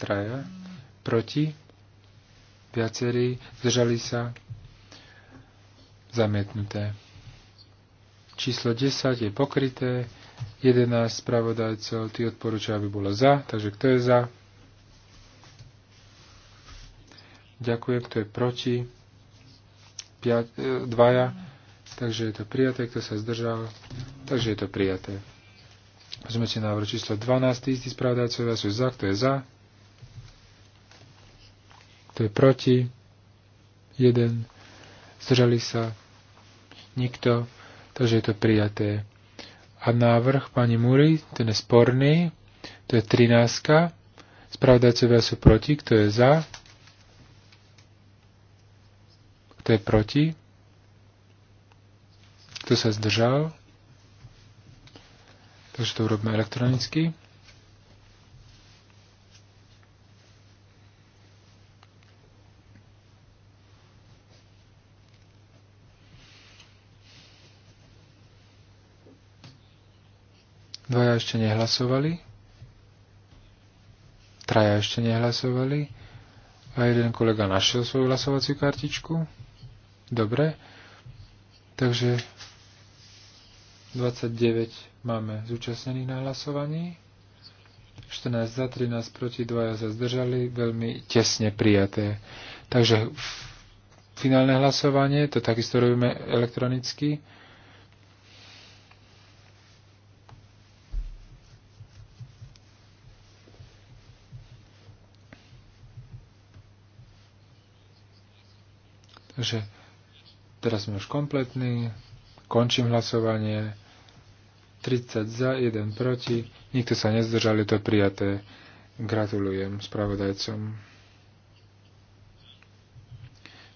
Traja. Proti? Viacerí. Zdržali sa? Zamietnuté. Číslo 10 je pokryté. 11 spravodajcov, tí odporúčajú, aby bolo za, takže kto je za? Ďakujem, kto je proti? piat, e, dvaja, takže je to prijaté, kto sa zdržal, takže je to prijaté. Pozmete návrh číslo 12, istí spravodajcovia sú za, kto je za, kto je proti, jeden, zdržali sa, nikto, takže je to prijaté. A návrh pani Múry, ten je sporný, to je 13. Spravodajcovia sú proti, kto je za, Kto je proti? Kto sa zdržal? Takže to urobíme elektronicky. Dvaja ešte nehlasovali. Traja ešte nehlasovali. A jeden kolega našiel svoju hlasovaciu kartičku. Dobre. Takže 29 máme zúčastnených na hlasovaní. 14 za, 13 proti, 2 sa zdržali, veľmi tesne prijaté. Takže finálne hlasovanie, to takisto robíme elektronicky. Takže Teraz sme už kompletní. Končím hlasovanie. 30 za, 1 proti. Nikto sa nezdržal, je to prijaté. Gratulujem spravodajcom.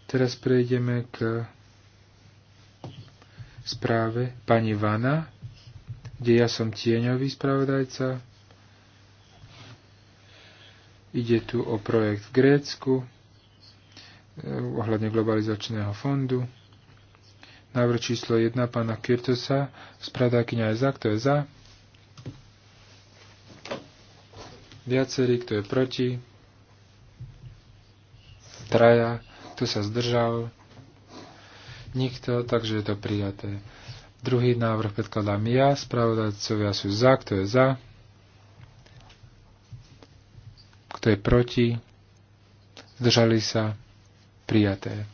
Teraz prejdeme k správe pani Vana, kde ja som tieňový spravodajca. Ide tu o projekt v Grécku eh, ohľadne globalizačného fondu. Návrh číslo 1 pána Kirtosa, spravodajkyňa je za, kto je za? Viacerí, kto je proti? Traja, kto sa zdržal? Nikto, takže je to prijaté. Druhý návrh predkladám ja, spravodajcovia sú za, kto je za? Kto je proti? Zdržali sa? Prijaté.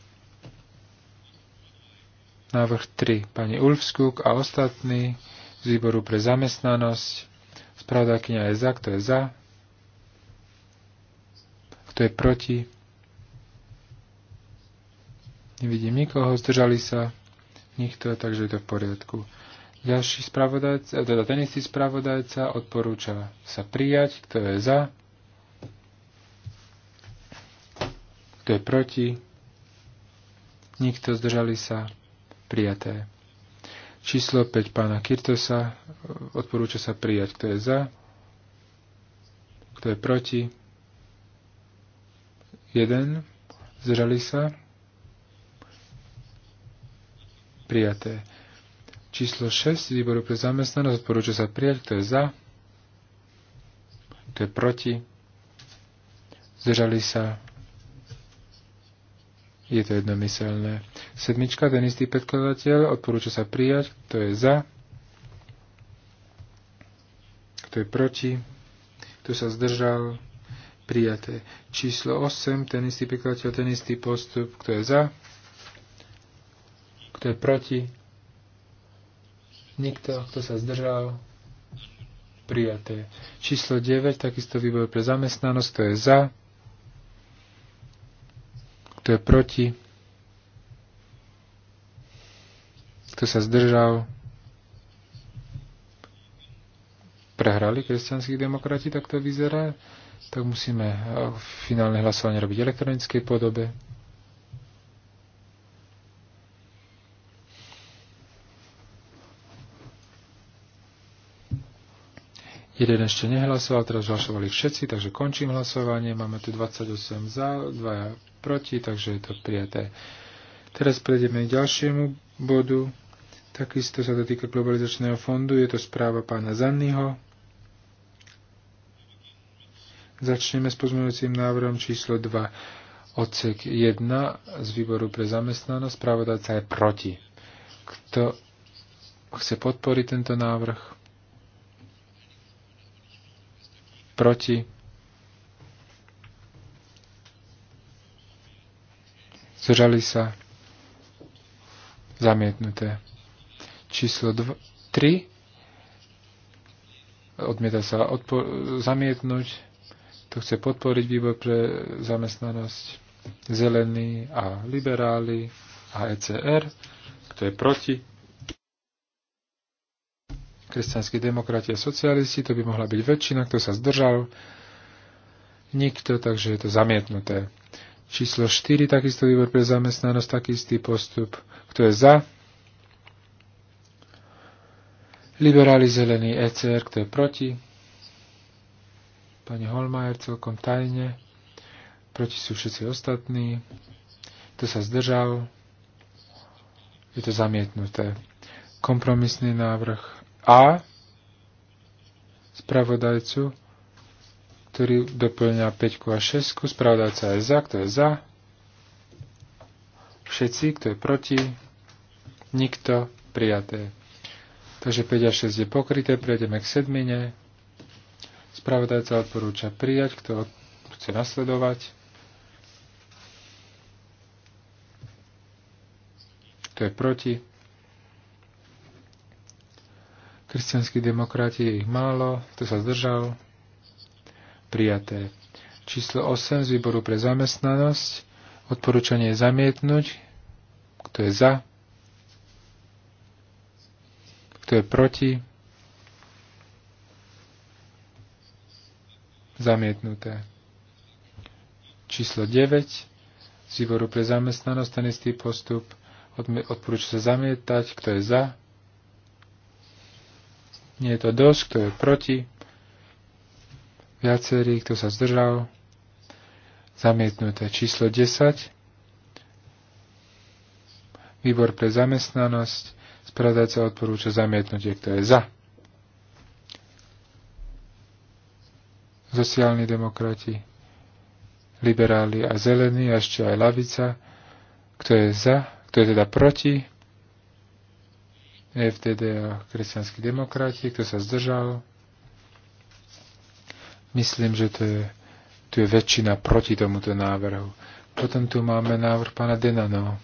Návrh 3. Pani Ulfskuk a ostatní z výboru pre zamestnanosť. Spravodajkynia je za, kto je za? Kto je proti? Nevidím nikoho, zdržali sa nikto, takže je to v poriadku. Ďalší spravodajca, eh, teda ten istý spravodajca odporúča sa prijať, kto je za, kto je proti, nikto zdržali sa, prijaté. Číslo 5 pána Kirtosa odporúča sa prijať, kto je za, kto je proti, 1, zdržali sa, prijaté. Číslo 6 výboru pre zamestnanosť odporúča sa prijať, kto je za, kto je proti, zdržali sa, je to jednomyselné. Sedmička, ten istý predkladateľ, odporúča sa prijať, kto je za, kto je proti, kto sa zdržal, prijaté. Číslo 8, ten istý predkladateľ, ten istý postup, kto je za, kto je proti, nikto, kto sa zdržal, prijaté. Číslo 9, takisto výbor pre zamestnanosť, kto je za, kto je proti, Kto sa zdržal? Prehrali kresťanskí demokrati, tak to vyzerá. Tak musíme eh, finálne hlasovanie robiť v elektronickej podobe. Jeden ešte nehlasoval, teraz hlasovali všetci, takže končím hlasovanie. Máme tu 28 za, 2 proti, takže je to prijaté. Teraz prejdeme k ďalšiemu bodu. Takisto sa to týka globalizačného fondu, je to správa pána Zannyho. Začneme s pozmeňujúcim návrhom číslo 2. Odsek 1 z výboru pre zamestnanosť. Správodajca je proti. Kto chce podporiť tento návrh? Proti? Zdržali sa? Zamietnuté. Číslo 3. Odmieta sa zamietnúť. To chce podporiť výbor pre zamestnanosť. Zelení a liberáli a ECR. Kto je proti? Kresťanskí demokrati a socialisti. To by mohla byť väčšina. Kto sa zdržal? Nikto, takže je to zamietnuté. Číslo 4, takisto výbor pre zamestnanosť, takistý postup. Kto je za? Liberáli zelený ECR, kto je proti? Pani Holmajer celkom tajne. Proti sú všetci ostatní. Kto sa zdržal? Je to zamietnuté. Kompromisný návrh A spravodajcu, ktorý doplňa 5 a 6. Spravodajca je za, kto je za? Všetci, kto je proti? Nikto prijaté. Takže 5 a 6 je pokryté, prejdeme k sedmine. Spravodajca odporúča prijať, kto chce nasledovať. Kto je proti? Kresťanskí demokrati je ich málo, kto sa zdržal? Prijaté. Číslo 8 z výboru pre zamestnanosť. Odporúčanie je zamietnúť. Kto je za? Kto je proti? Zamietnuté. Číslo 9. Z výboru pre zamestnanosť ten istý postup. Odporúča sa zamietať. Kto je za? Nie je to dosť. Kto je proti? Viacerí. Kto sa zdržal? Zamietnuté. Číslo 10. Výbor pre zamestnanosť sa odporúča zamietnutie, kto je za. Sociálni demokrati, liberáli a zelení, a ešte aj lavica, kto je za, kto je teda proti, e FDD a kresťanskí demokrati, kto sa zdržal. Myslím, že to je, tu je väčšina proti tomuto návrhu. Potom tu máme návrh pána Denano.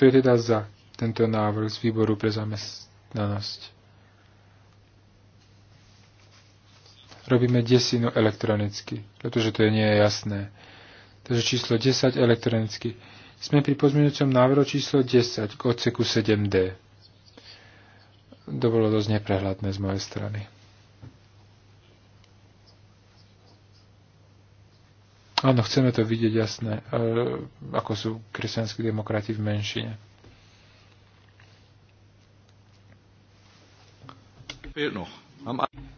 Kto je teda za tento návrh z výboru pre zamestnanosť? Robíme desinu elektronicky, pretože to nie je jasné. Takže číslo 10 elektronicky. Sme pri pozmeňujúcom návrhu číslo 10 k odseku 7D. To bolo dosť neprehľadné z mojej strany. Áno, chceme to vidieť jasné, e, ako sú kresťanskí demokrati v menšine.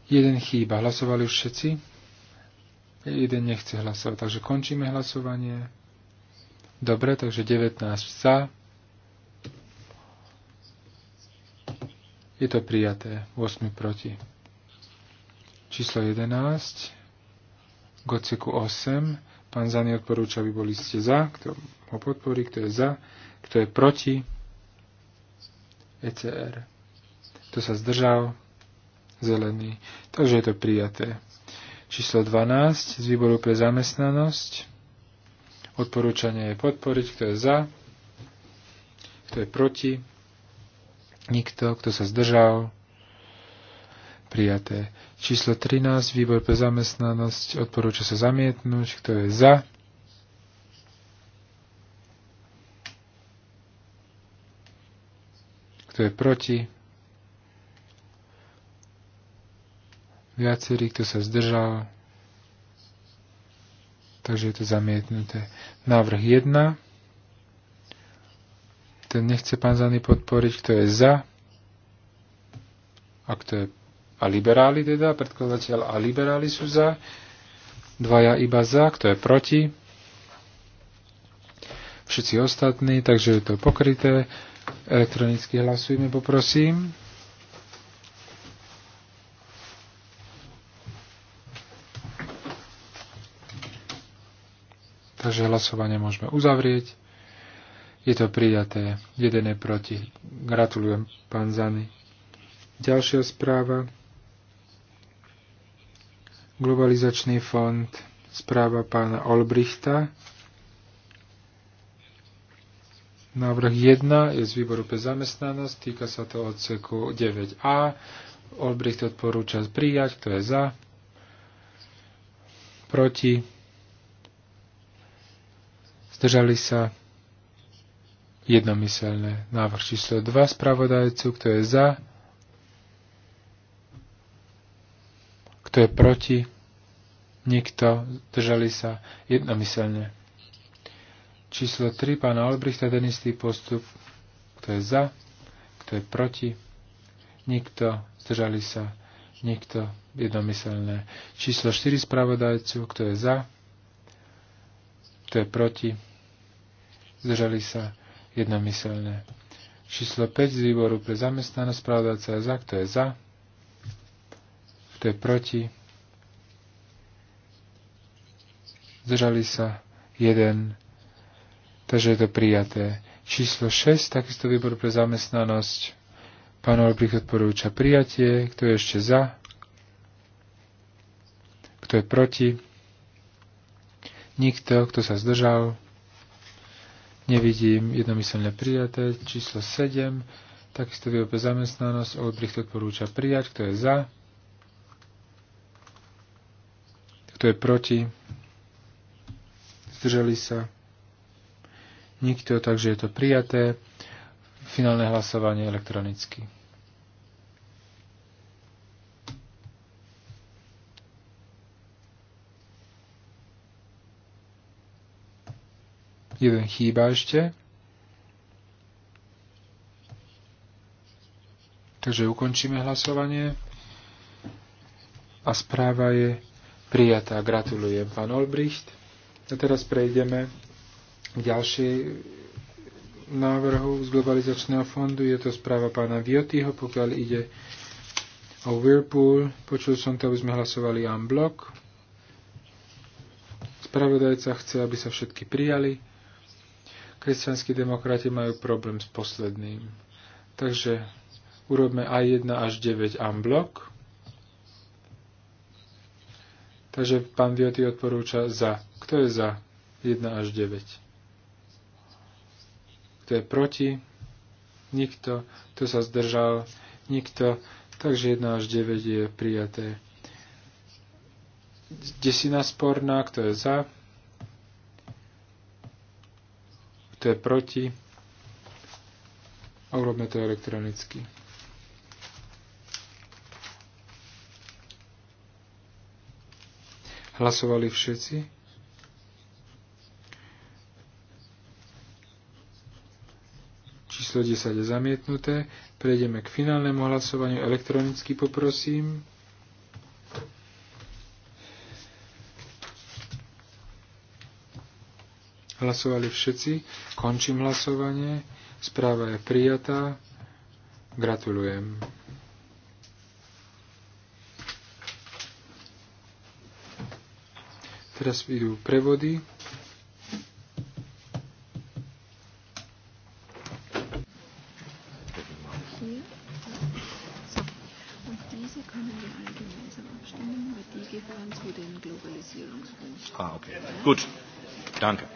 Jeden chýba. Hlasovali už všetci? Jeden nechce hlasovať. Takže končíme hlasovanie. Dobre, takže 19 za. Je to prijaté. 8 proti. Číslo 11. Goceku 8 Pán Zany odporúča, aby boli ste za, kto ho podporí, kto je za, kto je proti. ECR. Kto sa zdržal? Zelený. Takže je to prijaté. Číslo 12 z výboru pre zamestnanosť. Odporúčanie je podporiť, kto je za, kto je proti, nikto, kto sa zdržal, prijaté. Číslo 13, výbor pre zamestnanosť, odporúča sa zamietnúť, kto je za. Kto je proti? Viacerí, kto sa zdržal. Takže je to zamietnuté. Návrh 1. Ten nechce pán Zany podporiť, kto je za. A kto je a liberáli teda, predkladateľ a liberáli sú za, dvaja iba za, kto je proti, všetci ostatní, takže je to pokryté. Elektronicky hlasujme, poprosím. Takže hlasovanie môžeme uzavrieť. Je to prijaté. Jeden je proti. Gratulujem, pán Zany. Ďalšia správa. Globalizačný fond, správa pána Olbrichta. Návrh 1 je z výboru pre zamestnanosť, týka sa to odseku 9a. Olbricht odporúča prijať, kto je za, proti, zdržali sa jednomyselné. Návrh číslo 2 spravodajcu, kto je za, Kto je proti? Nikto. Držali sa jednomyselne. Číslo 3 pána Olbrichta, ten istý postup. Kto je za? Kto je proti? Nikto. Zdržali sa. Nikto. Jednomyselné. Číslo 4 spravodajcu. Kto je za? Kto je proti? Zdržali sa. Jednomyselné. Číslo 5 z výboru pre zamestnanosť. Spravodajca je za. Kto je za? Kto je proti? Zdržali sa. 1. Takže je to prijaté. Číslo 6, takisto výbor pre zamestnanosť. Pán Olbrich odporúča prijatie. Kto je ešte za? Kto je proti? Nikto. Kto sa zdržal? Nevidím jednomyselne prijaté. Číslo 7. Takisto výbor pre zamestnanosť. Olbrich odporúča prijať. Kto je za? Kto je proti? Zdržali sa? Nikto, takže je to prijaté. Finálne hlasovanie elektronicky. Jeden chýba ešte. Takže ukončíme hlasovanie. A správa je prijatá. Gratulujem, pán Olbricht. A teraz prejdeme k ďalšej návrhu z Globalizačného fondu. Je to správa pána Viotyho, pokiaľ ide o Whirlpool. Počul som to, aby sme hlasovali en blok. Spravodajca chce, aby sa všetky prijali. Kresťanskí demokrati majú problém s posledným. Takže urobme A1 až 9 en blok. Takže pán Vioty odporúča za. Kto je za? 1 až 9. Kto je proti? Nikto. Kto sa zdržal? Nikto. Takže 1 až 9 je prijaté. Desina sporná, kto je za? Kto je proti? A urobme to elektronicky. Hlasovali všetci? Číslo 10 je zamietnuté. Prejdeme k finálnemu hlasovaniu. Elektronicky poprosím. Hlasovali všetci. Končím hlasovanie. Správa je prijatá. Gratulujem. Teraz idú prevody. Ah, okay. Gut. Danke.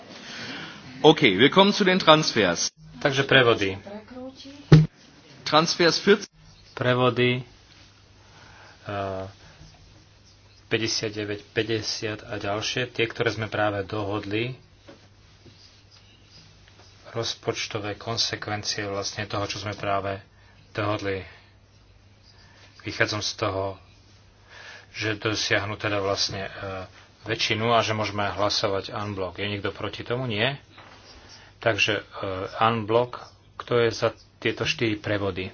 Okay, wir zu den Transfers. Takže prevody. Transfers 14. Prevody. Uh, 59, 50 a ďalšie, tie, ktoré sme práve dohodli, rozpočtové konsekvencie vlastne toho, čo sme práve dohodli. Vychádzam z toho, že dosiahnu teda vlastne e, väčšinu a že môžeme hlasovať unblock. Je niekto proti tomu? Nie. Takže e, unblock, kto je za tieto štyri prevody?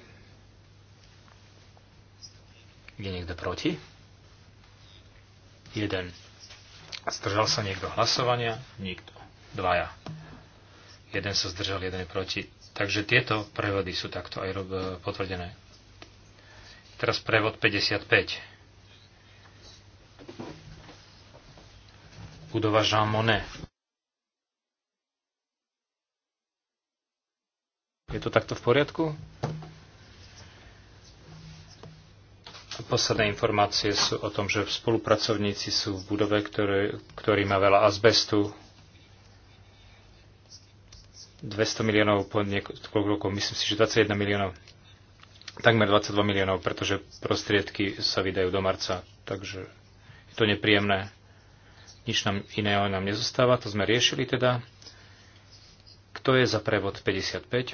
Je niekto proti? 1. Zdržal sa niekto hlasovania? Nikto. Dvaja. Jeden sa zdržal, jeden je proti. Takže tieto prevody sú takto aj potvrdené. Teraz prevod 55. Budova Jean Monnet. Je to takto v poriadku? Posledné informácie sú o tom, že spolupracovníci sú v budove, ktoré, ktorý má veľa azbestu. 200 miliónov po niekoľko rokov, myslím si, že 21 miliónov. Takmer 22 miliónov, pretože prostriedky sa vydajú do marca. Takže je to nepríjemné. Nič nám iného nám nezostáva, to sme riešili teda. Kto je za prevod 55?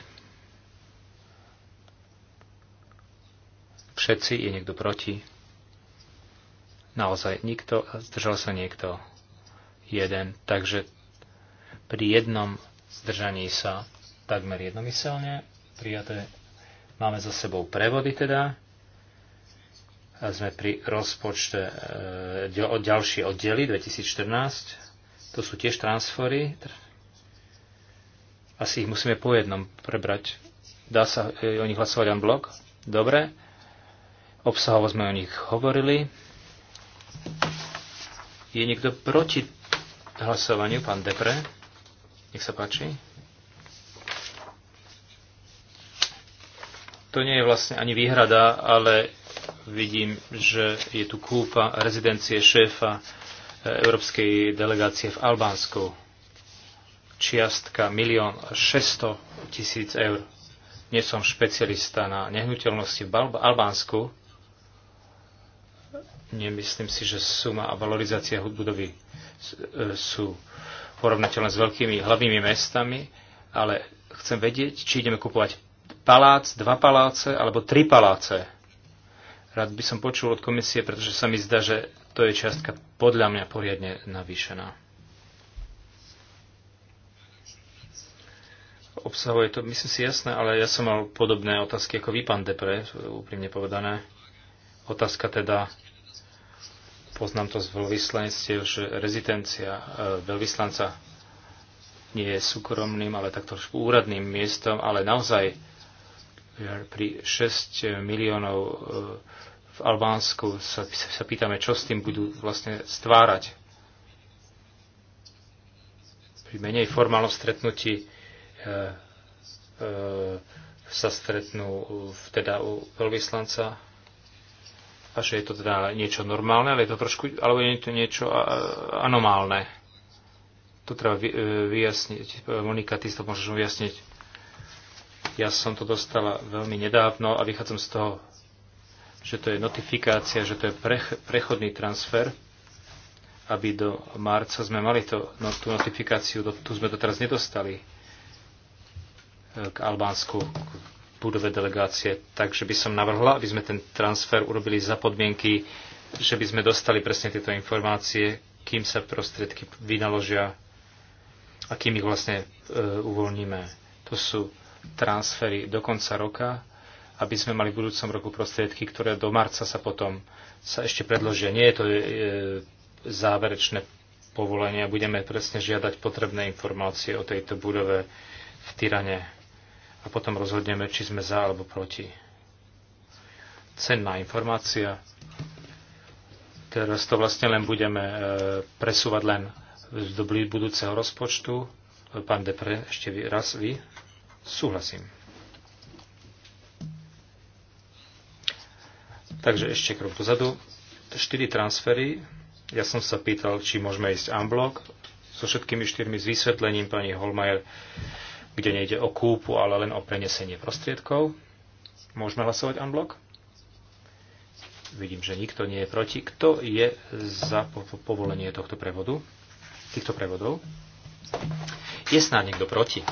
Všetci? Je niekto proti? Naozaj nikto? a Zdržal sa niekto? Jeden. Takže pri jednom zdržaní sa takmer jednomyselne prijaté. Máme za sebou prevody teda. A sme pri rozpočte e, od ďalšie oddely 2014. To sú tiež transfery. Asi ich musíme po jednom prebrať. Dá sa e, o nich hlasovať en blok? Dobre. Obsahovo sme o nich hovorili. Je niekto proti hlasovaniu, pán Depre? Nech sa páči. To nie je vlastne ani výhrada, ale vidím, že je tu kúpa rezidencie šéfa e, európskej delegácie v Albánsku. Čiastka 1 600 000 eur. Nie som špecialista na nehnuteľnosti v Albánsku, Nemyslím si, že suma a valorizácia budovy e, sú porovnateľné s veľkými hlavnými mestami, ale chcem vedieť, či ideme kupovať palác, dva paláce alebo tri paláce. Rád by som počul od komisie, pretože sa mi zdá, že to je čiastka podľa mňa poriadne navýšená. Obsahuje to, myslím si, jasné, ale ja som mal podobné otázky ako vy, pán Depre, úprimne povedané. Otázka teda, Poznám to z veľvyslanectiev, že rezidencia e, veľvyslanca nie je súkromným, ale tak trošku úradným miestom, ale naozaj e, pri 6 miliónov e, v Albánsku sa, sa pýtame, čo s tým budú vlastne stvárať. Pri menej formálnom stretnutí sa stretnú teda u veľvyslanca a že je to teda niečo normálne, ale je to trošku, alebo je to niečo anomálne. To treba e, vyjasniť. Monika, ty to môžeš vyjasniť. Ja som to dostala veľmi nedávno a vychádzam z toho, že to je notifikácia, že to je prechodný transfer, aby do marca sme mali to, no, tú notifikáciu, do, tu sme to teraz nedostali e, k Albánsku, budove delegácie. Takže by som navrhla, aby sme ten transfer urobili za podmienky, že by sme dostali presne tieto informácie, kým sa prostriedky vynaložia a kým ich vlastne e, uvoľníme. To sú transfery do konca roka, aby sme mali v budúcom roku prostriedky, ktoré do marca sa potom sa ešte predložia. Nie je to e, e záverečné povolenie. Budeme presne žiadať potrebné informácie o tejto budove v Tyrane a potom rozhodneme, či sme za alebo proti. Cenná informácia. Teraz to vlastne len budeme e, presúvať len z doby budúceho rozpočtu. Pán Depre, ešte raz vy. Súhlasím. Takže ešte krok dozadu. Štyri transfery. Ja som sa pýtal, či môžeme ísť unblock so všetkými štyrmi s vysvetlením pani Holmajer kde nejde o kúpu, ale len o prenesenie prostriedkov. Môžeme hlasovať unblock? Vidím, že nikto nie je proti. Kto je za povolenie tohto prevodu? Týchto prevodov? Je snáď niekto proti?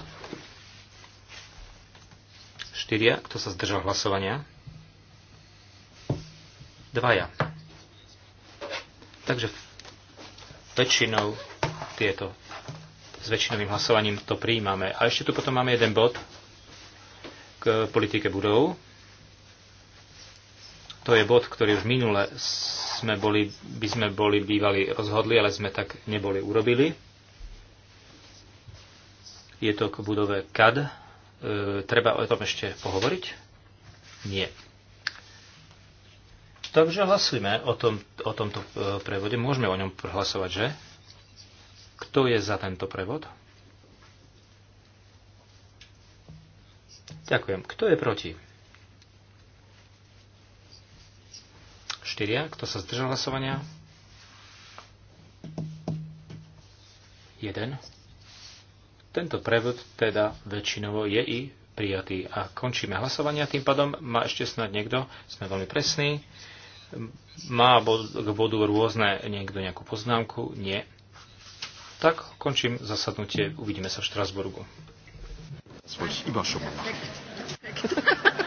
Štyria. Kto sa zdržal hlasovania? Dvaja. Takže väčšinou tieto s väčšinovým hlasovaním to prijímame. A ešte tu potom máme jeden bod k politike budov. To je bod, ktorý už minule sme boli, by sme boli bývali rozhodli, ale sme tak neboli urobili. Je to k budove CAD. E, treba o tom ešte pohovoriť? Nie. Takže hlasujme o, tom, o tomto e, prevode. Môžeme o ňom hlasovať, že? Kto je za tento prevod? Ďakujem. Kto je proti? Štyria. Kto sa zdržal hlasovania? Jeden. Tento prevod teda väčšinovo je i prijatý. A končíme hlasovania. Tým pádom má ešte snad niekto, sme veľmi presní, má k bodu rôzne niekto nejakú poznámku? Nie. Tak končím zasadnutie. Uvidíme sa v Štrasburgu. Svoj iba šumu.